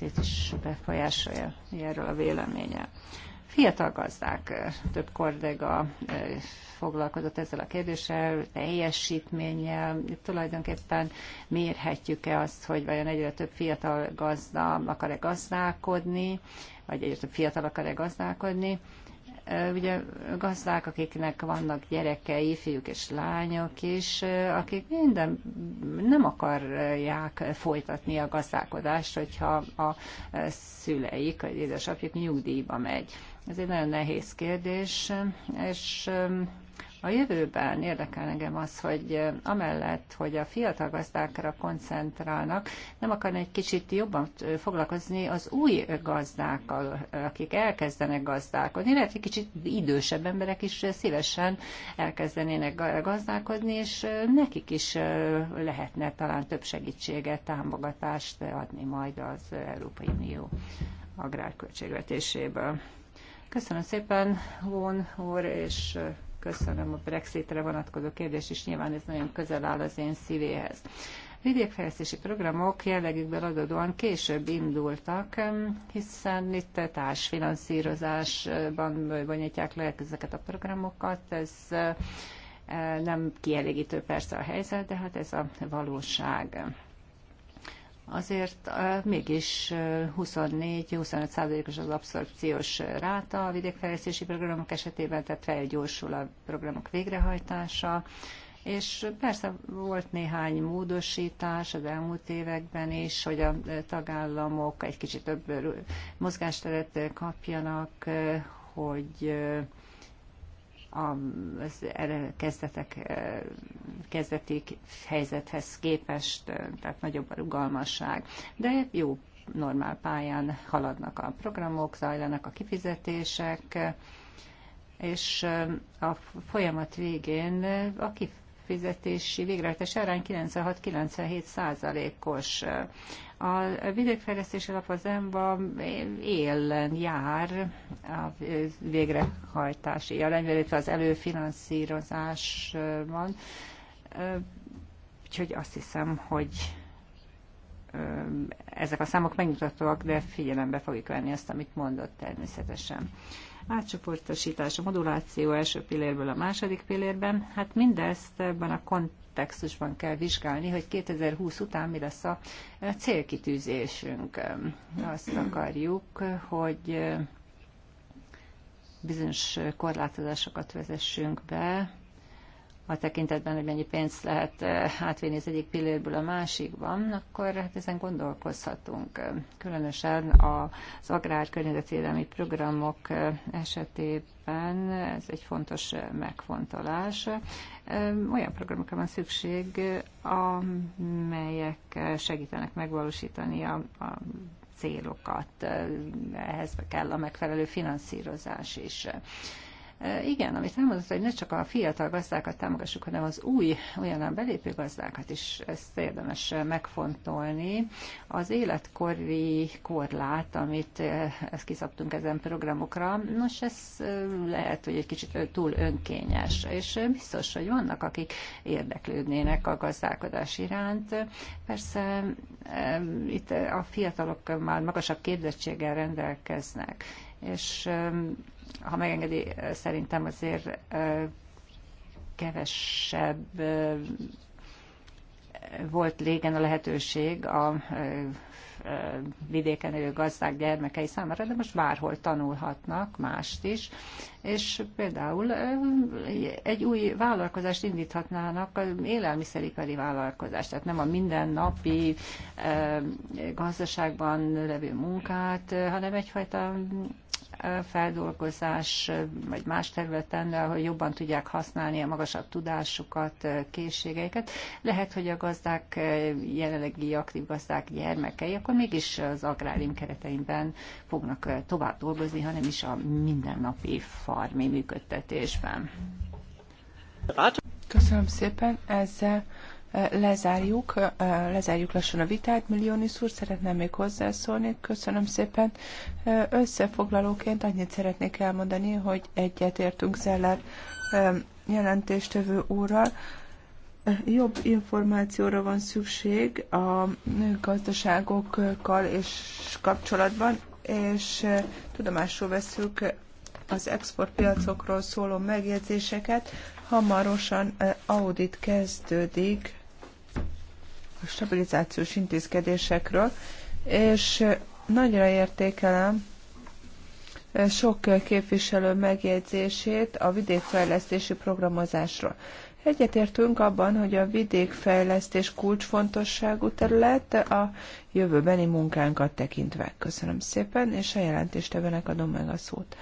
életét is befolyásolja erről a véleménye. Fiatal gazdák, több kordega foglalkozott ezzel a kérdéssel, teljesítménnyel, tulajdonképpen mérhetjük-e azt, hogy vajon egyre több fiatal gazda akar-e gazdálkodni, vagy egyre több fiatal akar-e gazdálkodni ugye gazdák, akiknek vannak gyerekei, fiúk és lányok is, akik minden nem akarják folytatni a gazdálkodást, hogyha a szüleik, vagy édesapjuk nyugdíjba megy. Ez egy nagyon nehéz kérdés, és a jövőben érdekel engem az, hogy amellett, hogy a fiatal gazdákra koncentrálnak, nem akarna egy kicsit jobban foglalkozni az új gazdákkal, akik elkezdenek gazdálkodni. Lehet, hogy kicsit idősebb emberek is szívesen elkezdenének gazdálkodni, és nekik is lehetne talán több segítséget, támogatást adni majd az Európai Unió agrárköltségvetéséből. Köszönöm szépen, Von úr, és köszönöm a Brexitre vonatkozó kérdés is, nyilván ez nagyon közel áll az én szívéhez. Vidékfejlesztési programok jellegükből adódóan később indultak, hiszen itt társfinanszírozásban bonyolítják le ezeket a programokat. Ez eh, nem kielégítő persze a helyzet, de hát ez a valóság azért mégis 24-25 százalékos az abszorpciós ráta a vidékfejlesztési programok esetében, tehát felgyorsul a programok végrehajtása, és persze volt néhány módosítás az elmúlt években is, hogy a tagállamok egy kicsit több mozgásteret kapjanak, hogy az kezdetek, kezdeti helyzethez képest, tehát nagyobb a rugalmasság, de jó normál pályán haladnak a programok, zajlanak a kifizetések, és a folyamat végén a kifizetési végrehajtás arány 96-97 százalékos. A vidékfejlesztés alap az EMBA élen jár a végrehajtás, arány, illetve az előfinanszírozásban. Úgyhogy azt hiszem, hogy ezek a számok megmutatóak, de figyelembe fogjuk venni azt, amit mondott természetesen. Átcsoportosítás, a moduláció első pillérből a második pillérben, hát mindezt ebben a kont kontextusban kell vizsgálni, hogy 2020 után mi lesz a célkitűzésünk. Azt akarjuk, hogy bizonyos korlátozásokat vezessünk be, a tekintetben, hogy mennyi pénzt lehet átvinni az egyik pillérből a másikban, akkor hát ezen gondolkozhatunk. Különösen az agrár környezetvédelmi programok esetében ez egy fontos megfontolás. Olyan programokra van szükség, amelyek segítenek megvalósítani a, a célokat. Ehhez kell a megfelelő finanszírozás is. Eh, igen, amit elmondott, hogy ne csak a fiatal gazdákat támogassuk, hanem az új, olyan belépő gazdákat is ezt érdemes eh, megfontolni. Az életkori korlát, amit eh, ezt kiszabtunk ezen programokra, nos, ez lehet, hogy egy kicsit túl önkényes, és biztos, hogy vannak, akik érdeklődnének a gazdálkodás iránt. Persze itt a fiatalok már magasabb képzettséggel rendelkeznek, és ha megengedi, szerintem azért kevesebb volt régen a lehetőség a vidéken élő gazdák gyermekei számára, de most bárhol tanulhatnak mást is, és például egy új vállalkozást indíthatnának, az élelmiszeripari vállalkozást, tehát nem a mindennapi gazdaságban levő munkát, hanem egyfajta feldolgozás, vagy más területen, ahol jobban tudják használni a magasabb tudásukat, készségeiket. Lehet, hogy a gazdák, jelenlegi aktív gazdák gyermekei, akkor mégis az agrárium kereteimben fognak tovább dolgozni, hanem is a mindennapi farmi működtetésben. Köszönöm szépen ezzel lezárjuk, lezárjuk lassan a vitát. Milliónis úr szeretném még hozzászólni. Köszönöm szépen. Összefoglalóként annyit szeretnék elmondani, hogy egyetértünk Zeller jelentéstevő úrral. Jobb információra van szükség a gazdaságokkal és kapcsolatban, és tudomásul veszük az exportpiacokról szóló megjegyzéseket, hamarosan audit kezdődik a stabilizációs intézkedésekről, és eh, nagyra értékelem eh, sok eh, képviselő megjegyzését a vidékfejlesztési programozásról. Egyetértünk abban, hogy a vidékfejlesztés kulcsfontosságú terület a jövőbeni munkánkat tekintve. Köszönöm szépen, és a jelentéstevőnek adom meg a szót.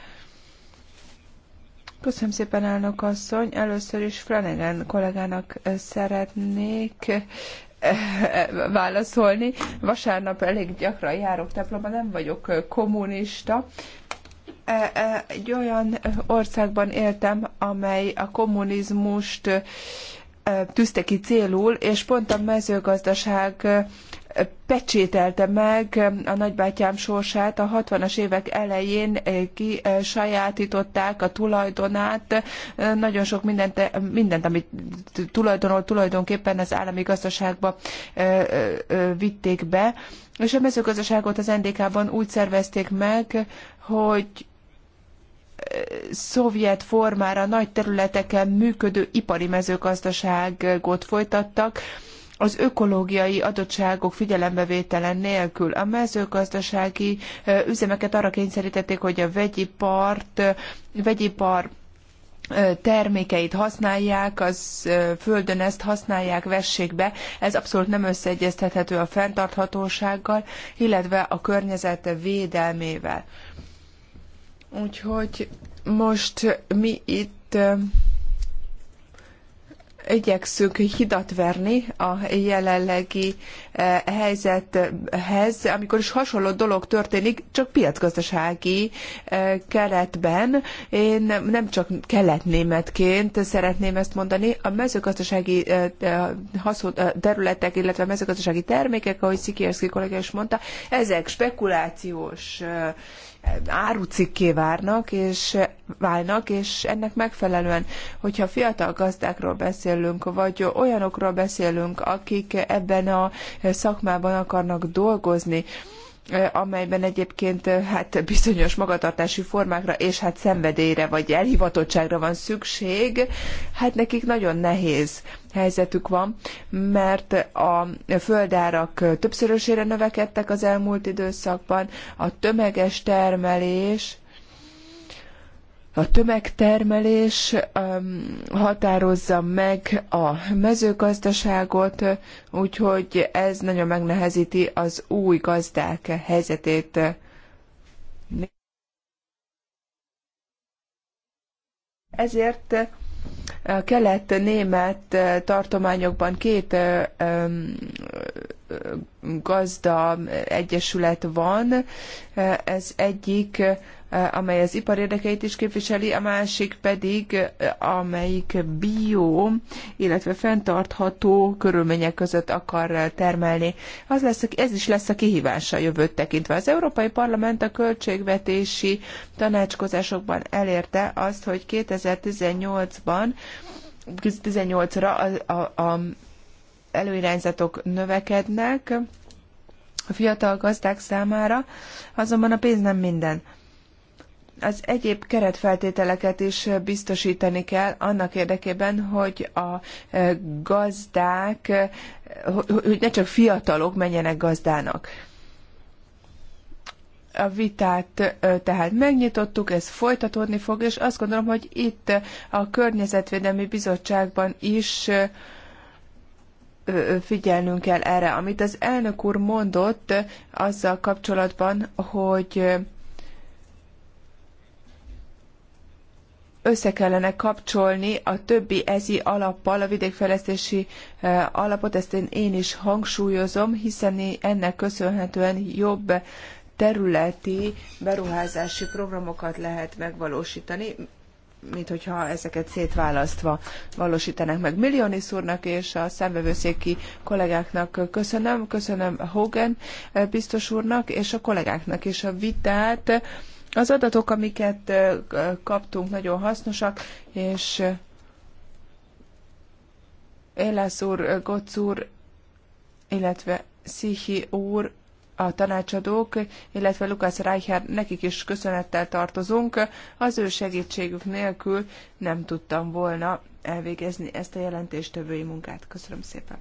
Köszönöm szépen, elnök asszony. Először is Flanagan kollégának szeretnék válaszolni. Vasárnap elég gyakran járok templomba, nem vagyok kommunista. E, e, egy olyan országban éltem, amely a kommunizmust tűzte ki célul, és pont a mezőgazdaság pecsételte meg a nagybátyám sorsát. A 60-as évek elején eh, ki eh, sajátították a tulajdonát. Eh, nagyon sok mindent, mindent amit tulajdonol, tulajdonképpen az állami gazdaságba vitték be. És a mezőgazdaságot az NDK-ban úgy szervezték meg, hogy szovjet formára nagy területeken működő ipari mezőgazdaságot folytattak, az ökológiai adottságok figyelembevételen nélkül. A mezőgazdasági üzemeket arra kényszerítették, hogy a vegyipart, vegyipar termékeit használják, az földön ezt használják, vessék be. Ez abszolút nem összeegyeztethető a fenntarthatósággal, illetve a környezet védelmével. Úgyhogy most mi itt igyekszünk hidat verni a jelenlegi eh, helyzethez, amikor is hasonló dolog történik, csak piacgazdasági eh, keretben. Én nem csak keletnémetként szeretném ezt mondani, a mezőgazdasági eh, területek, illetve a mezőgazdasági termékek, ahogy Szikierszki kollega is mondta, ezek spekulációs árucikké várnak és válnak, és ennek megfelelően, hogyha fiatal gazdákról beszélünk, vagy olyanokról beszélünk, akik ebben a szakmában akarnak dolgozni, amelyben egyébként hát bizonyos magatartási formákra és hát szenvedélyre vagy elhivatottságra van szükség, hát nekik nagyon nehéz helyzetük van, mert a földárak többszörösére növekedtek az elmúlt időszakban, a tömeges termelés, a tömegtermelés határozza meg a mezőgazdaságot, úgyhogy ez nagyon megnehezíti az új gazdák helyzetét. Ezért a kelet-német eh, tartományokban két eh, eh, gazda egyesület van. Ez egyik amely az ipar érdekeit is képviseli, a másik pedig, eh, amelyik bio, illetve fenntartható körülmények között akar eh, termelni. Az lesz, ez is lesz a kihívása a jövőt tekintve. Az Európai Parlament a költségvetési tanácskozásokban elérte azt, hogy 2018-ban 2018 ra a, a, a előirányzatok növekednek a fiatal gazdák számára, azonban a pénz nem minden az egyéb keretfeltételeket is biztosítani kell annak érdekében, hogy a e, gazdák, e, hogy ne csak fiatalok menjenek gazdának. A vitát e, tehát megnyitottuk, ez folytatódni fog, és azt gondolom, hogy itt a Környezetvédelmi Bizottságban is figyelnünk kell erre. Amit az elnök úr mondott azzal kapcsolatban, hogy össze kellene kapcsolni a többi ezi alappal, a vidékfejlesztési alapot, ezt én is hangsúlyozom, hiszen ennek köszönhetően jobb területi beruházási programokat lehet megvalósítani, mint hogyha ezeket szétválasztva valósítanak meg. Millionis úrnak és a számvevőszéki kollégáknak köszönöm, köszönöm Hogan biztos úrnak és a kollégáknak is a vitát. Az adatok, amiket kaptunk, nagyon hasznosak, és Élász úr, Gocz úr, illetve Szihi úr, a tanácsadók, illetve Lukács Reichert, nekik is köszönettel tartozunk. Az ő segítségük nélkül nem tudtam volna elvégezni ezt a jelentéstövői munkát. Köszönöm szépen.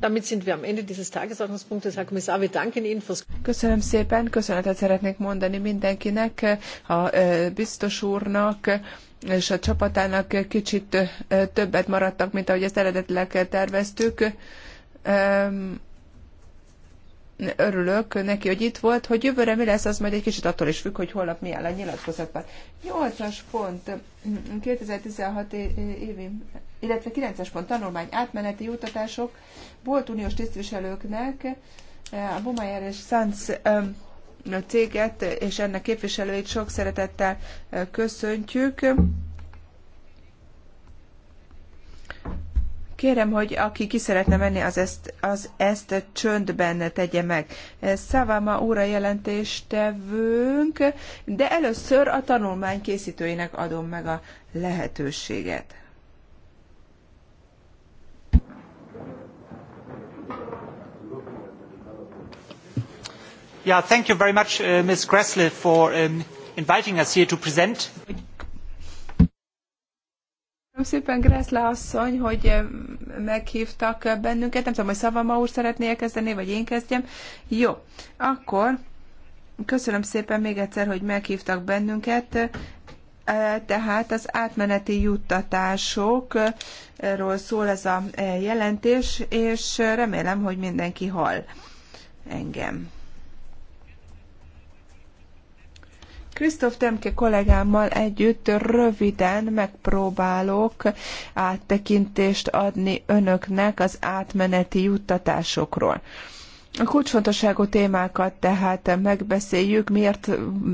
Damit sind wir am Ende dieses Tagesordnungspunktes. Herr Kommissar, wir danken Ihnen fürs... Köszönöm szépen, köszönetet szeretnék mondani mindenkinek, a biztos úrnak, és a csapatának kicsit többet maradtak, mint ahogy ezt eredetileg terveztük örülök neki, hogy itt volt, hogy jövőre mi lesz, az majd egy kicsit attól is függ, hogy holnap mi a nyilatkozatban. 8-as pont, 2016 évi, illetve 9-es pont, tanulmány, átmeneti juttatások, volt uniós tisztviselőknek, eh, a Bumayer és Sanz céget és ennek képviselőit sok szeretettel eh, köszöntjük. Kérem, hogy aki ki szeretne menni, az ezt, az ezt csöndben tegye meg. Szavama óra jelentéstevőnk, de először a tanulmány készítőinek adom meg a lehetőséget. Yeah, thank you very much, uh, Ms. Gressle, for um, inviting us here to present. Köszönöm szépen, Greszle asszony, hogy meghívtak bennünket. Nem tudom, hogy Szavama úr szeretné kezdeni, vagy én kezdjem. Jó, akkor köszönöm szépen még egyszer, hogy meghívtak bennünket. Tehát az átmeneti juttatásokról szól ez a jelentés, és remélem, hogy mindenki hall engem. Krisztóf Temke kollégámmal együtt röviden megpróbálok áttekintést adni önöknek az átmeneti juttatásokról. A kulcsfontosságú témákat tehát megbeszéljük, miért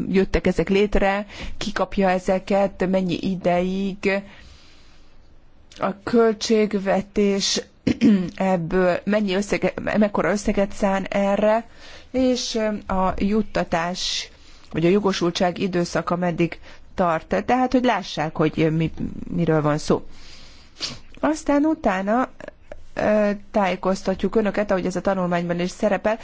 jöttek ezek létre, ki kapja ezeket, mennyi ideig, a költségvetés ebből mennyi összege, mekkora összeget szán erre, és a juttatás hogy a jogosultság időszaka meddig tart, tehát hogy lássák, hogy mi, miről van szó. Aztán utána tájékoztatjuk önöket, ahogy ez a tanulmányban is szerepel,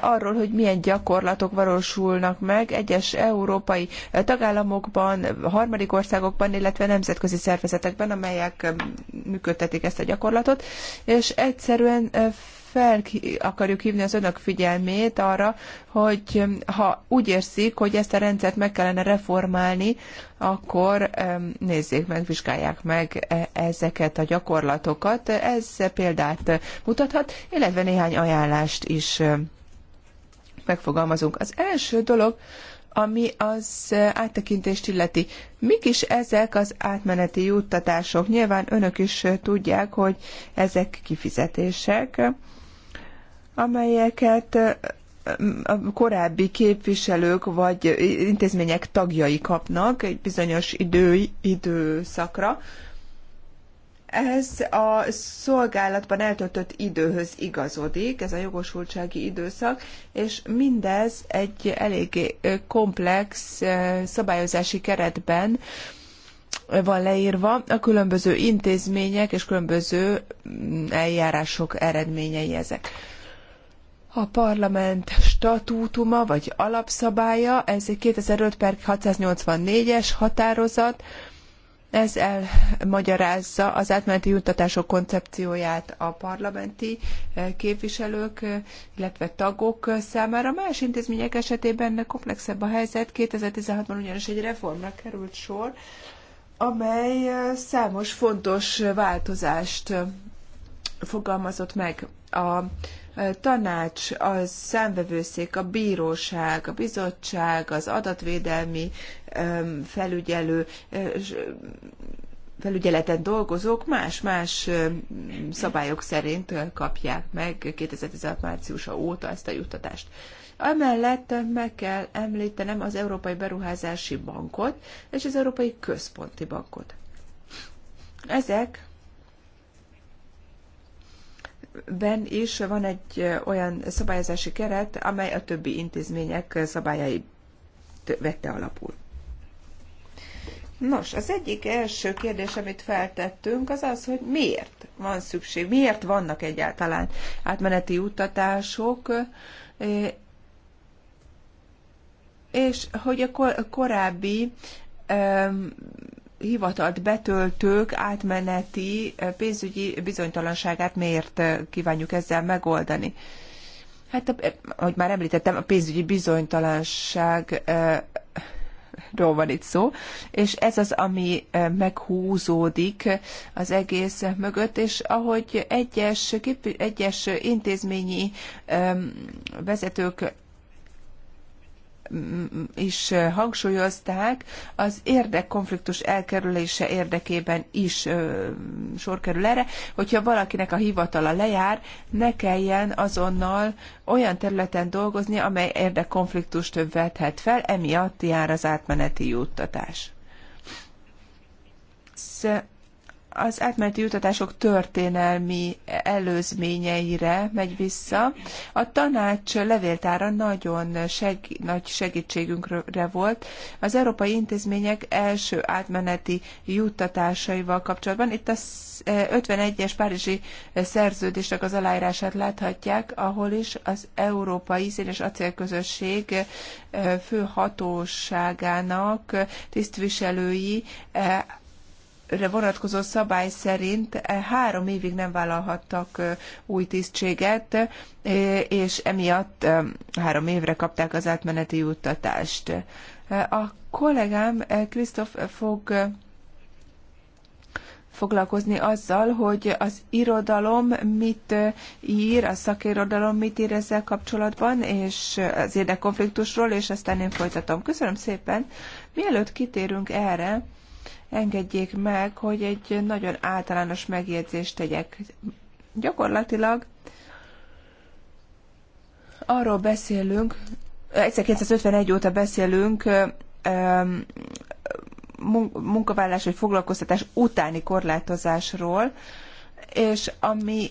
arról, hogy milyen gyakorlatok valósulnak meg egyes európai tagállamokban, harmadik országokban, illetve nemzetközi szervezetekben, amelyek működtetik ezt a gyakorlatot, és egyszerűen fel akarjuk hívni az önök figyelmét arra, hogy ha úgy érzik, hogy ezt a rendszert meg kellene reformálni, akkor nézzék meg, vizsgálják meg e, ezeket a gyakorlatokat. Ez példát mutathat, illetve néhány ajánlást is megfogalmazunk. Az első dolog, ami az áttekintést illeti. Mik is ezek az átmeneti juttatások? Nyilván önök is tudják, hogy ezek kifizetések, amelyeket a korábbi képviselők vagy intézmények tagjai kapnak egy bizonyos idő, időszakra. Ez a szolgálatban eltöltött időhöz igazodik, ez a jogosultsági időszak, és mindez egy elég komplex szabályozási keretben van leírva a különböző intézmények és különböző mm, eljárások eredményei ezek a parlament statútuma vagy alapszabálya, ez egy 2005 per 684-es határozat, ez elmagyarázza az átmeneti juttatások koncepcióját a parlamenti eh, képviselők, eh, illetve tagok számára. Más intézmények esetében komplexebb a helyzet. 2016-ban ugyanis egy reformra került sor, amely eh, számos fontos változást fogalmazott meg a tanács, a számvevőszék, a bíróság, a bizottság, az adatvédelmi felügyelő, felügyeleten dolgozók más-más szabályok szerint kapják meg 2016 márciusa óta ezt a juttatást. Emellett meg kell említenem az Európai Beruházási Bankot és az Európai Központi Bankot. Ezek ben is van egy olyan szabályozási keret, amely a többi intézmények szabályait vette alapul. Nos, az egyik első kérdés, amit feltettünk, az az, hogy miért van szükség, miért vannak egyáltalán átmeneti juttatások, és hogy a korábbi hivatalt betöltők átmeneti eh, pénzügyi bizonytalanságát miért eh, kívánjuk ezzel megoldani? Hát, eh, ahogy már említettem, a pénzügyi bizonytalanság ról van itt szó, és ez az, ami meghúzódik az egész mögött, és ahogy egyes, egyes intézményi vezetők is hangsúlyozták, az érdekkonfliktus elkerülése érdekében is sor kerül erre, hogyha valakinek a hivatala lejár, ne kelljen azonnal olyan területen dolgozni, amely érdekkonfliktust vethet fel, emiatt jár az átmeneti juttatás az átmeneti jutatások történelmi előzményeire megy vissza. A tanács levéltára nagyon seg, nagy segítségünkre volt az európai intézmények első átmeneti juttatásaival kapcsolatban. Itt a 51-es Párizsi szerződésnek az aláírását láthatják, ahol is az Európai Szén és Acélközösség főhatóságának tisztviselői Re vonatkozó szabály szerint eh, három évig nem vállalhattak eh, új tisztséget, eh, és emiatt három évre kapták az átmeneti juttatást. A kollégám Krisztof fog foglalkozni azzal, hogy az irodalom mit ír, a szakirodalom mit ír ezzel kapcsolatban, és az érdekkonfliktusról, és aztán én folytatom. Köszönöm szépen! Mielőtt kitérünk erre, engedjék meg, hogy egy nagyon általános megjegyzést tegyek. Gyakorlatilag arról beszélünk, 1951 óta beszélünk munkavállás vagy foglalkoztatás utáni korlátozásról, és ami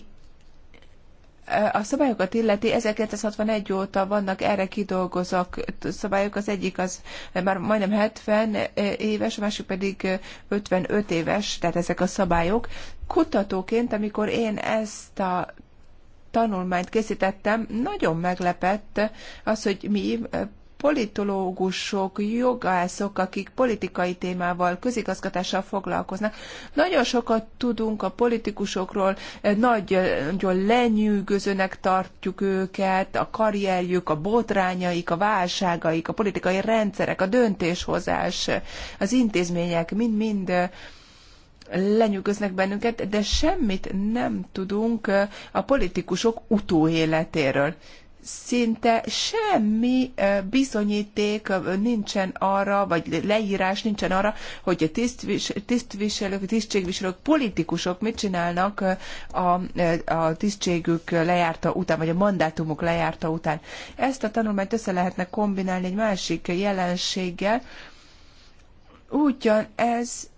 a szabályokat illeti, 1961 óta vannak erre kidolgozak szabályok, az egyik az már majdnem 70 éves, a másik pedig 55 éves, tehát ezek a szabályok. Kutatóként, amikor én ezt a tanulmányt készítettem, nagyon meglepett az, hogy mi politológusok, jogászok, akik politikai témával, közigazgatással foglalkoznak. Nagyon sokat tudunk a politikusokról, nagy, eh, nagyon lenyűgözőnek tartjuk őket, a karrierjük, a botrányaik, a válságaik, a politikai rendszerek, a döntéshozás, az intézmények, mind-mind eh, lenyűgöznek bennünket, de semmit nem tudunk eh, a politikusok utóéletéről szinte semmi bizonyíték nincsen arra, vagy leírás nincsen arra, hogy a tisztviselők, tisztségviselők, politikusok mit csinálnak a, a tisztségük lejárta után, vagy a mandátumuk lejárta után. Ezt a tanulmányt össze lehetne kombinálni egy másik jelenséggel, ugyan ez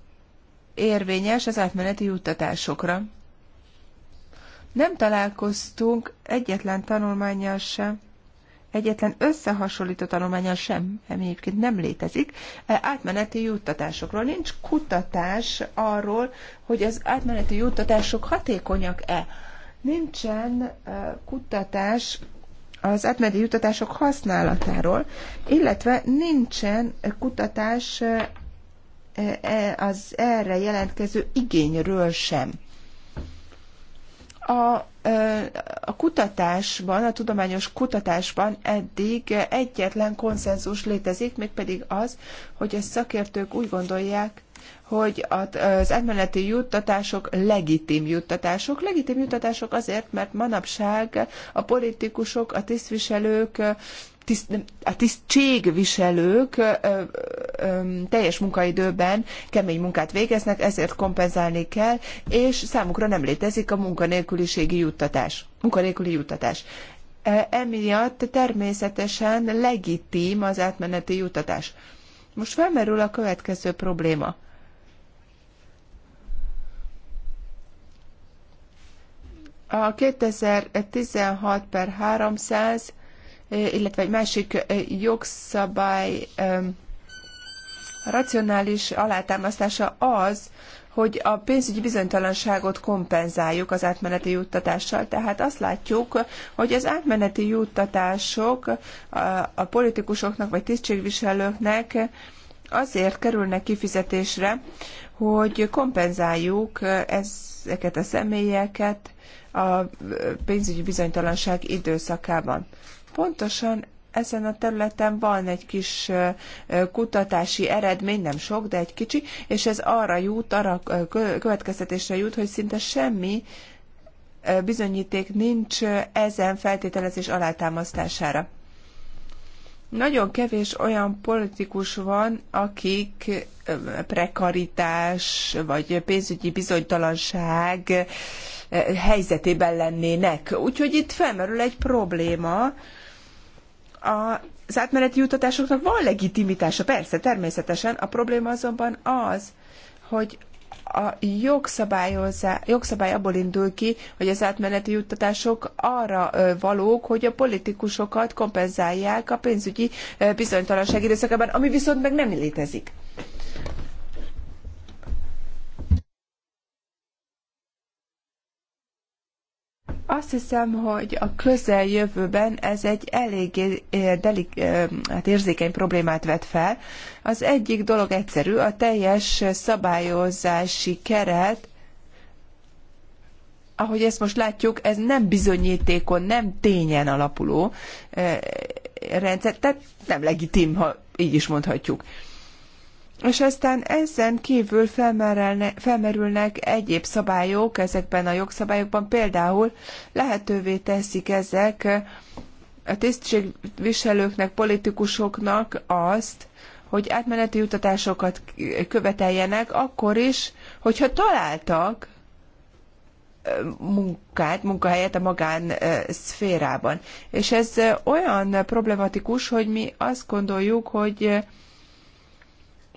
érvényes az átmeneti juttatásokra. Nem találkoztunk egyetlen tanulmányjal sem, egyetlen összehasonlító tanulmányjal sem, ami egyébként nem létezik, e, átmeneti juttatásokról. Nincs kutatás arról, hogy az átmeneti juttatások hatékonyak-e. Nincsen e, kutatás az átmeneti juttatások használatáról, illetve nincsen kutatás e, az erre jelentkező igényről sem. A, a kutatásban, a tudományos kutatásban eddig egyetlen konszenzus létezik, mégpedig az, hogy a szakértők úgy gondolják, hogy az átmeneti juttatások legitim juttatások. Legitim juttatások azért, mert manapság a politikusok, a tisztviselők, tiszt, a tisztségviselők teljes munkaidőben kemény munkát végeznek, ezért kompenzálni kell, és számukra nem létezik a munkanélküliségi juttatás, munkanélküli juttatás. E, emiatt természetesen legitim az átmeneti juttatás. Most felmerül a következő probléma. A 2016 per 300 illetve egy másik jogszabály racionális alátámasztása az, hogy a pénzügyi bizonytalanságot kompenzáljuk az átmeneti juttatással. Tehát azt látjuk, hogy az átmeneti juttatások a politikusoknak vagy tisztségviselőknek azért kerülnek kifizetésre, hogy kompenzáljuk ezeket a személyeket a pénzügyi bizonytalanság időszakában. Pontosan ezen a területen van egy kis kutatási eredmény, nem sok, de egy kicsi, és ez arra jut, arra következtetésre jut, hogy szinte semmi bizonyíték nincs ezen feltételezés alátámasztására. Nagyon kevés olyan politikus van, akik prekaritás vagy pénzügyi bizonytalanság helyzetében lennének. Úgyhogy itt felmerül egy probléma, az átmeneti juttatásoknak van legitimitása, persze, természetesen. A probléma azonban az, hogy a jogszabály abból indul ki, hogy az átmeneti juttatások arra valók, hogy a politikusokat kompenzálják a pénzügyi bizonytalanság időszakában, ami viszont meg nem létezik. Azt hiszem, hogy a közeljövőben ez egy eléggé eh, delik, eh, hát érzékeny problémát vet fel. Az egyik dolog egyszerű, a teljes szabályozási keret, ahogy ezt most látjuk, ez nem bizonyítékon, nem tényen alapuló eh, rendszer, tehát nem legitim, ha így is mondhatjuk. És aztán ezen kívül felmerülnek egyéb szabályok ezekben a jogszabályokban, például lehetővé teszik ezek a tisztségviselőknek, politikusoknak azt, hogy átmeneti jutatásokat követeljenek, akkor is, hogyha találtak munkát, munkahelyet a magán szférában. És ez olyan problematikus, hogy mi azt gondoljuk, hogy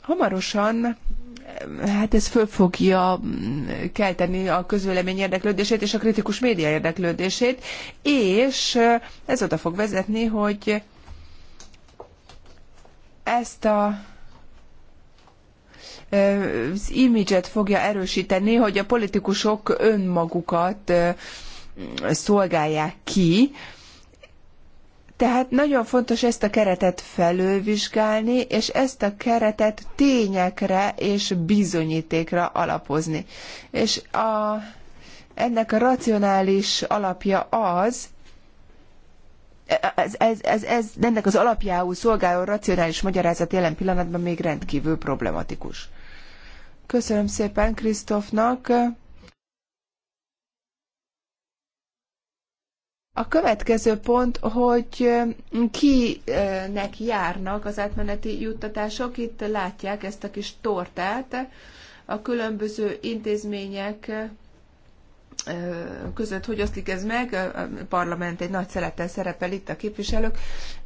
Hamarosan hát ez föl fogja kelteni a közvélemény érdeklődését és a kritikus média érdeklődését, és ez oda fog vezetni, hogy ezt a az imidzset fogja erősíteni, hogy a politikusok önmagukat szolgálják ki, tehát nagyon fontos ezt a keretet felülvizsgálni, és ezt a keretet tényekre és bizonyítékra alapozni. És a, ennek a racionális alapja az, ez, ez, ez, ez, ennek az alapjául szolgáló racionális magyarázat jelen pillanatban még rendkívül problematikus. Köszönöm szépen Krisztofnak. A következő pont, hogy kinek járnak az átmeneti juttatások. Itt látják ezt a kis tortát a különböző intézmények között hogy osztik ez meg, a parlament egy nagy szelettel szerepel itt a képviselők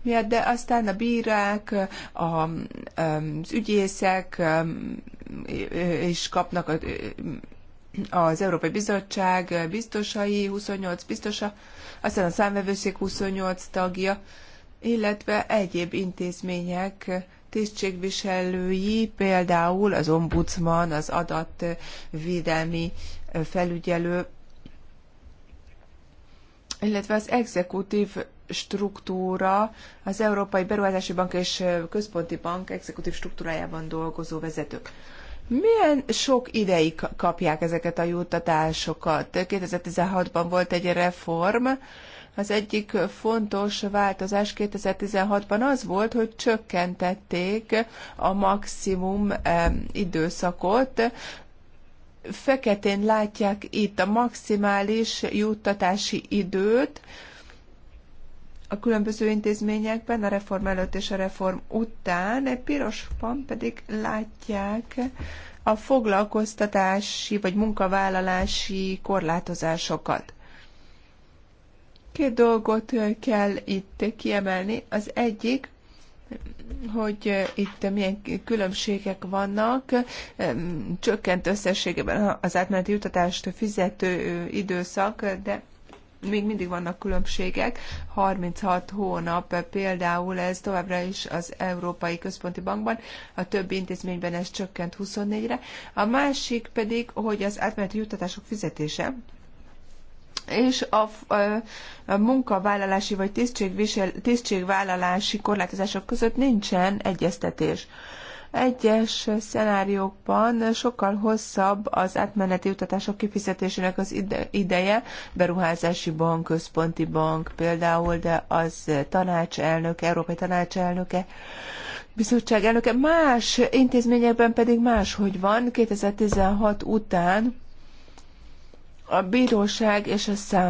miatt, de aztán a bírák, a, az ügyészek is kapnak az Európai Bizottság biztosai, 28 biztosa, aztán a számvevőszék 28 tagja, illetve egyéb intézmények tisztségviselői, például az ombudsman, az adatvédelmi felügyelő, illetve az exekutív struktúra, az Európai Beruházási Bank és Központi Bank exekutív struktúrájában dolgozó vezetők milyen sok ideig kapják ezeket a juttatásokat? 2016-ban volt egy reform, az egyik fontos változás 2016-ban az volt, hogy csökkentették a maximum időszakot, feketén látják itt a maximális juttatási időt, a különböző intézményekben, a reform előtt és a reform után, egy pirosban pedig látják a foglalkoztatási vagy munkavállalási korlátozásokat. Két dolgot kell itt kiemelni. Az egyik, hogy itt milyen különbségek vannak, csökkent összességében az átmeneti jutatást fizető időszak, de még mindig vannak különbségek. 36 hónap például ez továbbra is az Európai Központi Bankban, a többi intézményben ez csökkent 24-re. A másik pedig, hogy az átmeneti juttatások fizetése, és a, a, a munkavállalási vagy tisztségvállalási korlátozások között nincsen egyeztetés. Egyes szenáriókban sokkal hosszabb az átmeneti utatások kifizetésének az ideje, beruházási bank, központi bank például, de az tanácselnöke, európai tanácselnöke, bizottság elnöke, más intézményekben pedig máshogy van, 2016 után a bíróság és a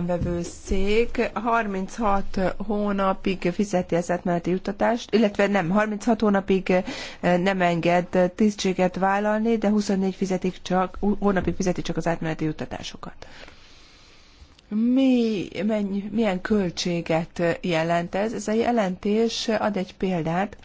szék 36 hónapig fizeti az átmeneti juttatást, illetve nem, 36 hónapig eh, nem enged tisztséget vállalni, de 24 fizetik csak, hónapig fizeti csak az átmeneti juttatásokat. Mi, mennyi, milyen költséget jelent ez? Ez a jelentés ad egy példát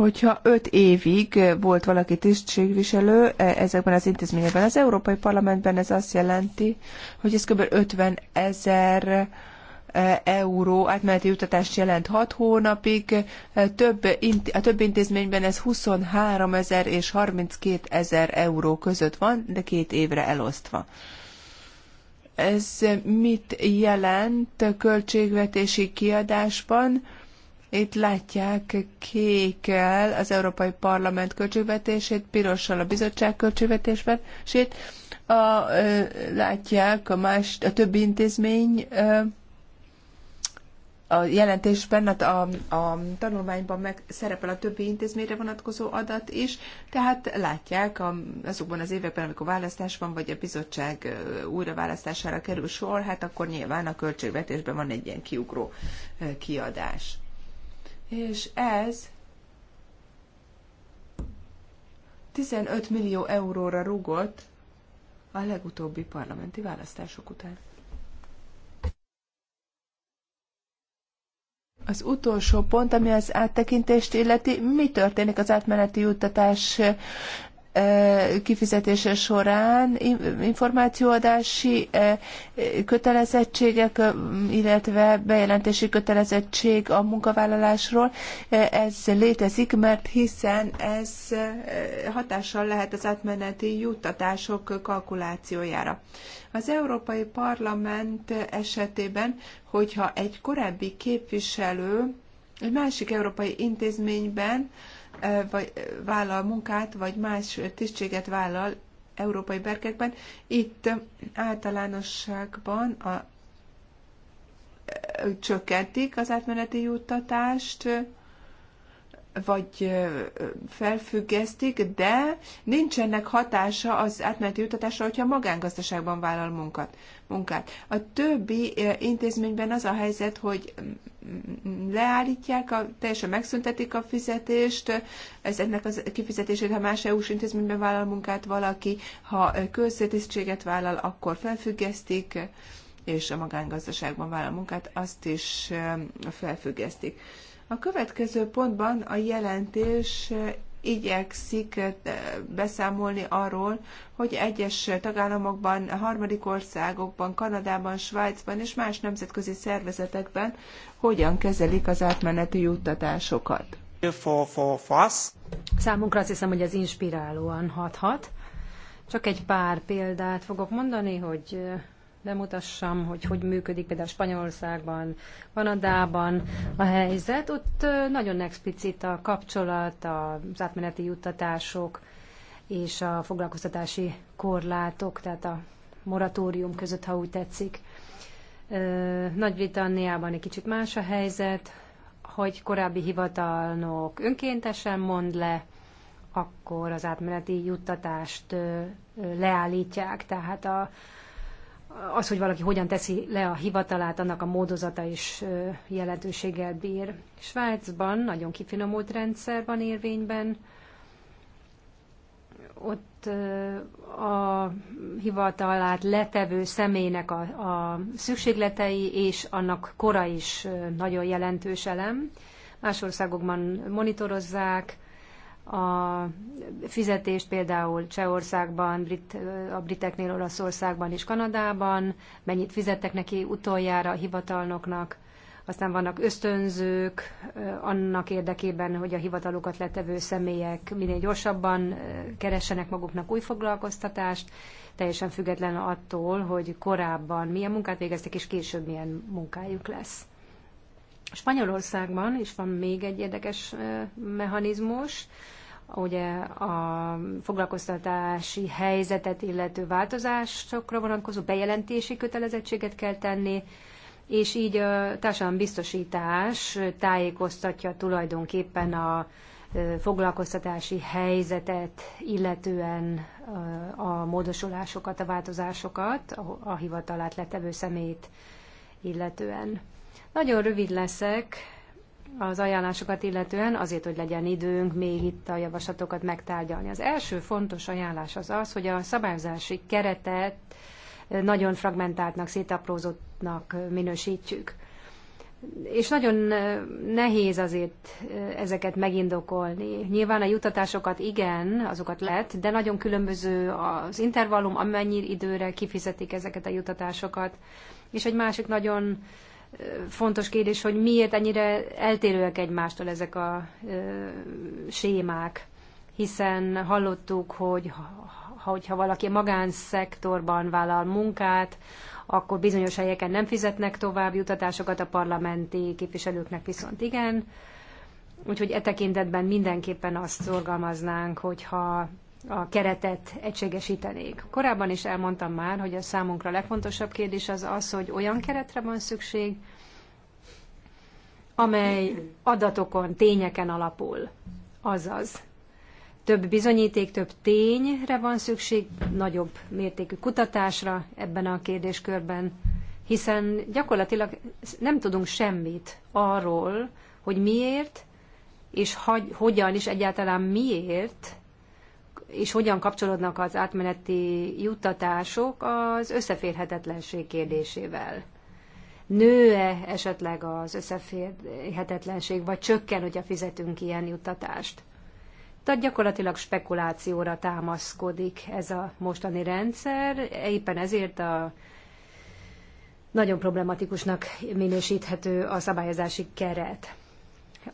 hogyha öt évig volt valaki tisztségviselő e, ezekben az intézményekben. Az Európai Parlamentben ez azt jelenti, hogy ez kb. 50 ezer e, euró átmeneti jutatást jelent 6 hónapig, e, több, a több intézményben ez 23 ezer és 32 ezer euró között van, de két évre elosztva. Ez mit jelent költségvetési kiadásban? Itt látják kékkel az Európai Parlament költségvetését, pirossal a bizottság költségvetését, a, látják a, más, a többi intézmény a jelentésben, hát a, a tanulmányban meg szerepel a többi intézményre vonatkozó adat is, tehát látják a, azokban az években, amikor választás van, vagy a bizottság újraválasztására kerül sor, hát akkor nyilván a költségvetésben van egy ilyen kiugró kiadás és ez 15 millió euróra rúgott a legutóbbi parlamenti választások után. Az utolsó pont, ami az áttekintést illeti, mi történik az átmeneti juttatás kifizetése során információadási kötelezettségek, illetve bejelentési kötelezettség a munkavállalásról. Ez létezik, mert hiszen ez hatással lehet az átmeneti juttatások kalkulációjára. Az Európai Parlament esetében, hogyha egy korábbi képviselő egy másik európai intézményben vagy vállal munkát, vagy más tisztséget vállal európai berkekben. Itt általánosságban a, csökkentik az átmeneti juttatást, vagy felfüggesztik, de nincsenek hatása az átmeneti juttatásra, hogyha magángazdaságban vállal munkat, munkát. A többi intézményben az a helyzet, hogy mm, mm, leállítják, a, teljesen megszüntetik a fizetést, ezeknek a kifizetését, ha más EU-s intézményben vállal munkát valaki, ha közszetisztséget vállal, akkor felfüggesztik, és a magángazdaságban vállal munkát, azt is felfüggesztik. A következő pontban a jelentés igyekszik eh, beszámolni arról, hogy egyes tagállamokban, harmadik országokban, Kanadában, Svájcban és más nemzetközi szervezetekben hogyan kezelik az átmeneti juttatásokat. For, for, for Számunkra azt hiszem, hogy ez inspirálóan hathat. Csak egy pár példát fogok mondani, hogy eh, bemutassam, hogy hogy működik például Spanyolországban, Kanadában a helyzet. Ott nagyon explicit a kapcsolat, az átmeneti juttatások és a foglalkoztatási korlátok, tehát a moratórium között, ha úgy tetszik. Nagy-Britanniában egy kicsit más a helyzet, hogy korábbi hivatalnok önkéntesen mond le, akkor az átmeneti juttatást leállítják, tehát a, az, hogy valaki hogyan teszi le a hivatalát, annak a módozata is jelentőséggel bír. Svájcban nagyon kifinomult rendszer van érvényben. Ott a hivatalát letevő személynek a, a szükségletei és annak kora is nagyon jelentős elem. Más országokban monitorozzák, a fizetést például Csehországban, Brit, a briteknél Olaszországban és Kanadában, mennyit fizettek neki utoljára a hivatalnoknak, aztán vannak ösztönzők annak érdekében, hogy a hivatalukat letevő személyek minél gyorsabban keressenek maguknak új foglalkoztatást, teljesen független attól, hogy korábban milyen munkát végeztek, és később milyen munkájuk lesz. Spanyolországban is van még egy érdekes mechanizmus, ugye a foglalkoztatási helyzetet illető változásokra vonatkozó bejelentési kötelezettséget kell tenni, és így a társadalmi biztosítás tájékoztatja tulajdonképpen a foglalkoztatási helyzetet, illetően a módosulásokat, a változásokat, a hivatalát letevő szemét illetően. Nagyon rövid leszek, az ajánlásokat illetően, azért, hogy legyen időnk még itt a javaslatokat megtárgyalni. Az első fontos ajánlás az az, hogy a szabályozási keretet nagyon fragmentáltnak, szétaprózottnak minősítjük. És nagyon nehéz azért ezeket megindokolni. Nyilván a jutatásokat igen, azokat lett, de nagyon különböző az intervallum, amennyi időre kifizetik ezeket a jutatásokat. És egy másik nagyon fontos kérdés, hogy miért ennyire eltérőek egymástól ezek a sémák, hiszen hallottuk, hogy hogyha valaki magánszektorban vállal munkát, akkor bizonyos helyeken nem fizetnek tovább jutatásokat, a parlamenti képviselőknek viszont igen. Úgyhogy e tekintetben mindenképpen azt szorgalmaznánk, hogyha a keretet egységesítenék. Korábban is elmondtam már, hogy a számunkra legfontosabb kérdés az az, hogy olyan keretre van szükség, amely adatokon, tényeken alapul. Azaz, több bizonyíték, több tényre van szükség, nagyobb mértékű kutatásra ebben a kérdéskörben, hiszen gyakorlatilag nem tudunk semmit arról, hogy miért és hogyan és egyáltalán miért és hogyan kapcsolódnak az átmeneti juttatások az összeférhetetlenség kérdésével. Nő-e esetleg az összeférhetetlenség, vagy csökken, hogyha fizetünk ilyen juttatást? Tehát gyakorlatilag spekulációra támaszkodik ez a mostani rendszer, éppen ezért a nagyon problematikusnak minősíthető a szabályozási keret.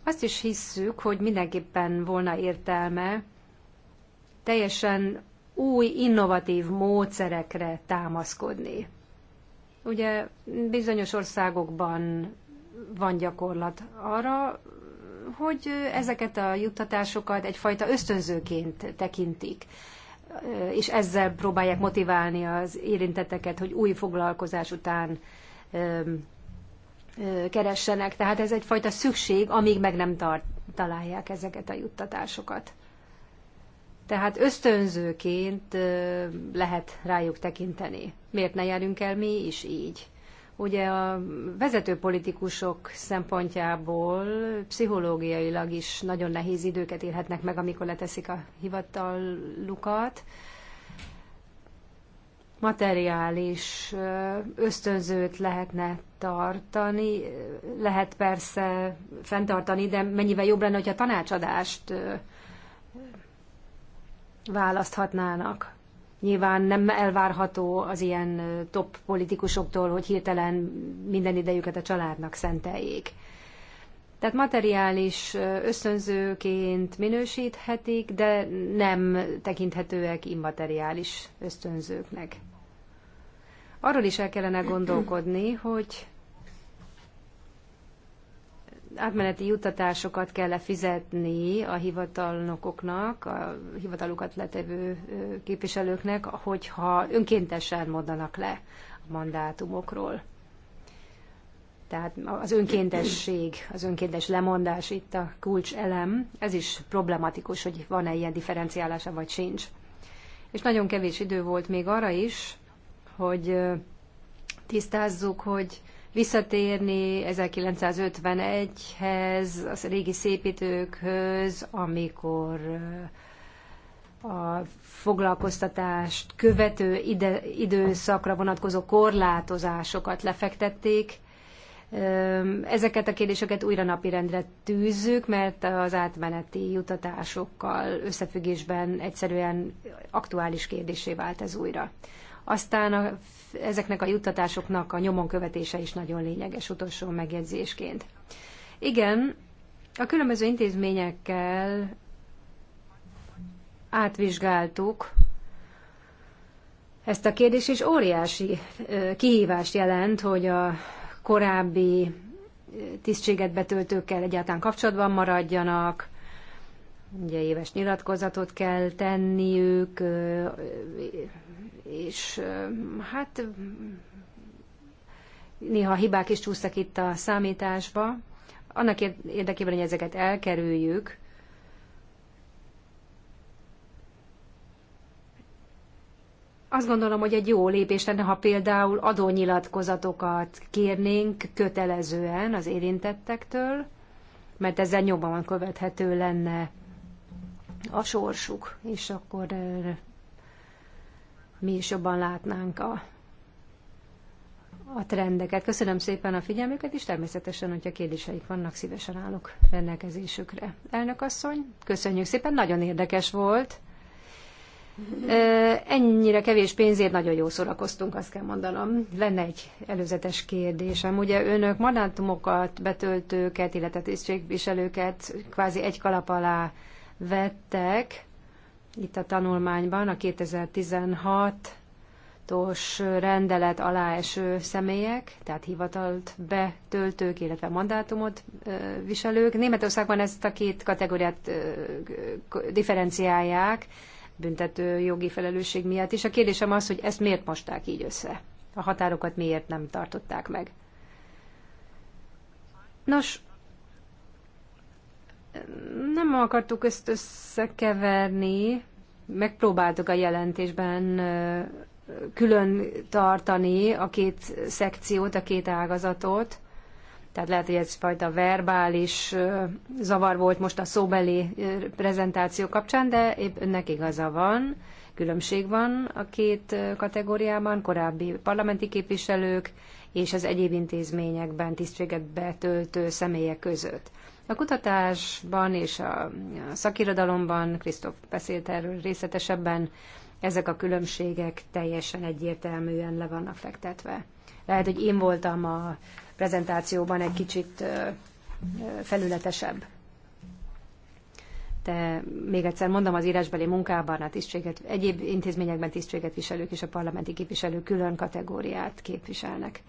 Azt is hisszük, hogy mindenképpen volna értelme teljesen új, innovatív módszerekre támaszkodni. Ugye bizonyos országokban van gyakorlat arra, hogy ezeket a juttatásokat egyfajta ösztönzőként tekintik, és ezzel próbálják motiválni az érintetteket, hogy új foglalkozás után keressenek. Tehát ez egyfajta szükség, amíg meg nem tart, találják ezeket a juttatásokat. Tehát ösztönzőként lehet rájuk tekinteni. Miért ne járjunk el mi is így? Ugye a vezető politikusok szempontjából pszichológiailag is nagyon nehéz időket élhetnek meg, amikor leteszik a hivatalukat. Materiális ösztönzőt lehetne tartani, lehet persze fenntartani, de mennyivel jobb lenne, hogyha tanácsadást választhatnának. Nyilván nem elvárható az ilyen top politikusoktól, hogy hirtelen minden idejüket a családnak szenteljék. Tehát materiális ösztönzőként minősíthetik, de nem tekinthetőek immateriális ösztönzőknek. Arról is el kellene gondolkodni, hogy átmeneti juttatásokat kell -e fizetni a hivatalnokoknak, a hivatalukat letevő képviselőknek, hogyha önkéntesen mondanak le a mandátumokról. Tehát az önkéntesség, az önkéntes lemondás itt a kulcs elem. Ez is problematikus, hogy van-e ilyen differenciálása, vagy sincs. És nagyon kevés idő volt még arra is, hogy tisztázzuk, hogy visszatérni 1951-hez, az régi szépítőkhöz, amikor a foglalkoztatást követő ide, időszakra vonatkozó korlátozásokat lefektették. Ezeket a kérdéseket újra napirendre tűzzük, mert az átmeneti jutatásokkal összefüggésben egyszerűen aktuális kérdésé vált ez újra. Aztán a, ezeknek a juttatásoknak a nyomon követése is nagyon lényeges utolsó megjegyzésként. Igen, a különböző intézményekkel átvizsgáltuk ezt a kérdést, és óriási kihívást jelent, hogy a korábbi tisztséget betöltőkkel egyáltalán kapcsolatban maradjanak, ugye éves nyilatkozatot kell tenniük, és hát néha hibák is csúsztak itt a számításba. Annak érdekében, hogy ezeket elkerüljük, azt gondolom, hogy egy jó lépés lenne, ha például adónyilatkozatokat kérnénk kötelezően az érintettektől, mert ezzel nyomban követhető lenne a sorsuk, és akkor mi is jobban látnánk a, a trendeket. Köszönöm szépen a figyelmüket, és természetesen, hogyha kérdéseik vannak, szívesen állok rendelkezésükre. Elnök asszony, köszönjük szépen, nagyon érdekes volt. Ennyire kevés pénzért nagyon jó szórakoztunk, azt kell mondanom. Lenne egy előzetes kérdésem. Ugye önök mandátumokat, betöltőket, illetve tisztségviselőket kvázi egy kalap alá vettek, itt a tanulmányban a 2016-os rendelet alá eső személyek, tehát hivatalt betöltők, illetve mandátumot viselők. Németországban ezt a két kategóriát differenciálják büntető jogi felelősség miatt És A kérdésem az, hogy ezt miért mosták így össze? A határokat miért nem tartották meg? Nos, nem akartuk ezt összekeverni, megpróbáltuk a jelentésben külön tartani a két szekciót, a két ágazatot. Tehát lehet, hogy ez fajta verbális zavar volt most a szóbeli prezentáció kapcsán, de épp önnek igaza van, különbség van a két kategóriában, korábbi parlamenti képviselők és az egyéb intézményekben tisztséget betöltő személyek között. A kutatásban és a szakirodalomban, Krisztóf beszélt erről részletesebben, ezek a különbségek teljesen egyértelműen le vannak fektetve. Lehet, hogy én voltam a prezentációban egy kicsit felületesebb. De még egyszer mondom, az írásbeli munkában a tisztséget, egyéb intézményekben tisztséget viselők és a parlamenti képviselők külön kategóriát képviselnek.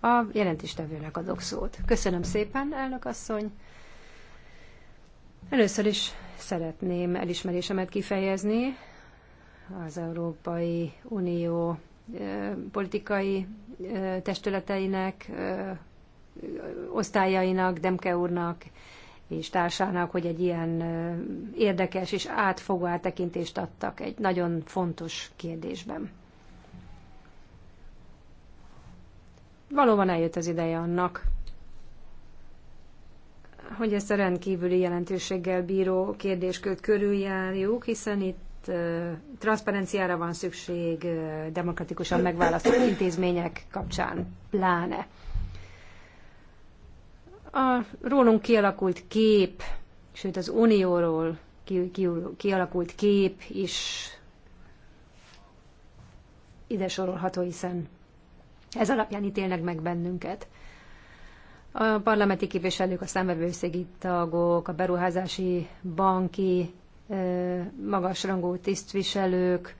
A jelentéstevőnek adok szót. Köszönöm szépen, elnök asszony. Először is szeretném elismerésemet kifejezni az Európai Unió politikai testületeinek, osztályainak, Demke úrnak és társának, hogy egy ilyen érdekes és átfogó áttekintést adtak egy nagyon fontos kérdésben. Valóban eljött az ideje annak, hogy ezt a rendkívüli jelentőséggel bíró kérdéskört körüljárjuk, hiszen itt transzparenciára van szükség demokratikusan megválasztott intézmények kapcsán, pláne. A rólunk kialakult kép, sőt az unióról kialakult kép is ide sorolható, hiszen ez alapján ítélnek meg bennünket. A parlamenti képviselők, a számvevőszégi tagok, a beruházási banki magasrangú tisztviselők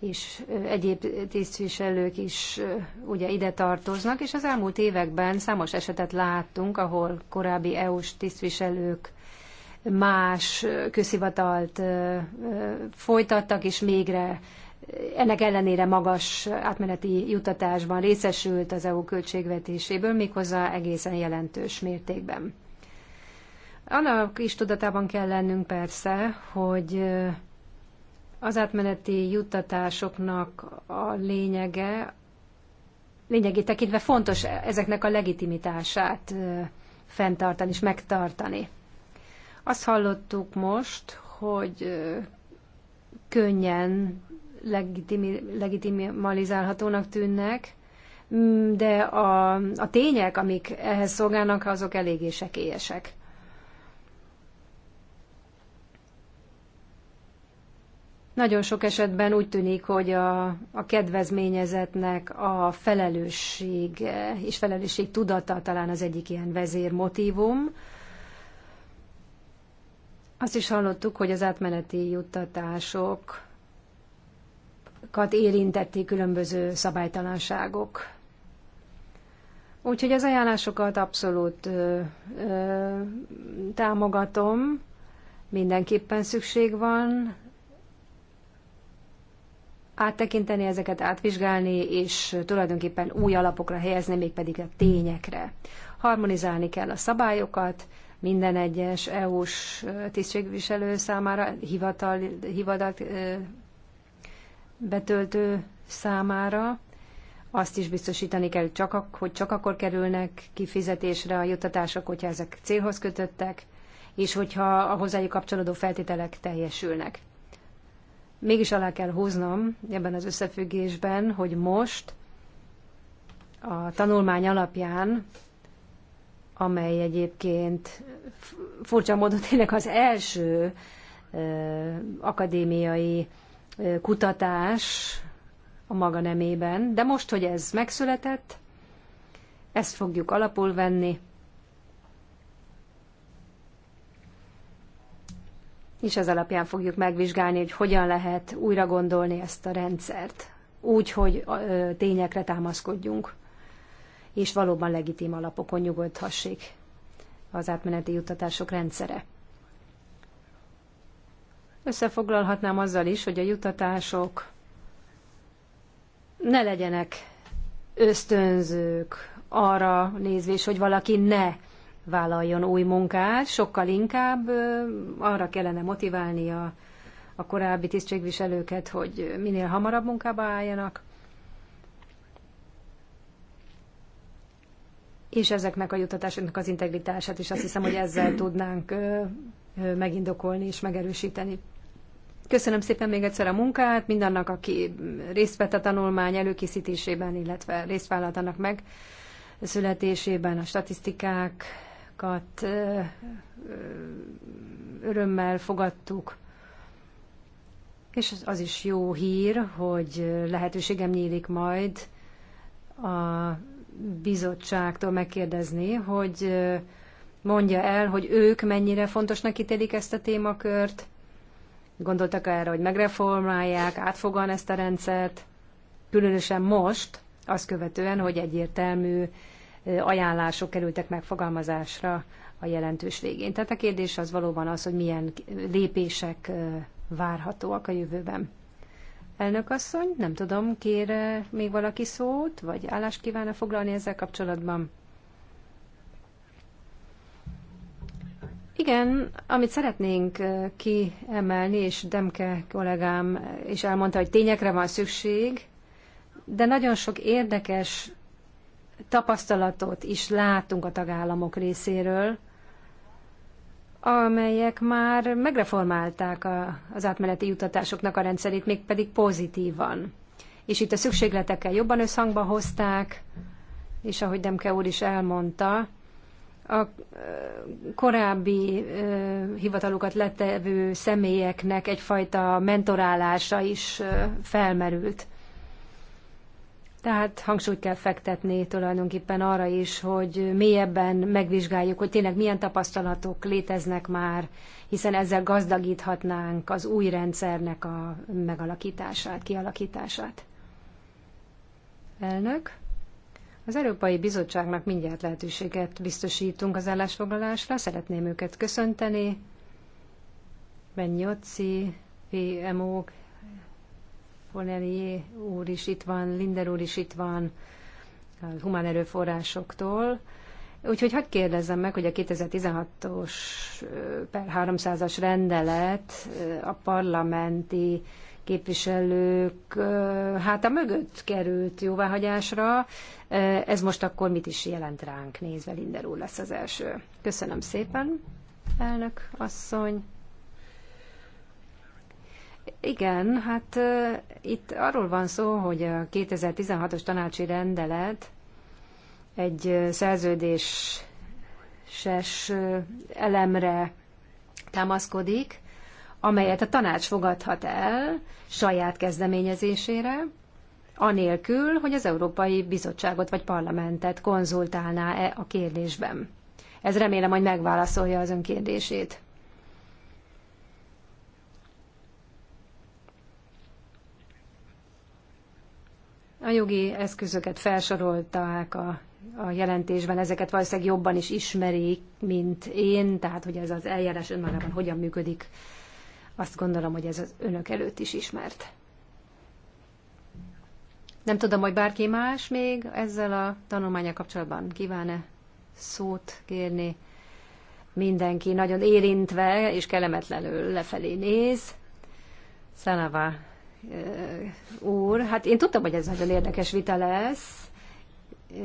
és egyéb tisztviselők is ugye ide tartoznak, és az elmúlt években számos esetet láttunk, ahol korábbi EU-s tisztviselők más közhivatalt folytattak, és mégre ennek ellenére magas átmeneti juttatásban részesült az EU költségvetéséből, méghozzá egészen jelentős mértékben. Annak is tudatában kell lennünk persze, hogy az átmeneti juttatásoknak a lényege, lényegét tekintve fontos ezeknek a legitimitását fenntartani és megtartani. Azt hallottuk most, hogy könnyen legitimi, legitimalizálhatónak tűnnek, mm, de a, a tények, amik ehhez szolgálnak, azok eléggé sekélyesek. Nagyon sok esetben úgy tűnik, hogy a, a kedvezményezetnek a felelősség és felelősség tudata talán az egyik ilyen vezérmotívum. Azt is hallottuk, hogy az átmeneti juttatások államokat érintették különböző szabálytalanságok. Úgyhogy az ajánlásokat abszolút ö, ö, támogatom, mindenképpen szükség van áttekinteni ezeket, átvizsgálni, és tulajdonképpen új alapokra helyezni, mégpedig a tényekre. Harmonizálni kell a szabályokat, minden egyes EU-s tisztségviselő számára hivatal, hivadat betöltő számára. Azt is biztosítani kell, csak, hogy csak akkor kerülnek kifizetésre a juttatások, hogyha ezek célhoz kötöttek, és hogyha a hozzájuk kapcsolódó feltételek teljesülnek. Mégis alá kell húznom ebben az összefüggésben, hogy most a tanulmány alapján, amely egyébként furcsa módon tényleg az első ö, akadémiai kutatás a maga nemében, de most, hogy ez megszületett, ezt fogjuk alapul venni, és ez alapján fogjuk megvizsgálni, hogy hogyan lehet újra gondolni ezt a rendszert, úgy, hogy tényekre támaszkodjunk, és valóban legitim alapokon nyugodhassék az átmeneti juttatások rendszere. Összefoglalhatnám azzal is, hogy a jutatások ne legyenek ösztönzők arra nézvés, hogy valaki ne vállaljon új munkát, sokkal inkább arra kellene motiválni a, a korábbi tisztségviselőket, hogy minél hamarabb munkába álljanak. És ezeknek a jutatásoknak az integritását is azt hiszem, hogy ezzel tudnánk megindokolni és megerősíteni. Köszönöm szépen még egyszer a munkát mindannak, aki részt vett a tanulmány előkészítésében, illetve részt vállalt annak meg születésében a statisztikákat örömmel fogadtuk. És az is jó hír, hogy lehetőségem nyílik majd a bizottságtól megkérdezni, hogy mondja el, hogy ők mennyire fontosnak ítélik ezt a témakört, Gondoltak erre, hogy megreformálják, átfogan ezt a rendszert, különösen most, azt követően, hogy egyértelmű ajánlások kerültek megfogalmazásra a jelentős végén. Tehát a kérdés az valóban az, hogy milyen lépések várhatóak a jövőben. Elnök asszony, nem tudom, kér még valaki szót, vagy állást kívánna foglalni ezzel kapcsolatban? Igen, amit szeretnénk kiemelni, és Demke kollégám is elmondta, hogy tényekre van szükség, de nagyon sok érdekes tapasztalatot is látunk a tagállamok részéről, amelyek már megreformálták a, az átmeneti jutatásoknak a rendszerét, mégpedig pozitívan. És itt a szükségletekkel jobban összhangba hozták, és ahogy Demke úr is elmondta, a korábbi hivatalukat letevő személyeknek egyfajta mentorálása is felmerült. Tehát hangsúlyt kell fektetni tulajdonképpen arra is, hogy mélyebben megvizsgáljuk, hogy tényleg milyen tapasztalatok léteznek már, hiszen ezzel gazdagíthatnánk az új rendszernek a megalakítását, kialakítását. Elnök. Az Európai Bizottságnak mindjárt lehetőséget biztosítunk az állásfoglalásra. Szeretném őket köszönteni. Bennyocci, VMO, Fonelié úr is itt van, Linder úr is itt van, a humán erőforrásoktól. Úgyhogy hadd kérdezzem meg, hogy a 2016-os per 300-as rendelet a parlamenti képviselők hát a mögött került jóváhagyásra. Ez most akkor mit is jelent ránk nézve? Linder úr lesz az első. Köszönöm szépen, elnök asszony. Igen, hát itt arról van szó, hogy a 2016-os tanácsi rendelet egy szerződéses elemre támaszkodik, amelyet a tanács fogadhat el saját kezdeményezésére, anélkül, hogy az Európai Bizottságot vagy Parlamentet konzultálná-e a kérdésben. Ez remélem, hogy megválaszolja az ön kérdését. A jogi eszközöket felsorolták a, a jelentésben, ezeket valószínűleg jobban is ismerik, mint én, tehát hogy ez az eljárás önmagában hogyan működik, azt gondolom, hogy ez az önök előtt is ismert. Nem tudom, hogy bárki más még ezzel a tanulmányal kapcsolatban kíván-e szót kérni. Mindenki nagyon érintve és kelemetlenül lefelé néz. Szanava eh, úr, hát én tudtam, hogy ez nagyon érdekes vita lesz.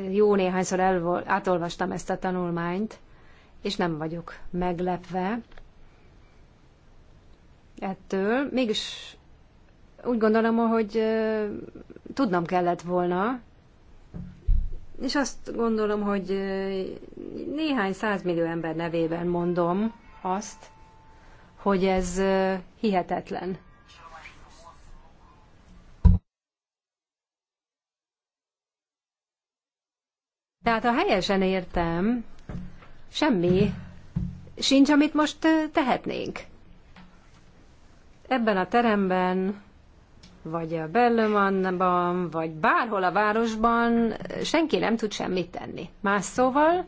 Jó néhányszor el, átolvastam ezt a tanulmányt, és nem vagyok meglepve, ettől. Mégis úgy gondolom, hogy uh, tudnom kellett volna, és azt gondolom, hogy uh, néhány százmillió ember nevében mondom azt, hogy ez uh, hihetetlen. Tehát ha helyesen értem, semmi sincs, amit most tehetnénk ebben a teremben, vagy a Bellemanban, vagy bárhol a városban senki nem tud semmit tenni. Más szóval,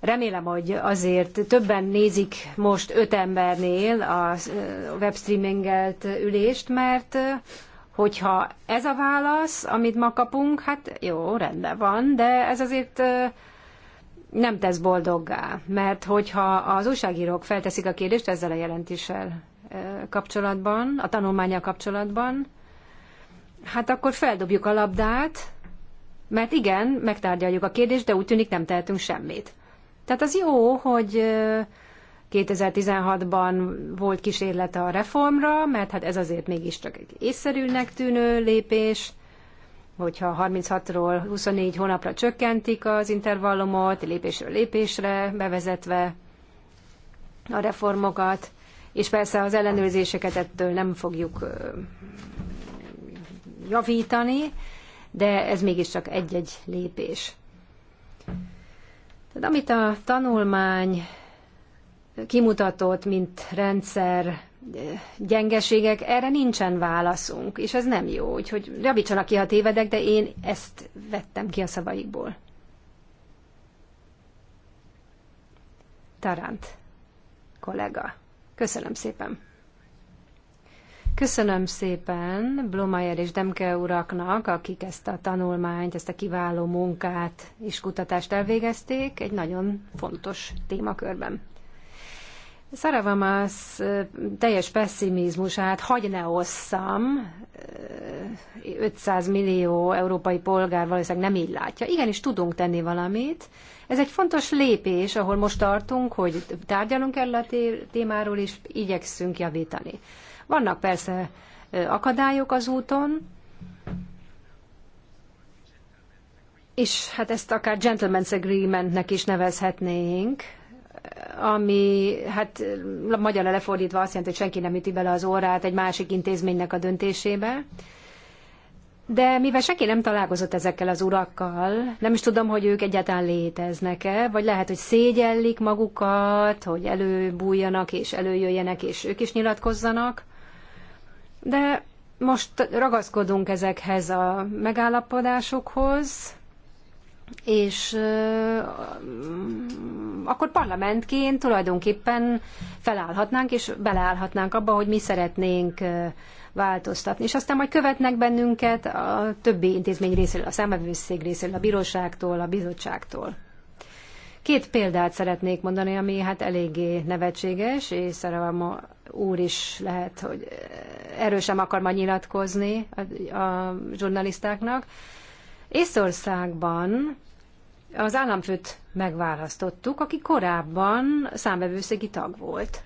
remélem, hogy azért többen nézik most öt embernél a webstreamingelt ülést, mert hogyha ez a válasz, amit ma kapunk, hát jó, rendben van, de ez azért nem tesz boldoggá, mert hogyha az újságírók felteszik a kérdést ezzel a jelentéssel kapcsolatban, a tanulmánya kapcsolatban, hát akkor feldobjuk a labdát, mert igen, megtárgyaljuk a kérdést, de úgy tűnik nem tehetünk semmit. Tehát az jó, hogy 2016-ban volt kísérlet a reformra, mert hát ez azért mégiscsak egy észszerűnek tűnő lépés, hogyha 36-ról 24 hónapra csökkentik az intervallumot, lépésről lépésre bevezetve a reformokat, és persze az ellenőrzéseket ettől nem fogjuk javítani, de ez mégiscsak egy-egy lépés. Tehát amit a tanulmány kimutatott, mint rendszer gyengeségek, erre nincsen válaszunk, és ez nem jó, úgyhogy javítsanak ki, ha tévedek, de én ezt vettem ki a szavaikból. Tarant, kollega. Köszönöm szépen. Köszönöm szépen Blomayer és Demke uraknak, akik ezt a tanulmányt, ezt a kiváló munkát és kutatást elvégezték egy nagyon fontos témakörben. Szaravamász teljes pessimizmusát hagy ne osszam, 500 millió európai polgár valószínűleg nem így látja. Igenis tudunk tenni valamit. Ez egy fontos lépés, ahol most tartunk, hogy tárgyalunk erről a témáról, és igyekszünk javítani. Vannak persze akadályok az úton, és hát ezt akár gentleman's agreementnek is nevezhetnénk, ami hát magyar lefordítva azt jelenti, hogy senki nem üti bele az órát egy másik intézménynek a döntésébe. De mivel senki nem találkozott ezekkel az urakkal, nem is tudom, hogy ők egyáltalán léteznek-e, vagy lehet, hogy szégyellik magukat, hogy előbújjanak és előjöjjenek, és ők is nyilatkozzanak. De most ragaszkodunk ezekhez a megállapodásokhoz, és akkor parlamentként tulajdonképpen felállhatnánk, és beleállhatnánk abba, hogy mi szeretnénk változtatni. És aztán majd követnek bennünket a többi intézmény részéről, a számvevőszék részéről, a bíróságtól, a bizottságtól. Két példát szeretnék mondani, ami hát eléggé nevetséges, és Szerelma úr is lehet, hogy erősen akar majd nyilatkozni a, a zsurnalisztáknak. Észországban az államfőt megválasztottuk, aki korábban számbevőszegi tag volt.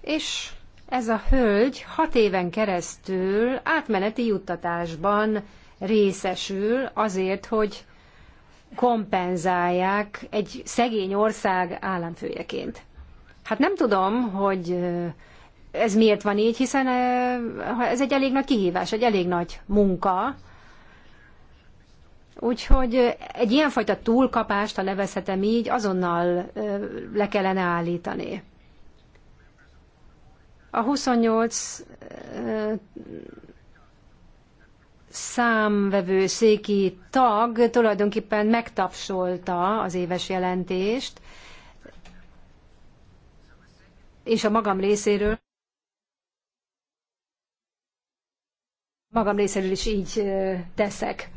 És ez a hölgy hat éven keresztül átmeneti juttatásban részesül azért, hogy kompenzálják egy szegény ország államfőjeként. Hát nem tudom, hogy ez miért van így, hiszen ez egy elég nagy kihívás, egy elég nagy munka, Úgyhogy egy ilyenfajta túlkapást, ha nevezhetem így, azonnal le kellene állítani. A 28 széki tag tulajdonképpen megtapsolta az éves jelentést, és a magam részéről magam részéről is így teszek.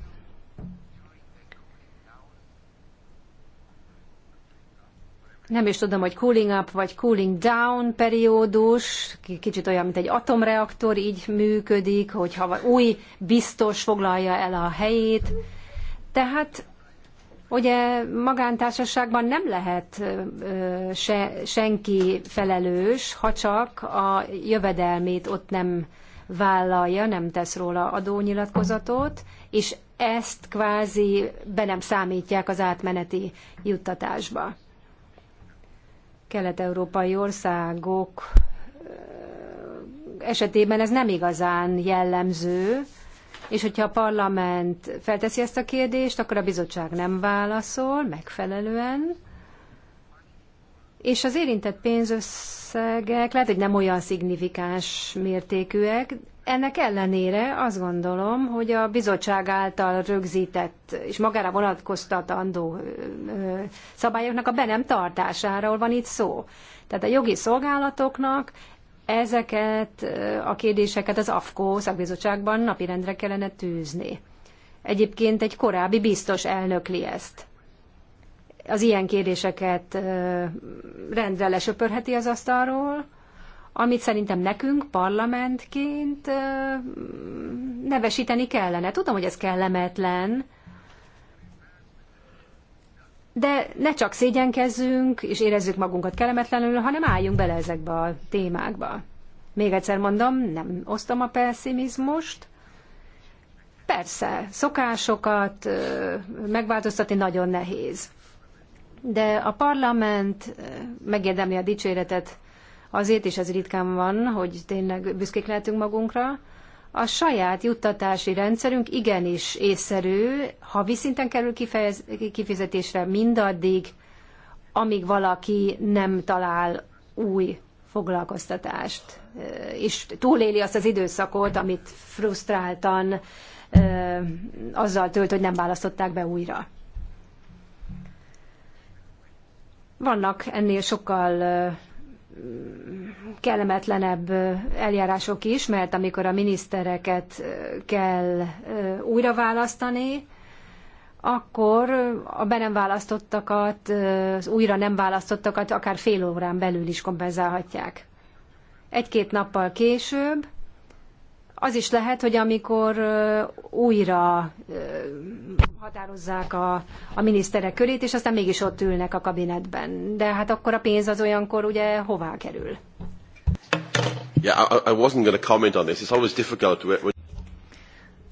nem is tudom, hogy cooling up vagy cooling down periódus, kicsit olyan, mint egy atomreaktor, így működik, hogyha új biztos foglalja el a helyét. Tehát ugye magántársaságban nem lehet se, senki felelős, ha csak a jövedelmét ott nem vállalja, nem tesz róla adónyilatkozatot, és ezt kvázi be nem számítják az átmeneti juttatásba kelet-európai országok esetében ez nem igazán jellemző, és hogyha a parlament felteszi ezt a kérdést, akkor a bizottság nem válaszol megfelelően, és az érintett pénzösszegek lehet, hogy nem olyan szignifikáns mértékűek, ennek ellenére azt gondolom, hogy a bizottság által rögzített és magára vonatkoztatandó szabályoknak a be nem tartásáról van itt szó. Tehát a jogi szolgálatoknak ezeket a kérdéseket az AFKO szakbizottságban napirendre kellene tűzni. Egyébként egy korábbi biztos elnökli ezt az ilyen kérdéseket rendre lesöpörheti az asztalról, amit szerintem nekünk parlamentként nevesíteni kellene. Tudom, hogy ez kellemetlen, de ne csak szégyenkezzünk és érezzük magunkat kellemetlenül, hanem álljunk bele ezekbe a témákba. Még egyszer mondom, nem osztom a pessimizmust. Persze, szokásokat megváltoztatni nagyon nehéz de a parlament eh, megérdemli a dicséretet azért, és ez ritkán van, hogy tényleg büszkék lehetünk magunkra, a saját juttatási rendszerünk igenis észszerű, ha viszinten kerül kifejez, kifizetésre mindaddig, amíg valaki nem talál új foglalkoztatást, eh, és túléli azt az időszakot, amit frusztráltan eh, azzal tölt, hogy nem választották be újra. Vannak ennél sokkal kellemetlenebb eljárások is, mert amikor a minisztereket kell újra választani, akkor a be nem választottakat, az újra nem választottakat akár fél órán belül is kompenzálhatják. Egy-két nappal később az is lehet, hogy amikor újra határozzák a, a miniszterek körét, és aztán mégis ott ülnek a kabinetben. De hát akkor a pénz az olyankor ugye hová kerül? Yeah, I, I wasn't going to comment on this. It's always difficult To...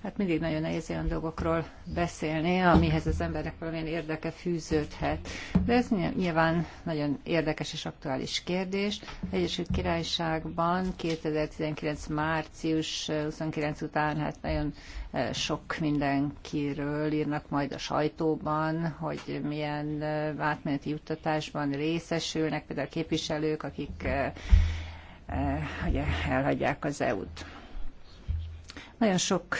Hát mindig nagyon nehéz olyan dolgokról beszélni, amihez az embernek valamilyen érdeke fűződhet. De ez nyilván nagyon érdekes és aktuális kérdés. Egyesült Királyságban 2019. március 29 után hát nagyon sok mindenkiről írnak majd a sajtóban, hogy milyen átmeneti juttatásban részesülnek, például a képviselők, akik ugye, elhagyják az EU-t. Nagyon sok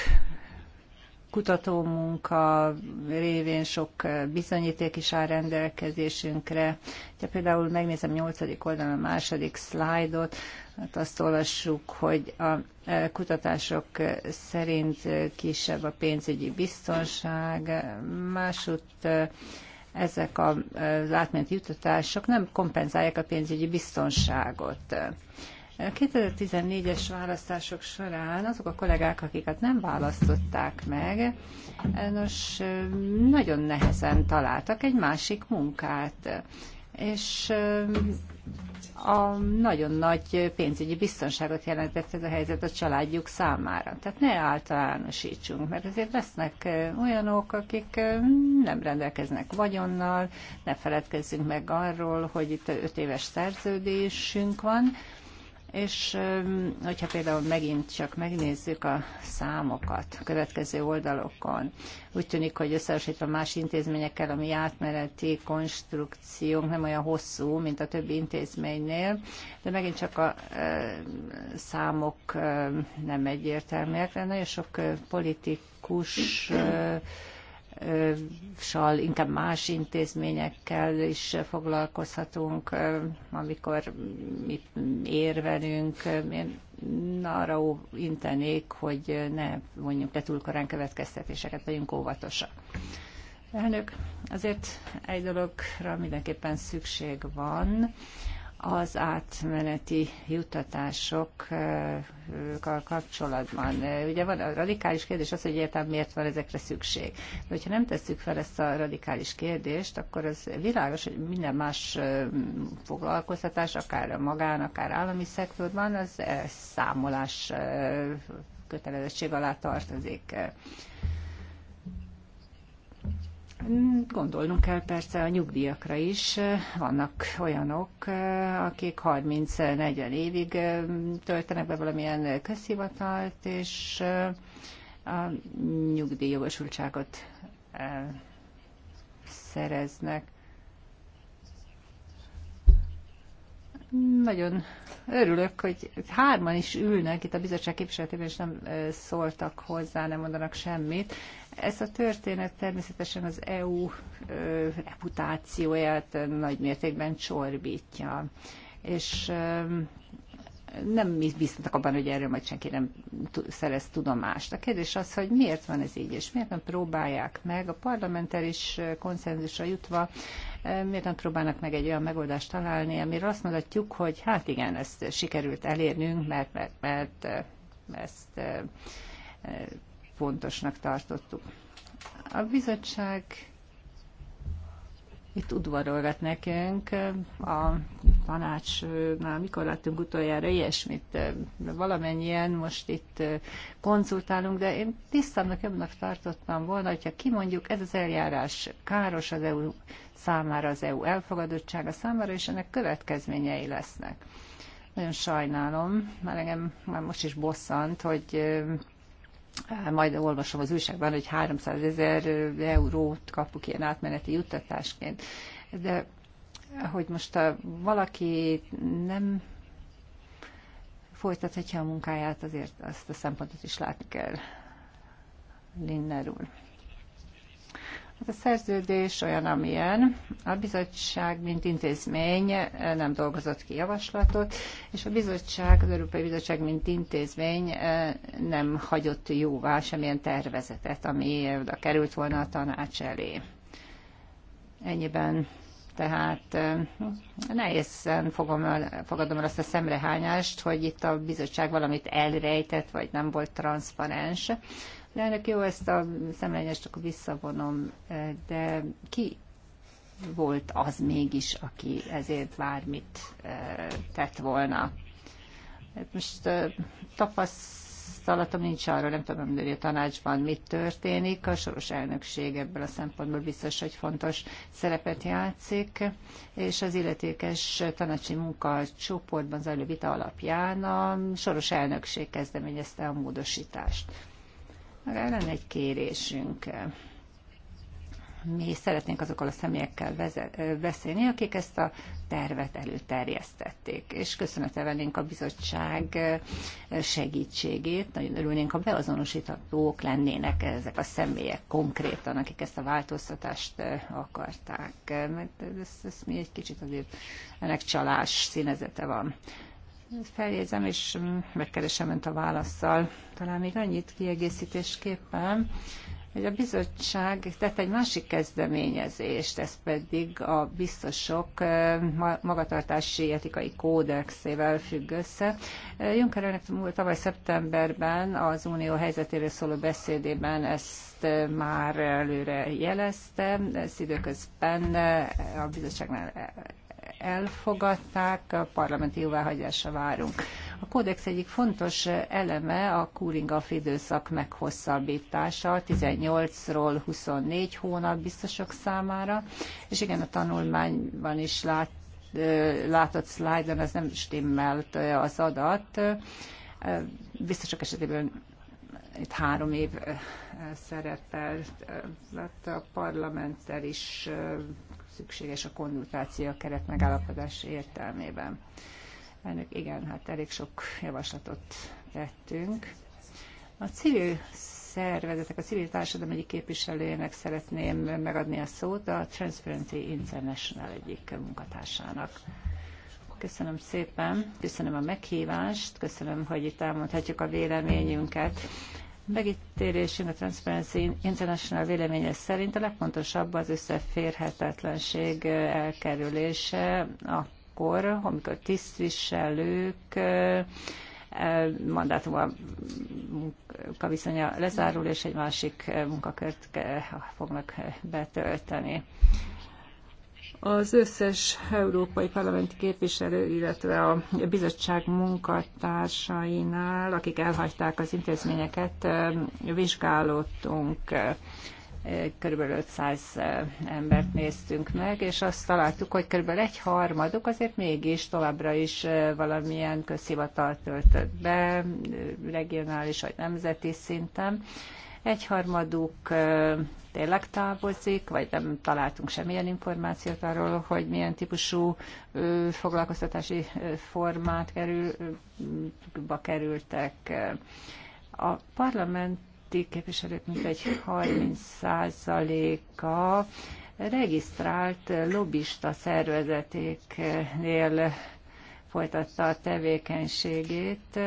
kutatómunka révén sok bizonyíték is áll rendelkezésünkre. Ha például megnézem 8. oldalon a második szlájdot, hát azt olvassuk, hogy a e, kutatások szerint kisebb a pénzügyi biztonság, másutt e, ezek e, az átmeneti jutatások nem kompenzálják a pénzügyi biztonságot. A 2014-es választások során azok a kollégák, akiket nem választották meg, nos, nagyon nehezen találtak egy másik munkát. És a nagyon nagy pénzügyi biztonságot jelentett ez a helyzet a családjuk számára. Tehát ne általánosítsunk, mert azért lesznek olyanok, akik nem rendelkeznek vagyonnal, ne feledkezzünk meg arról, hogy itt öt éves szerződésünk van, és hogyha például megint csak megnézzük a számokat a következő oldalokon, úgy tűnik, hogy összehasonlítva más intézményekkel, ami átmeneti konstrukciónk nem olyan hosszú, mint a többi intézménynél, de megint csak a számok nem egyértelműek, de nagyon sok politikus sal, inkább más intézményekkel is foglalkozhatunk, amikor mit érvelünk. Én arra intenék, hogy ne mondjuk, le túl korán következtetéseket, legyünk óvatosak. Elnök, azért egy dologra mindenképpen szükség van, az átmeneti juttatásokkal kapcsolatban. Ugye van a radikális kérdés az, hogy értem, miért van ezekre szükség. De hogyha nem tesszük fel ezt a radikális kérdést, akkor az világos, hogy minden más foglalkoztatás, akár a magán, akár állami szektorban, az számolás kötelezettség alá tartozik. Gondolnunk kell persze a nyugdíjakra is. Vannak olyanok, akik 30-40 évig töltenek be valamilyen közhivatalt, és a nyugdíjjogosultságot szereznek. Nagyon örülök, hogy hárman is ülnek itt a bizottság képviseletében, és nem szóltak hozzá, nem mondanak semmit. Ez a történet természetesen az EU reputációját nagy mértékben csorbítja. És nem biztosak abban, hogy erről majd senki nem szerez tudomást. A kérdés az, hogy miért van ez így, és miért nem próbálják meg a parlamenter is konszenzusra jutva Eh, miért nem próbálnak meg egy olyan megoldást találni, amire azt mondhatjuk, hogy hát igen, ezt sikerült elérnünk, mert, mert, mert eh, ezt eh, fontosnak tartottuk. A bizottság itt udvarolgat nekünk. A tanácsnál mikor láttunk utoljára ilyesmit? Valamennyien most itt konzultálunk, de én tisztának jobbnak tartottam volna, hogyha kimondjuk, ez az eljárás káros az EU számára, az EU elfogadottsága számára, és ennek következményei lesznek. Nagyon sajnálom, már engem már most is bosszant, hogy majd olvasom az újságban, hogy 300 ezer eurót kapok ilyen átmeneti juttatásként. De hogy most a valaki nem folytathatja a munkáját, azért azt a szempontot is látni kell. Linner úr. Hát a szerződés olyan, amilyen. A bizottság, mint intézmény nem dolgozott ki javaslatot, és a bizottság, az Európai Bizottság, mint intézmény nem hagyott jóvá semmilyen tervezetet, ami oda került volna a tanács elé. Ennyiben tehát nehézen fogom el, fogadom el azt a szemrehányást, hogy itt a bizottság valamit elrejtett, vagy nem volt transzparens. Elnök, jó, ezt a szemlényest csak visszavonom, de ki volt az mégis, aki ezért bármit tett volna? Most tapasztalatom nincs arról, nem tudom, hogy a tanácsban mit történik. A soros elnökség ebből a szempontból biztos, hogy fontos szerepet játszik, és az illetékes tanácsi munka csoportban zajló vita alapján a soros elnökség kezdeményezte a módosítást lenne egy kérésünk. Mi szeretnénk azokkal a személyekkel beszélni, akik ezt a tervet előterjesztették. És köszönetel vennénk a bizottság segítségét. Nagyon örülnénk, ha beazonosíthatók lennének ezek a személyek konkrétan, akik ezt a változtatást akarták. Mert ez ez mi egy kicsit azért ennek csalás színezete van feljegyzem, és megkeresem önt a válaszsal. Talán még annyit kiegészítésképpen, hogy a bizottság tett egy másik kezdeményezést, ez pedig a biztosok eh, magatartási etikai kódexével függ össze. Eh, Juncker elnök tavaly szeptemberben az unió helyzetéről szóló beszédében ezt eh, már előre jelezte, ez időközben a bizottságnál elfogadták, a parlamenti jóváhagyásra várunk. A kódex egyik fontos eleme a cooling off időszak meghosszabbítása 18-ról 24 hónap biztosok számára, és igen, a tanulmányban is lát, látott szlájdon ez nem stimmelt az adat. Biztosok esetében itt három év szerepelt, a parlamenttel is szükséges a konzultáció a megállapodás értelmében. Elnök, igen, hát elég sok javaslatot tettünk. A civil szervezetek, a civil társadalom egyik képviselőjének szeretném megadni a szót, a Transparency International egyik munkatársának. Köszönöm szépen, köszönöm a meghívást, köszönöm, hogy itt elmondhatjuk a véleményünket. Megítélésünk a Transparency International véleménye szerint a legfontosabb az összeférhetetlenség elkerülése akkor, amikor tisztviselők mandátum munkaviszonya lezárul, és egy másik munkakört fognak betölteni. Az összes európai parlamenti képviselő, illetve a bizottság munkatársainál, akik elhagyták az intézményeket, vizsgálottunk körülbelül 500 embert néztünk meg, és azt találtuk, hogy körülbelül egy harmaduk azért mégis továbbra is valamilyen közhivatal töltött be, regionális vagy nemzeti szinten, egyharmaduk tényleg távozik, vagy nem találtunk semmilyen információt arról, hogy milyen típusú foglalkoztatási formát kerül, kerültek. A parlamenti képviselők mintegy 30%-a regisztrált lobbista szervezetéknél folytatta a tevékenységét,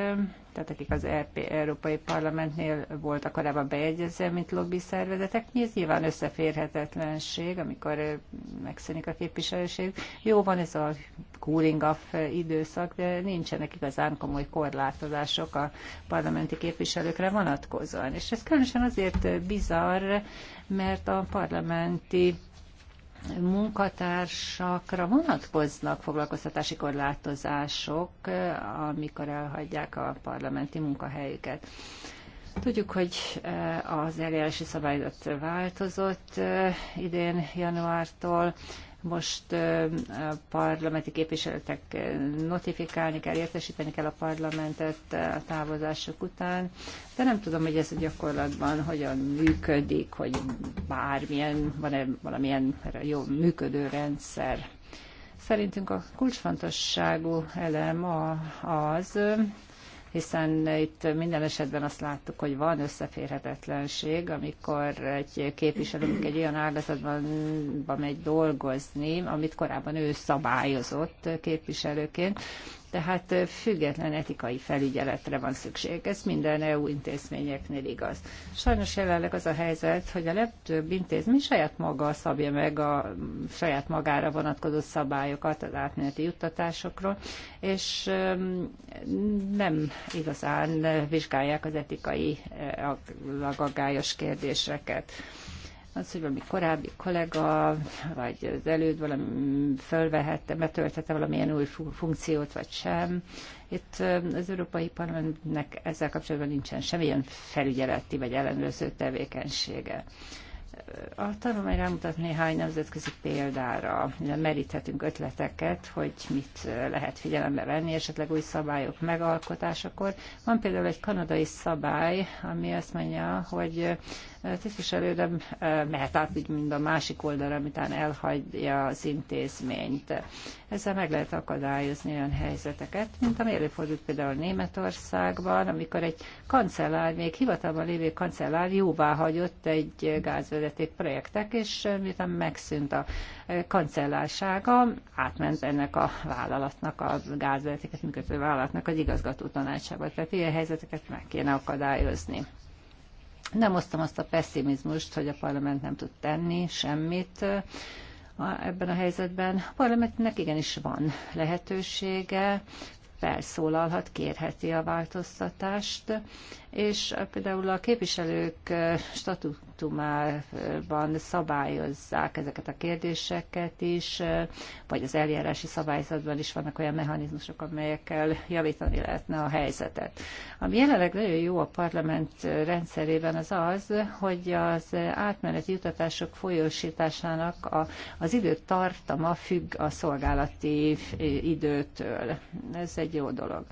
tehát akik az EP, Európai Parlamentnél voltak korábban bejegyezve, mint lobby szervezetek, ez nyilván összeférhetetlenség, amikor megszűnik a képviselőség. Jó van ez a cooling off időszak, de nincsenek igazán komoly korlátozások a parlamenti képviselőkre vonatkozóan. És ez különösen azért bizarr, mert a parlamenti munkatársakra vonatkoznak foglalkoztatási korlátozások, amikor elhagyják a parlamenti munkahelyüket. Tudjuk, hogy eh, az eljárási szabályzat változott eh, idén januártól, most a parlamenti képviseletek notifikálni kell, értesíteni kell a parlamentet a távozások után, de nem tudom, hogy ez a gyakorlatban hogyan működik, hogy bármilyen, van-e valamilyen jó működő rendszer. Szerintünk a kulcsfontosságú elem az, hiszen itt minden esetben azt láttuk, hogy van összeférhetetlenség, amikor egy képviselő egy olyan ágazatban megy dolgozni, amit korábban ő szabályozott képviselőként, tehát független etikai felügyeletre van szükség. Ez minden EU intézményeknél igaz. Sajnos jelenleg az a helyzet, hogy a legtöbb intézmény saját maga szabja meg a saját magára vonatkozó szabályokat az átmeneti juttatásokról, és nem igazán vizsgálják az etikai agályos kérdéseket az, hogy valami korábbi kollega, vagy az előd valami fölvehette, betöltette valamilyen új funkciót, vagy sem. Itt az Európai Parlamentnek ezzel kapcsolatban nincsen semmilyen felügyeleti vagy ellenőrző tevékenysége. A tanulmány rámutat néhány nemzetközi példára, meríthetünk ötleteket, hogy mit lehet figyelembe venni, esetleg új szabályok megalkotásakor. Van például egy kanadai szabály, ami azt mondja, hogy tisztviselő nem mehet át úgy, mind a másik oldalra, amitán elhagyja az intézményt. Ezzel meg lehet akadályozni olyan helyzeteket, mint ami előfordult például Németországban, amikor egy kancellár, még hivatalban lévő kancellár jóvá hagyott egy gázvezeték projektek, és miután megszűnt a kancellársága, átment ennek a vállalatnak, a gázvezetéket működő vállalatnak az igazgató tanácsába. Tehát ilyen helyzeteket meg kéne akadályozni. Nem osztom azt a pessimizmust, hogy a parlament nem tud tenni semmit ebben a helyzetben. A parlamentnek igenis van lehetősége, felszólalhat, kérheti a változtatást és eh, például a képviselők eh, statutumában szabályozzák ezeket a kérdéseket is, eh, vagy az eljárási szabályzatban is vannak olyan mechanizmusok, amelyekkel javítani lehetne a helyzetet. Ami jelenleg nagyon jó a parlament rendszerében az az, hogy az átmeneti jutatások folyósításának a, az időtartama függ a szolgálati időtől. Ez egy jó dolog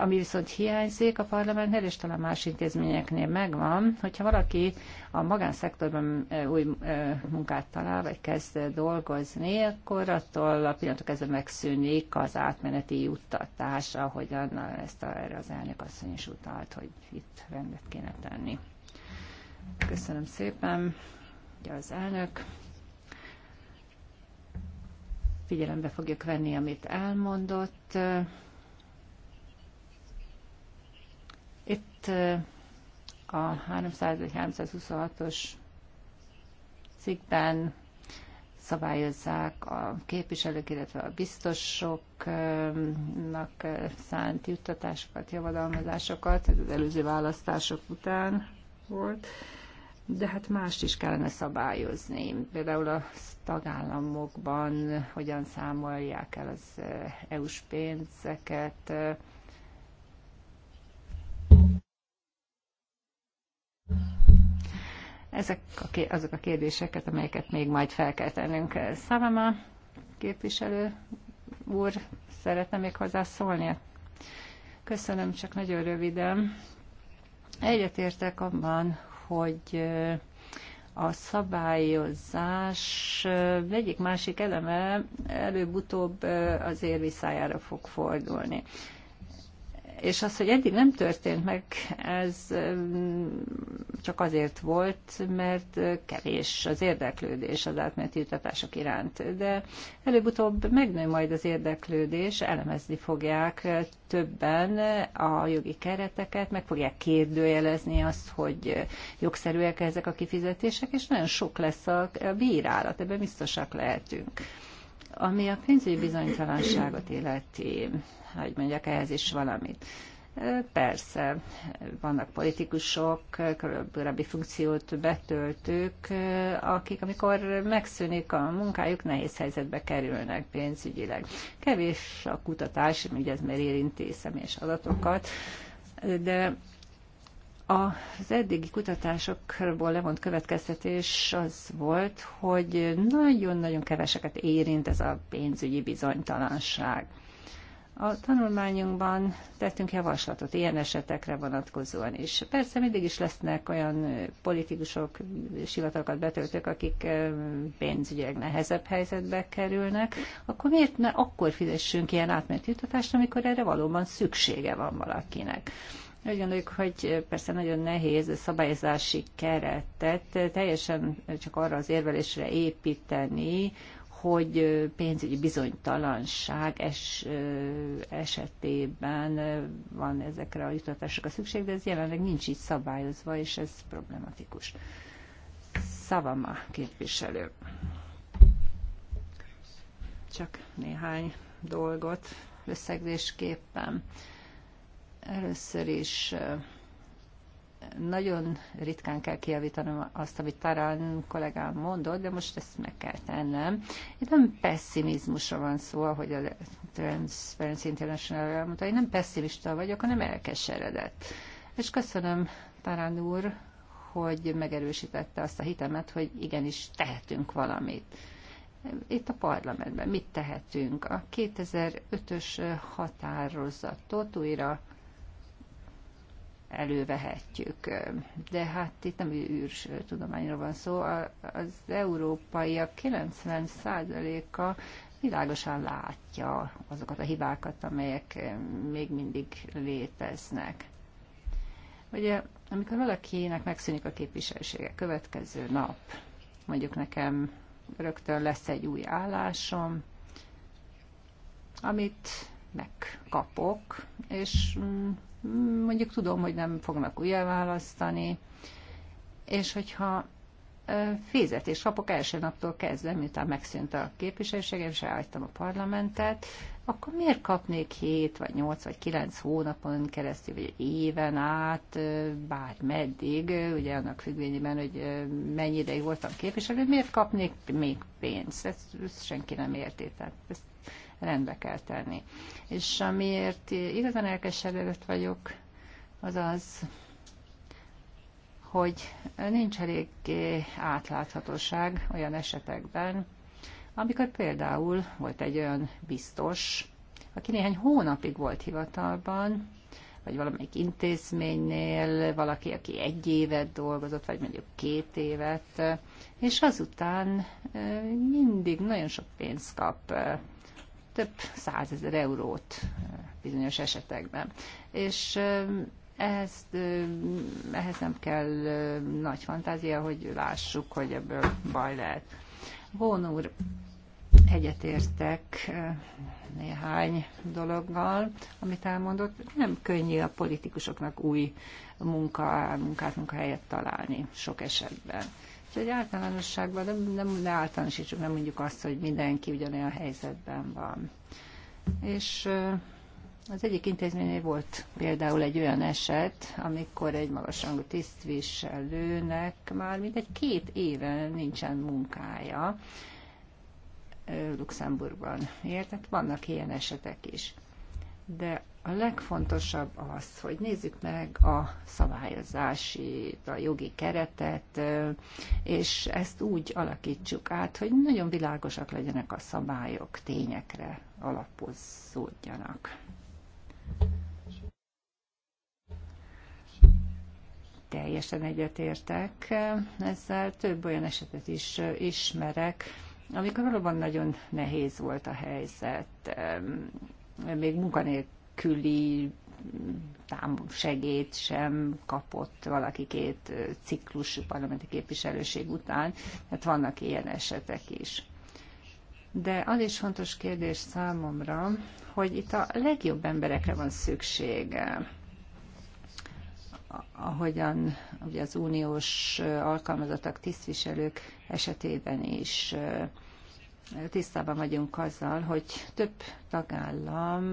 ami viszont hiányzik a parlamentnél, és talán más intézményeknél megvan, hogyha valaki a magánszektorban új munkát talál, vagy kezd dolgozni, akkor attól a pillanatok kezdve megszűnik az átmeneti juttatás, ahogyan ezt a, erre az elnök asszony is utalt, hogy itt rendet kéne tenni. Köszönöm szépen. Ugye az elnök figyelembe fogjuk venni, amit elmondott. a 300-326-os cikkben szabályozzák a képviselők, illetve a biztosoknak szánt juttatásokat, javadalmazásokat, ez az előző választások után volt, de hát mást is kellene szabályozni. Például a tagállamokban hogyan számolják el az EU-s pénzeket, Ezek a, azok a kérdéseket, amelyeket még majd fel kell tennünk. Szavama képviselő úr, szeretne még hozzászólni? Köszönöm, csak nagyon röviden. Egyetértek abban, hogy a szabályozás egyik másik eleme előbb-utóbb az érviszájára fog fordulni és az, hogy eddig nem történt meg, ez mm, csak azért volt, mert kevés az érdeklődés az átmeneti jutatások iránt. De előbb-utóbb megnő majd az érdeklődés, elemezni fogják többen a jogi kereteket, meg fogják kérdőjelezni azt, hogy jogszerűek ezek a kifizetések, és nagyon sok lesz a bírálat, ebben biztosak lehetünk. Ami a pénzügyi bizonytalanságot illeti, hogy mondjak ehhez is valamit. Persze, vannak politikusok, körülbelül funkciót betöltők, akik, amikor megszűnik a munkájuk, nehéz helyzetbe kerülnek pénzügyileg. Kevés a kutatás, ugye ez már érinti személyes adatokat, de az eddigi kutatásokból levont következtetés az volt, hogy nagyon-nagyon keveseket érint ez a pénzügyi bizonytalanság. A tanulmányunkban tettünk javaslatot ilyen esetekre vonatkozóan is. Persze mindig is lesznek olyan politikusok, sivatalokat betöltők, akik pénzügyileg nehezebb helyzetbe kerülnek, akkor miért ne akkor fizessünk ilyen átmeneti jutatást, amikor erre valóban szüksége van valakinek. Úgy gondoljuk, hogy persze nagyon nehéz a szabályozási keretet teljesen csak arra az érvelésre építeni, hogy pénzügyi bizonytalanság es, esetében van ezekre a jutatásokra szükség, de ez jelenleg nincs így szabályozva, és ez problematikus. Szavama képviselő. Csak néhány dolgot összegzésképpen. Először is nagyon ritkán kell kijavítanom azt, amit Tarán kollégám mondott, de most ezt meg kell tennem. Itt nem pessimizmusra van szó, ahogy a Transparency International elmondta, én nem pessimista vagyok, hanem elkeseredett. És köszönöm Tarán úr, hogy megerősítette azt a hitemet, hogy igenis tehetünk valamit. Itt a parlamentben mit tehetünk? A 2005-ös határozatot újra elővehetjük. De hát itt nem űrs tudományra van szó. Az európaiak 90%-a világosan látja azokat a hibákat, amelyek még mindig léteznek. Ugye, amikor valakinek megszűnik a képviselősége következő nap, mondjuk nekem rögtön lesz egy új állásom, amit megkapok, és mm, mondjuk tudom, hogy nem fognak újra választani, és hogyha fizetést kapok első naptól kezdve, miután megszűnt a képviselőségem, és elhagytam a parlamentet, akkor miért kapnék 7 vagy 8 vagy 9 hónapon keresztül, vagy éven át, bár meddig, ugye annak függvényében, hogy mennyi ideig voltam képviselő, miért kapnék még pénzt? Ezt, ezt senki nem érti, tehát ezt rendbe kell tenni. És amiért igazán elkeseredett vagyok, az az, hogy nincs eléggé átláthatóság olyan esetekben, amikor például volt egy olyan biztos, aki néhány hónapig volt hivatalban, vagy valamelyik intézménynél, valaki, aki egy évet dolgozott, vagy mondjuk két évet, és azután mindig nagyon sok pénzt kap több százezer eurót bizonyos esetekben. És ehhez, ehhez nem kell nagy fantázia, hogy lássuk, hogy ebből baj lehet. Von úr, egyetértek néhány dologgal, amit elmondott. Nem könnyű a politikusoknak új munka, munkát, munkahelyet találni sok esetben egy általánosságban nem, nem ne általánosítsuk, nem mondjuk azt, hogy mindenki ugyanolyan helyzetben van. És az egyik intézménynél volt például egy olyan eset, amikor egy magasrangú tisztviselőnek már mindegy két éve nincsen munkája. Luxemburgban Érted? vannak ilyen esetek is de a legfontosabb az, hogy nézzük meg a szabályozási, a jogi keretet, és ezt úgy alakítsuk át, hogy nagyon világosak legyenek a szabályok, tényekre alapozódjanak. Teljesen egyetértek, ezzel több olyan esetet is ismerek, amikor valóban nagyon nehéz volt a helyzet, még munkanélküli segét sem kapott valaki két ciklus parlamenti képviselőség után, tehát vannak ilyen esetek is. De az is fontos kérdés számomra, hogy itt a legjobb emberekre van szüksége ahogyan ugye az uniós alkalmazottak tisztviselők esetében is tisztában vagyunk azzal, hogy több tagállamban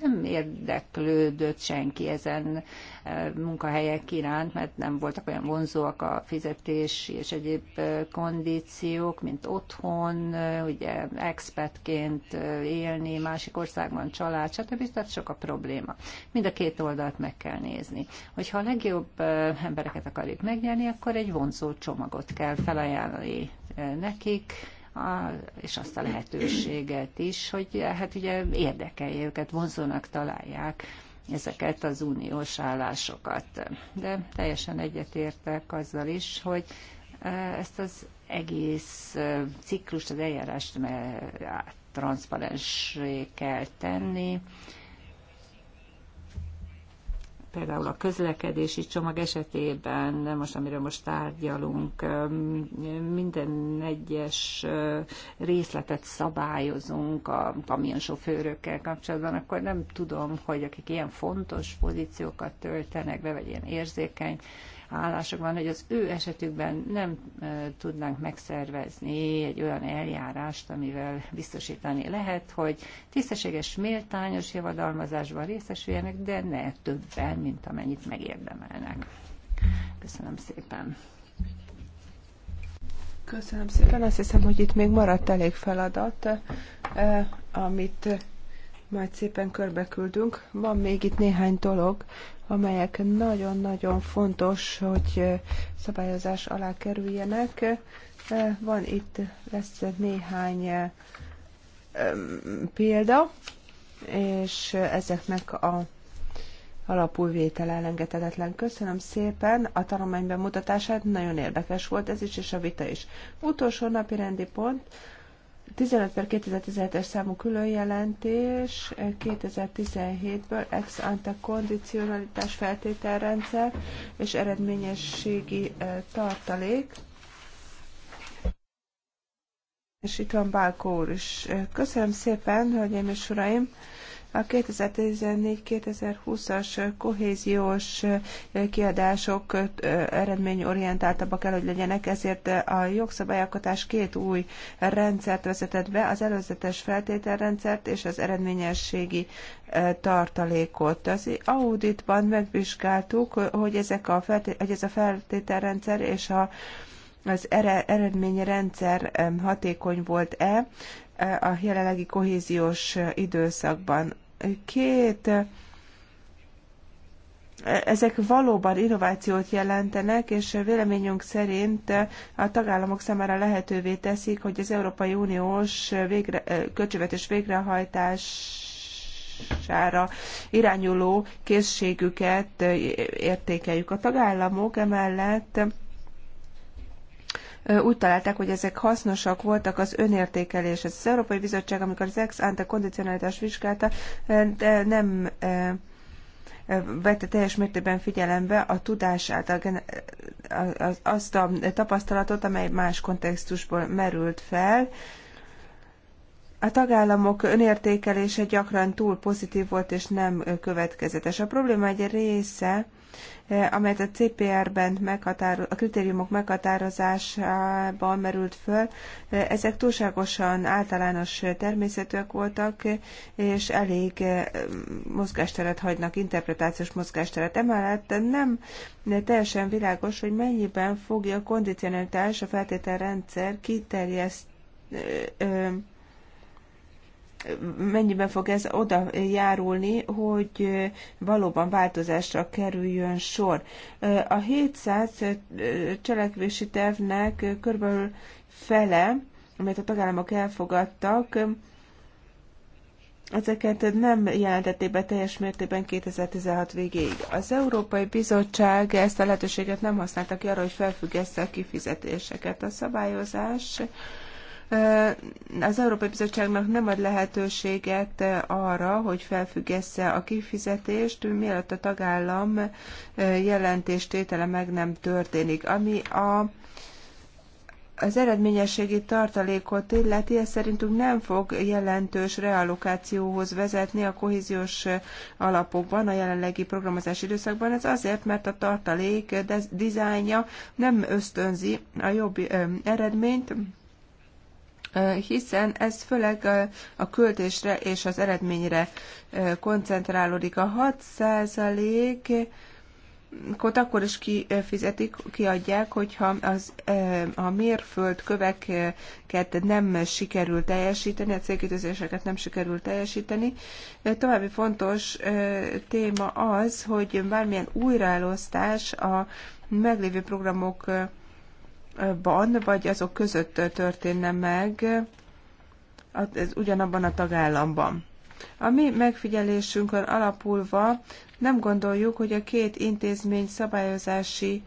nem érdeklődött senki ezen e, munkahelyek iránt, mert nem voltak olyan vonzóak a fizetés és egyéb e, kondíciók, mint otthon, e, ugye expertként élni, másik országban család, stb. Tehát sok a probléma. Mind a két oldalt meg kell nézni. Hogyha a legjobb embereket akarjuk megnyerni, akkor egy vonzó csomagot kell felajánlani nekik, a, és azt a lehetőséget is, hogy hát ugye érdekelje őket, vonzónak találják ezeket az uniós állásokat. De teljesen egyetértek azzal is, hogy e, ezt az egész e, ciklust, az eljárást e, transzparensé kell tenni, például a közlekedési csomag esetében, most amiről most tárgyalunk, minden egyes részletet szabályozunk a kamionsofőrökkel kapcsolatban, akkor nem tudom, hogy akik ilyen fontos pozíciókat töltenek be, vagy ilyen érzékeny állások van, hogy az ő esetükben nem tudnánk megszervezni egy olyan eljárást, amivel biztosítani lehet, hogy tisztességes, méltányos javadalmazásban részesüljenek, de ne többen, mint amennyit megérdemelnek. Köszönöm szépen. Köszönöm szépen. Azt hiszem, hogy itt még maradt elég feladat, amit majd szépen körbeküldünk. Van még itt néhány dolog, amelyek nagyon-nagyon fontos, hogy szabályozás alá kerüljenek. Van itt, lesz néhány példa, és ezeknek a alapulvétel elengedhetetlen. Köszönöm szépen a tanulmány bemutatását, nagyon érdekes volt ez is, és a vita is. Utolsó napi rendi pont, 15 per 2017-es számú különjelentés 2017-ből ex ante kondicionalitás feltételrendszer és eredményességi tartalék. És itt van Bálkó úr is. Köszönöm szépen, hölgyeim és uraim! A 2014-2020-as kohéziós kiadások eredményorientáltabbak kell, hogy legyenek, ezért a jogszabályalkotás két új rendszert vezetett be, az előzetes feltételrendszert és az eredményességi tartalékot. Az auditban megvizsgáltuk, hogy, ezek a feltétel, hogy ez a feltételrendszer és a az rendszer hatékony volt-e a jelenlegi kohéziós időszakban két ezek valóban innovációt jelentenek, és véleményünk szerint a tagállamok számára lehetővé teszik, hogy az Európai Uniós végre, költségvetés végrehajtására irányuló készségüket értékeljük. A tagállamok emellett úgy találták, hogy ezek hasznosak voltak az önértékelés. Ez az Európai Bizottság, amikor az ex ante kondicionalitást vizsgálta, de nem vette teljes mértékben figyelembe a tudását, a, az, azt a tapasztalatot, amely más kontextusból merült fel. A tagállamok önértékelése gyakran túl pozitív volt és nem következetes. A probléma egy része, Eh, amelyet a CPR-ben meghatáro- a kritériumok meghatározásában merült föl, eh, ezek túlságosan általános eh, természetűek voltak, és elég mozgásteret hagynak, interpretációs mozgásteret. Emellett nem teljesen világos, hogy mennyiben fogja a kondicionalitás, a feltételrendszer kiterjeszteni, mennyiben fog ez oda járulni, hogy valóban változásra kerüljön sor. A 700 cselekvési tervnek körülbelül fele, amelyet a tagállamok elfogadtak, ezeket nem jelentették be teljes mértékben 2016 végéig. Az Európai Bizottság ezt a lehetőséget nem használta ki arra, hogy felfüggessze a kifizetéseket. A szabályozás az Európai Bizottságnak nem ad lehetőséget arra, hogy felfüggesse a kifizetést, mielőtt a tagállam jelentéstétele meg nem történik. Ami a az eredményességi tartalékot illeti, ez szerintünk nem fog jelentős reallokációhoz vezetni a kohéziós alapokban, a jelenlegi programozási időszakban. Ez azért, mert a tartalék dizájnja nem ösztönzi a jobb eredményt, hiszen ez főleg a költésre és az eredményre koncentrálódik. A 6 ot akkor is kifizetik, kiadják, hogyha az, a mérföld köveket nem sikerül teljesíteni, a célkitűzéseket nem sikerül teljesíteni. További fontos téma az, hogy bármilyen újraelosztás a meglévő programok ban, vagy azok között történne meg, ez ugyanabban a tagállamban. A mi megfigyelésünkön alapulva nem gondoljuk, hogy a két intézmény szabályozási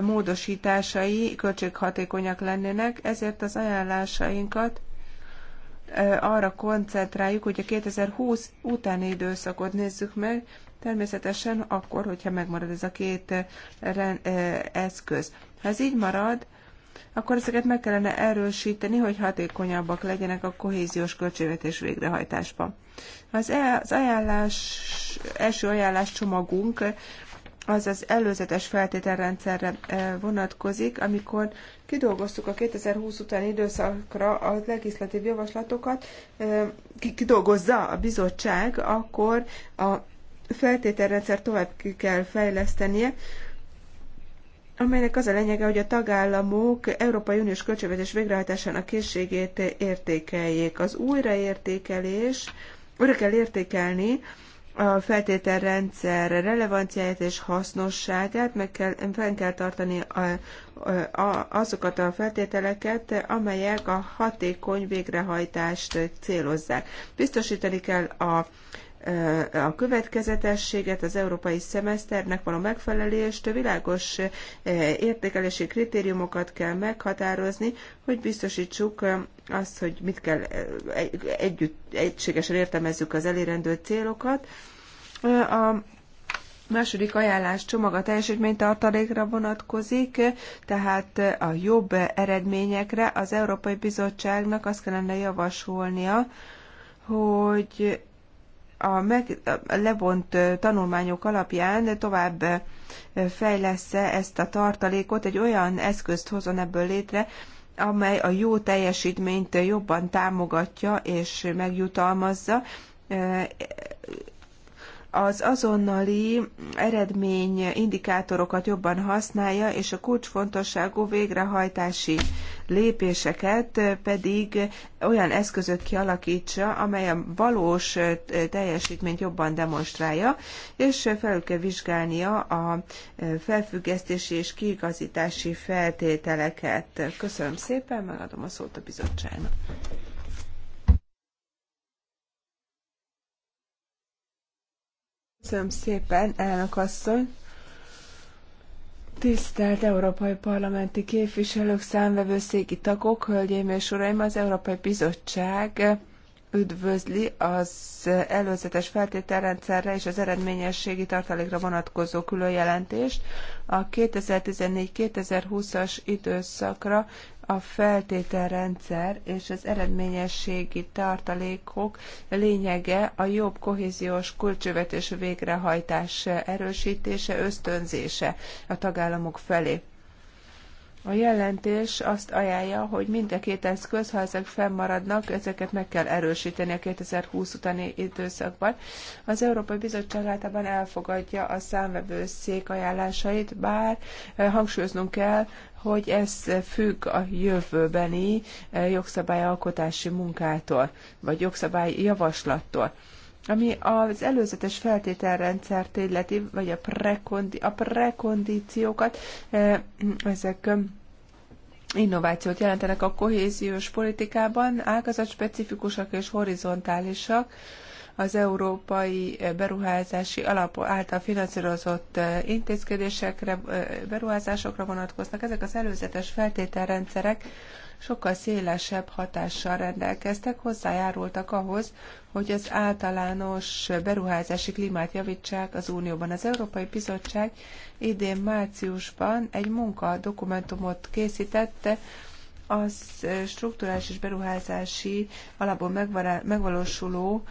módosításai költséghatékonyak lennének, ezért az ajánlásainkat arra koncentráljuk, hogy a 2020 utáni időszakot nézzük meg, természetesen akkor, hogyha megmarad ez a két eszköz. Ha ez így marad, akkor ezeket meg kellene erősíteni, hogy hatékonyabbak legyenek a kohéziós költségvetés végrehajtásban. Az, e, az ajánlás, első ajánlás csomagunk az az előzetes feltételrendszerre e, vonatkozik, amikor kidolgoztuk a 2020 utáni időszakra a legislatív javaslatokat, e, kidolgozza a bizottság, akkor a feltételrendszer tovább ki kell fejlesztenie, amelynek az a lényege, hogy a tagállamok Európai Uniós költségvetés végrehajtásának készségét értékeljék. Az újraértékelés, újra kell értékelni a feltételrendszer relevanciáját és hasznosságát, meg kell, fenn kell tartani a, a, azokat a feltételeket, amelyek a hatékony végrehajtást célozzák. Biztosítani kell a a következetességet, az európai szemeszternek való megfelelést, világos értékelési kritériumokat kell meghatározni, hogy biztosítsuk azt, hogy mit kell együtt, egységesen értelmezzük az elérendő célokat. A második ajánlás csomag a teljesítménytartalékra vonatkozik, tehát a jobb eredményekre az Európai Bizottságnak azt kellene javasolnia, hogy a, meg, a levont tanulmányok alapján tovább fejlesz -e ezt a tartalékot, egy olyan eszközt hozon ebből létre, amely a jó teljesítményt jobban támogatja és megjutalmazza, az azonnali eredmény indikátorokat jobban használja, és a kulcsfontosságú végrehajtási lépéseket pedig olyan eszközök kialakítsa, amely a valós teljesítményt jobban demonstrálja, és felül kell vizsgálnia a felfüggesztési és kiigazítási feltételeket. Köszönöm szépen, megadom a szót a bizottságnak. Köszönöm szépen, elnök asszony! Tisztelt Európai Parlamenti képviselők, számvevőszéki tagok, hölgyeim és uraim, az Európai Bizottság üdvözli az előzetes feltételrendszerre és az eredményességi tartalékra vonatkozó különjelentést. A 2014-2020-as időszakra a feltételrendszer és az eredményességi tartalékok lényege a jobb kohéziós kulcsövetés végrehajtás erősítése, ösztönzése a tagállamok felé. A jelentés azt ajánlja, hogy mind a két eszköz, ha ezek fennmaradnak, ezeket meg kell erősíteni a 2020 utáni időszakban. Az Európai Bizottság általában elfogadja a számvevőszék ajánlásait, bár eh, hangsúlyoznunk kell, hogy ez függ a jövőbeni eh, jogszabályalkotási munkától, vagy jogszabályjavaslattól. javaslattól ami az előzetes feltételrendszert illeti, vagy a, prekondi, a prekondíciókat, eh, ezek eh, innovációt jelentenek a kohéziós politikában, ágazatspecifikusak és horizontálisak, az Európai Beruházási Alap által finanszírozott eh, intézkedésekre, beruházásokra vonatkoznak. Ezek az előzetes feltételrendszerek sokkal szélesebb hatással rendelkeztek, hozzájárultak ahhoz, hogy az általános beruházási klímát javítsák az Unióban. Az Európai Bizottság idén márciusban egy munka dokumentumot készítette, az strukturális és beruházási alapból megvalósuló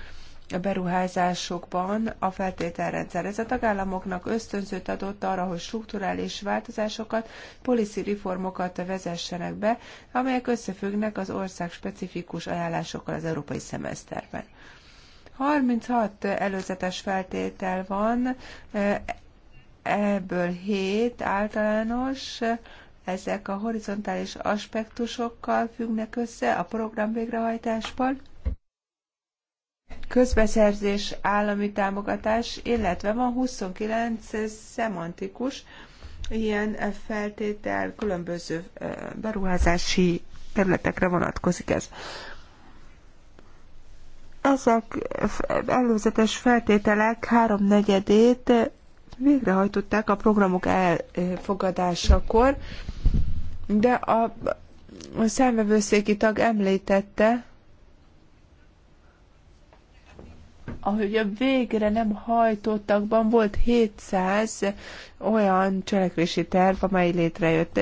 a beruházásokban a feltételrendszer. Ez a tagállamoknak ösztönzőt adott arra, hogy strukturális változásokat, policy reformokat vezessenek be, amelyek összefüggnek az ország specifikus ajánlásokkal az európai szemeszterben. 36 előzetes feltétel van, e, ebből 7 általános, ezek a horizontális aspektusokkal függnek össze a program végrehajtásban közbeszerzés, állami támogatás, illetve van 29 szemantikus ilyen feltétel különböző beruházási területekre vonatkozik ez. Ezek előzetes feltételek háromnegyedét végrehajtották a programok elfogadásakor, de a számvevőszéki tag említette, ahogy a végre nem hajtottakban volt 700 olyan cselekvési terv, amely létrejött.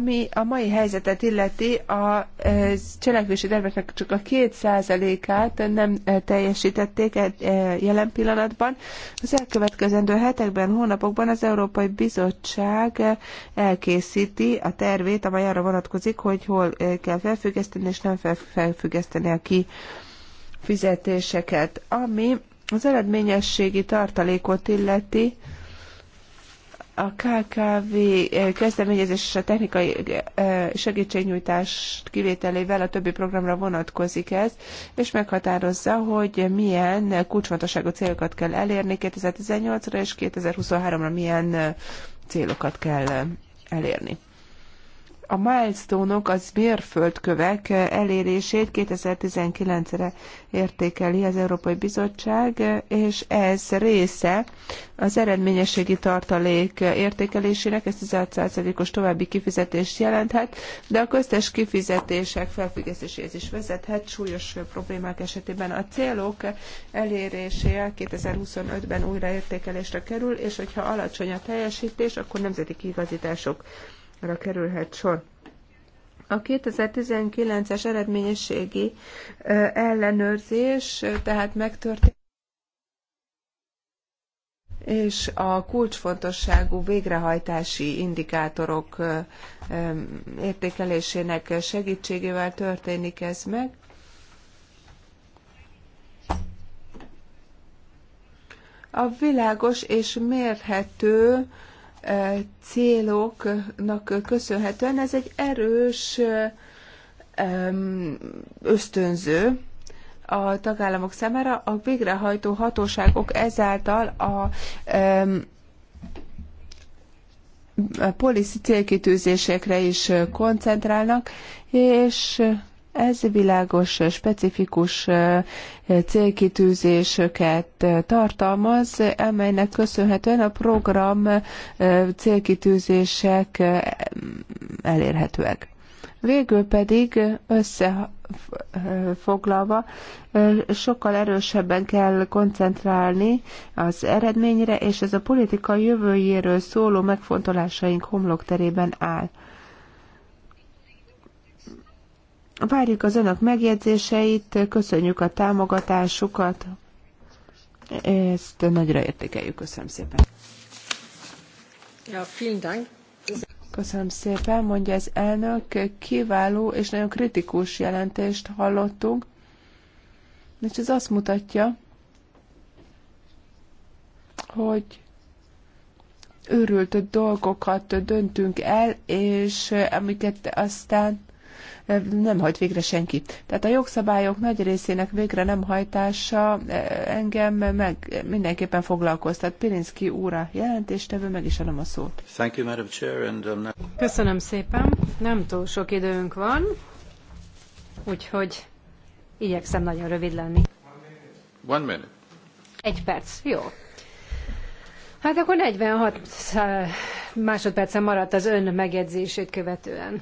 Ami a mai helyzetet illeti, a e, cselekvési terveknek csak a két százalékát nem e, teljesítették e, jelen pillanatban. Az elkövetkezendő hetekben, hónapokban az Európai Bizottság elkészíti a tervét, amely arra vonatkozik, hogy hol kell felfüggeszteni, és nem felfüggeszteni a kifizetéseket. Ami az eredményességi tartalékot illeti, a KKV eh, kezdeményezés és a technikai eh, segítségnyújtás kivételével a többi programra vonatkozik ez, és meghatározza, hogy milyen kulcsfontosságú célokat kell elérni 2018-ra és 2023-ra milyen eh, célokat kell elérni a milestone-ok, az mérföldkövek elérését 2019-re értékeli az Európai Bizottság, és ez része az eredményességi tartalék értékelésének, ez 16%-os további kifizetést jelenthet, de a köztes kifizetések felfüggesztéséhez is vezethet súlyos problémák esetében. A célok elérése 2025-ben újraértékelésre kerül, és hogyha alacsony a teljesítés, akkor nemzeti kigazítások ra kerülhet sor. A 2019-es eredményességi ellenőrzés tehát megtörtént és a kulcsfontosságú végrehajtási indikátorok értékelésének segítségével történik ez meg. A világos és mérhető céloknak köszönhetően ez egy erős ösztönző a tagállamok számára. A végrehajtó hatóságok ezáltal a policy célkitűzésekre is koncentrálnak, és ez világos, specifikus célkitűzéseket tartalmaz, amelynek köszönhetően a program célkitűzések elérhetőek. Végül pedig összefoglalva sokkal erősebben kell koncentrálni az eredményre, és ez a politika jövőjéről szóló megfontolásaink homlokterében áll. Várjuk az önök megjegyzéseit, köszönjük a támogatásukat, ezt nagyra értékeljük. Köszönöm szépen. Ja, vielen Dank. Köszönöm szépen, mondja az elnök. Kiváló és nagyon kritikus jelentést hallottunk, és ez azt mutatja, hogy őrült dolgokat döntünk el, és amiket aztán nem hajt végre senki. Tehát a jogszabályok nagy részének végre nem hajtása engem meg mindenképpen foglalkoztat. Pirinszki úra jelentéstevő, meg is adom a szót. Thank you, Madam Chair, and, um, Köszönöm szépen. Nem túl sok időnk van, úgyhogy igyekszem nagyon rövid lenni. One minute. Egy perc, jó. Hát akkor 46 másodpercen maradt az ön megjegyzését követően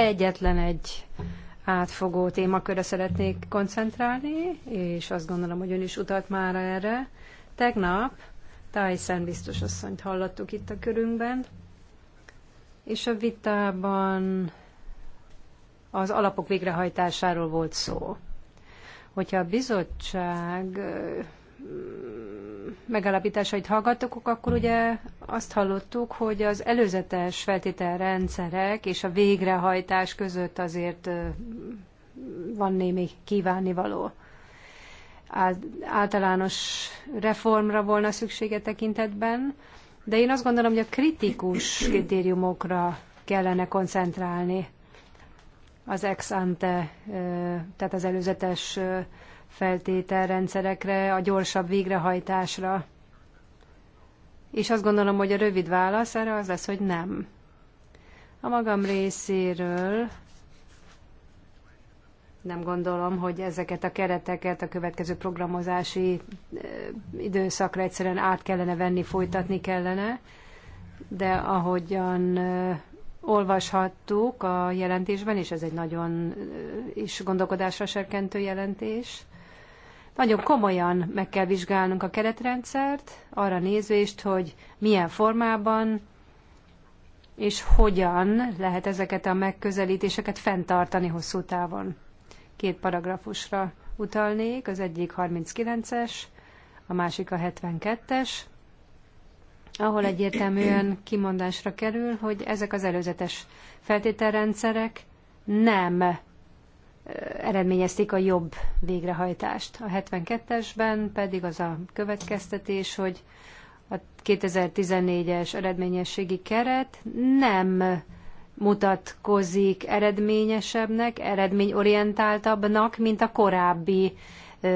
egyetlen egy átfogó témakörre szeretnék koncentrálni, és azt gondolom, hogy ön is utalt már erre. Tegnap Tyson biztos asszonyt hallottuk itt a körünkben, és a vitában az alapok végrehajtásáról volt szó. Hogyha a bizottság megalapításait hallgattuk, akkor ugye azt hallottuk, hogy az előzetes feltételrendszerek és a végrehajtás között azért van némi kívánivaló. Általános reformra volna szüksége tekintetben, de én azt gondolom, hogy a kritikus kritériumokra kellene koncentrálni az ex ante, tehát az előzetes feltételrendszerekre, a gyorsabb végrehajtásra? És azt gondolom, hogy a rövid válasz erre az lesz, hogy nem. A magam részéről nem gondolom, hogy ezeket a kereteket a következő programozási eh, időszakra egyszerűen át kellene venni, folytatni kellene, de ahogyan eh, olvashattuk a jelentésben, és ez egy nagyon eh, is gondolkodásra serkentő jelentés, nagyon komolyan meg kell vizsgálnunk a keretrendszert, arra nézvést, hogy milyen formában és hogyan lehet ezeket a megközelítéseket fenntartani hosszú távon. Két paragrafusra utalnék, az egyik 39-es, a másik a 72-es, ahol egyértelműen kimondásra kerül, hogy ezek az előzetes feltételrendszerek nem eredményezték a jobb végrehajtást. A 72-esben pedig az a következtetés, hogy a 2014-es eredményességi keret nem mutatkozik eredményesebbnek, eredményorientáltabbnak, mint a korábbi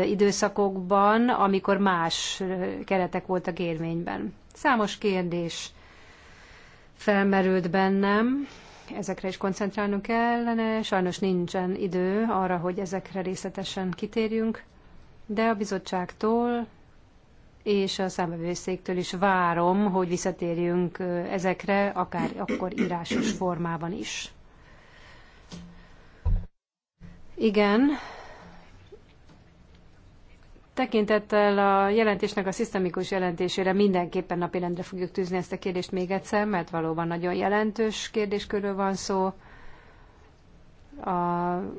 időszakokban, amikor más keretek voltak érvényben. Számos kérdés felmerült bennem, ezekre is koncentrálnunk kellene. Sajnos nincsen idő arra, hogy ezekre részletesen kitérjünk, de a bizottságtól és a számbevőszéktől is várom, hogy visszatérjünk ezekre, akár akkor írásos formában is. Igen, Tekintettel a jelentésnek a szisztemikus jelentésére mindenképpen napirendre fogjuk tűzni ezt a kérdést még egyszer, mert valóban nagyon jelentős körül van szó. A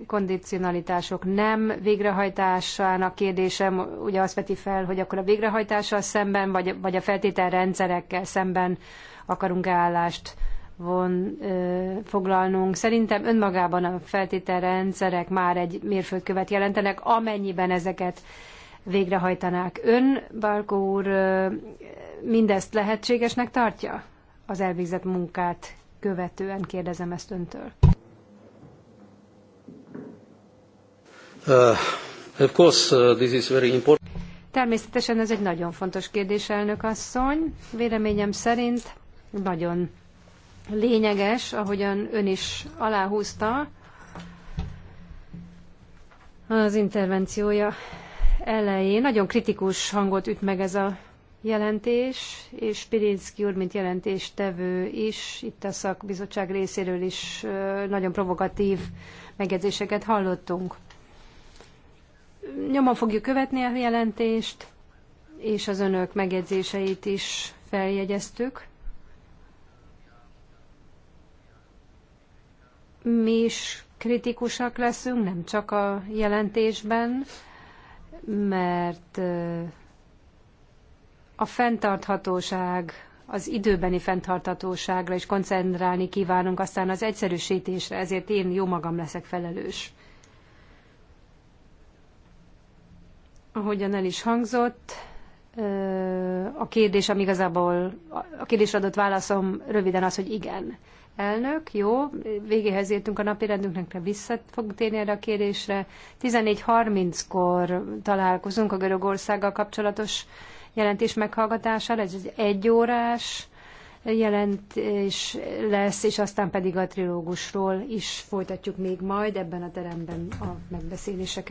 kondicionalitások nem végrehajtásának kérdése ugye azt veti fel, hogy akkor a végrehajtással szemben, vagy, vagy a feltételrendszerekkel szemben akarunk -e állást von, ö, foglalnunk. Szerintem önmagában a feltételrendszerek már egy mérföldkövet jelentenek, amennyiben ezeket végrehajtanák. Ön, Balkó úr, mindezt lehetségesnek tartja? Az elvégzett munkát követően kérdezem ezt öntől. Uh, of course, uh, this is very important. Természetesen ez egy nagyon fontos kérdés, elnök asszony. Véleményem szerint nagyon lényeges, ahogyan ön is aláhúzta az intervenciója elején nagyon kritikus hangot üt meg ez a jelentés, és Pirinszki úr, mint jelentéstevő is, itt a szakbizottság részéről is nagyon provokatív megjegyzéseket hallottunk. Nyomon fogjuk követni a jelentést, és az önök megjegyzéseit is feljegyeztük. Mi is kritikusak leszünk, nem csak a jelentésben, mert a fenntarthatóság, az időbeni fenntarthatóságra is koncentrálni kívánunk, aztán az egyszerűsítésre, ezért én jó magam leszek felelős. Ahogyan el is hangzott, a kérdésem igazából, a kérdés adott válaszom röviden az, hogy igen. Elnök, jó, végéhez értünk a napi rendünknek, de vissza fogunk térni erre a kérésre. 14.30-kor találkozunk a Görögországgal kapcsolatos jelentés meghallgatással, ez egy egyórás jelentés lesz, és aztán pedig a trilógusról is folytatjuk még majd ebben a teremben a megbeszéléseket.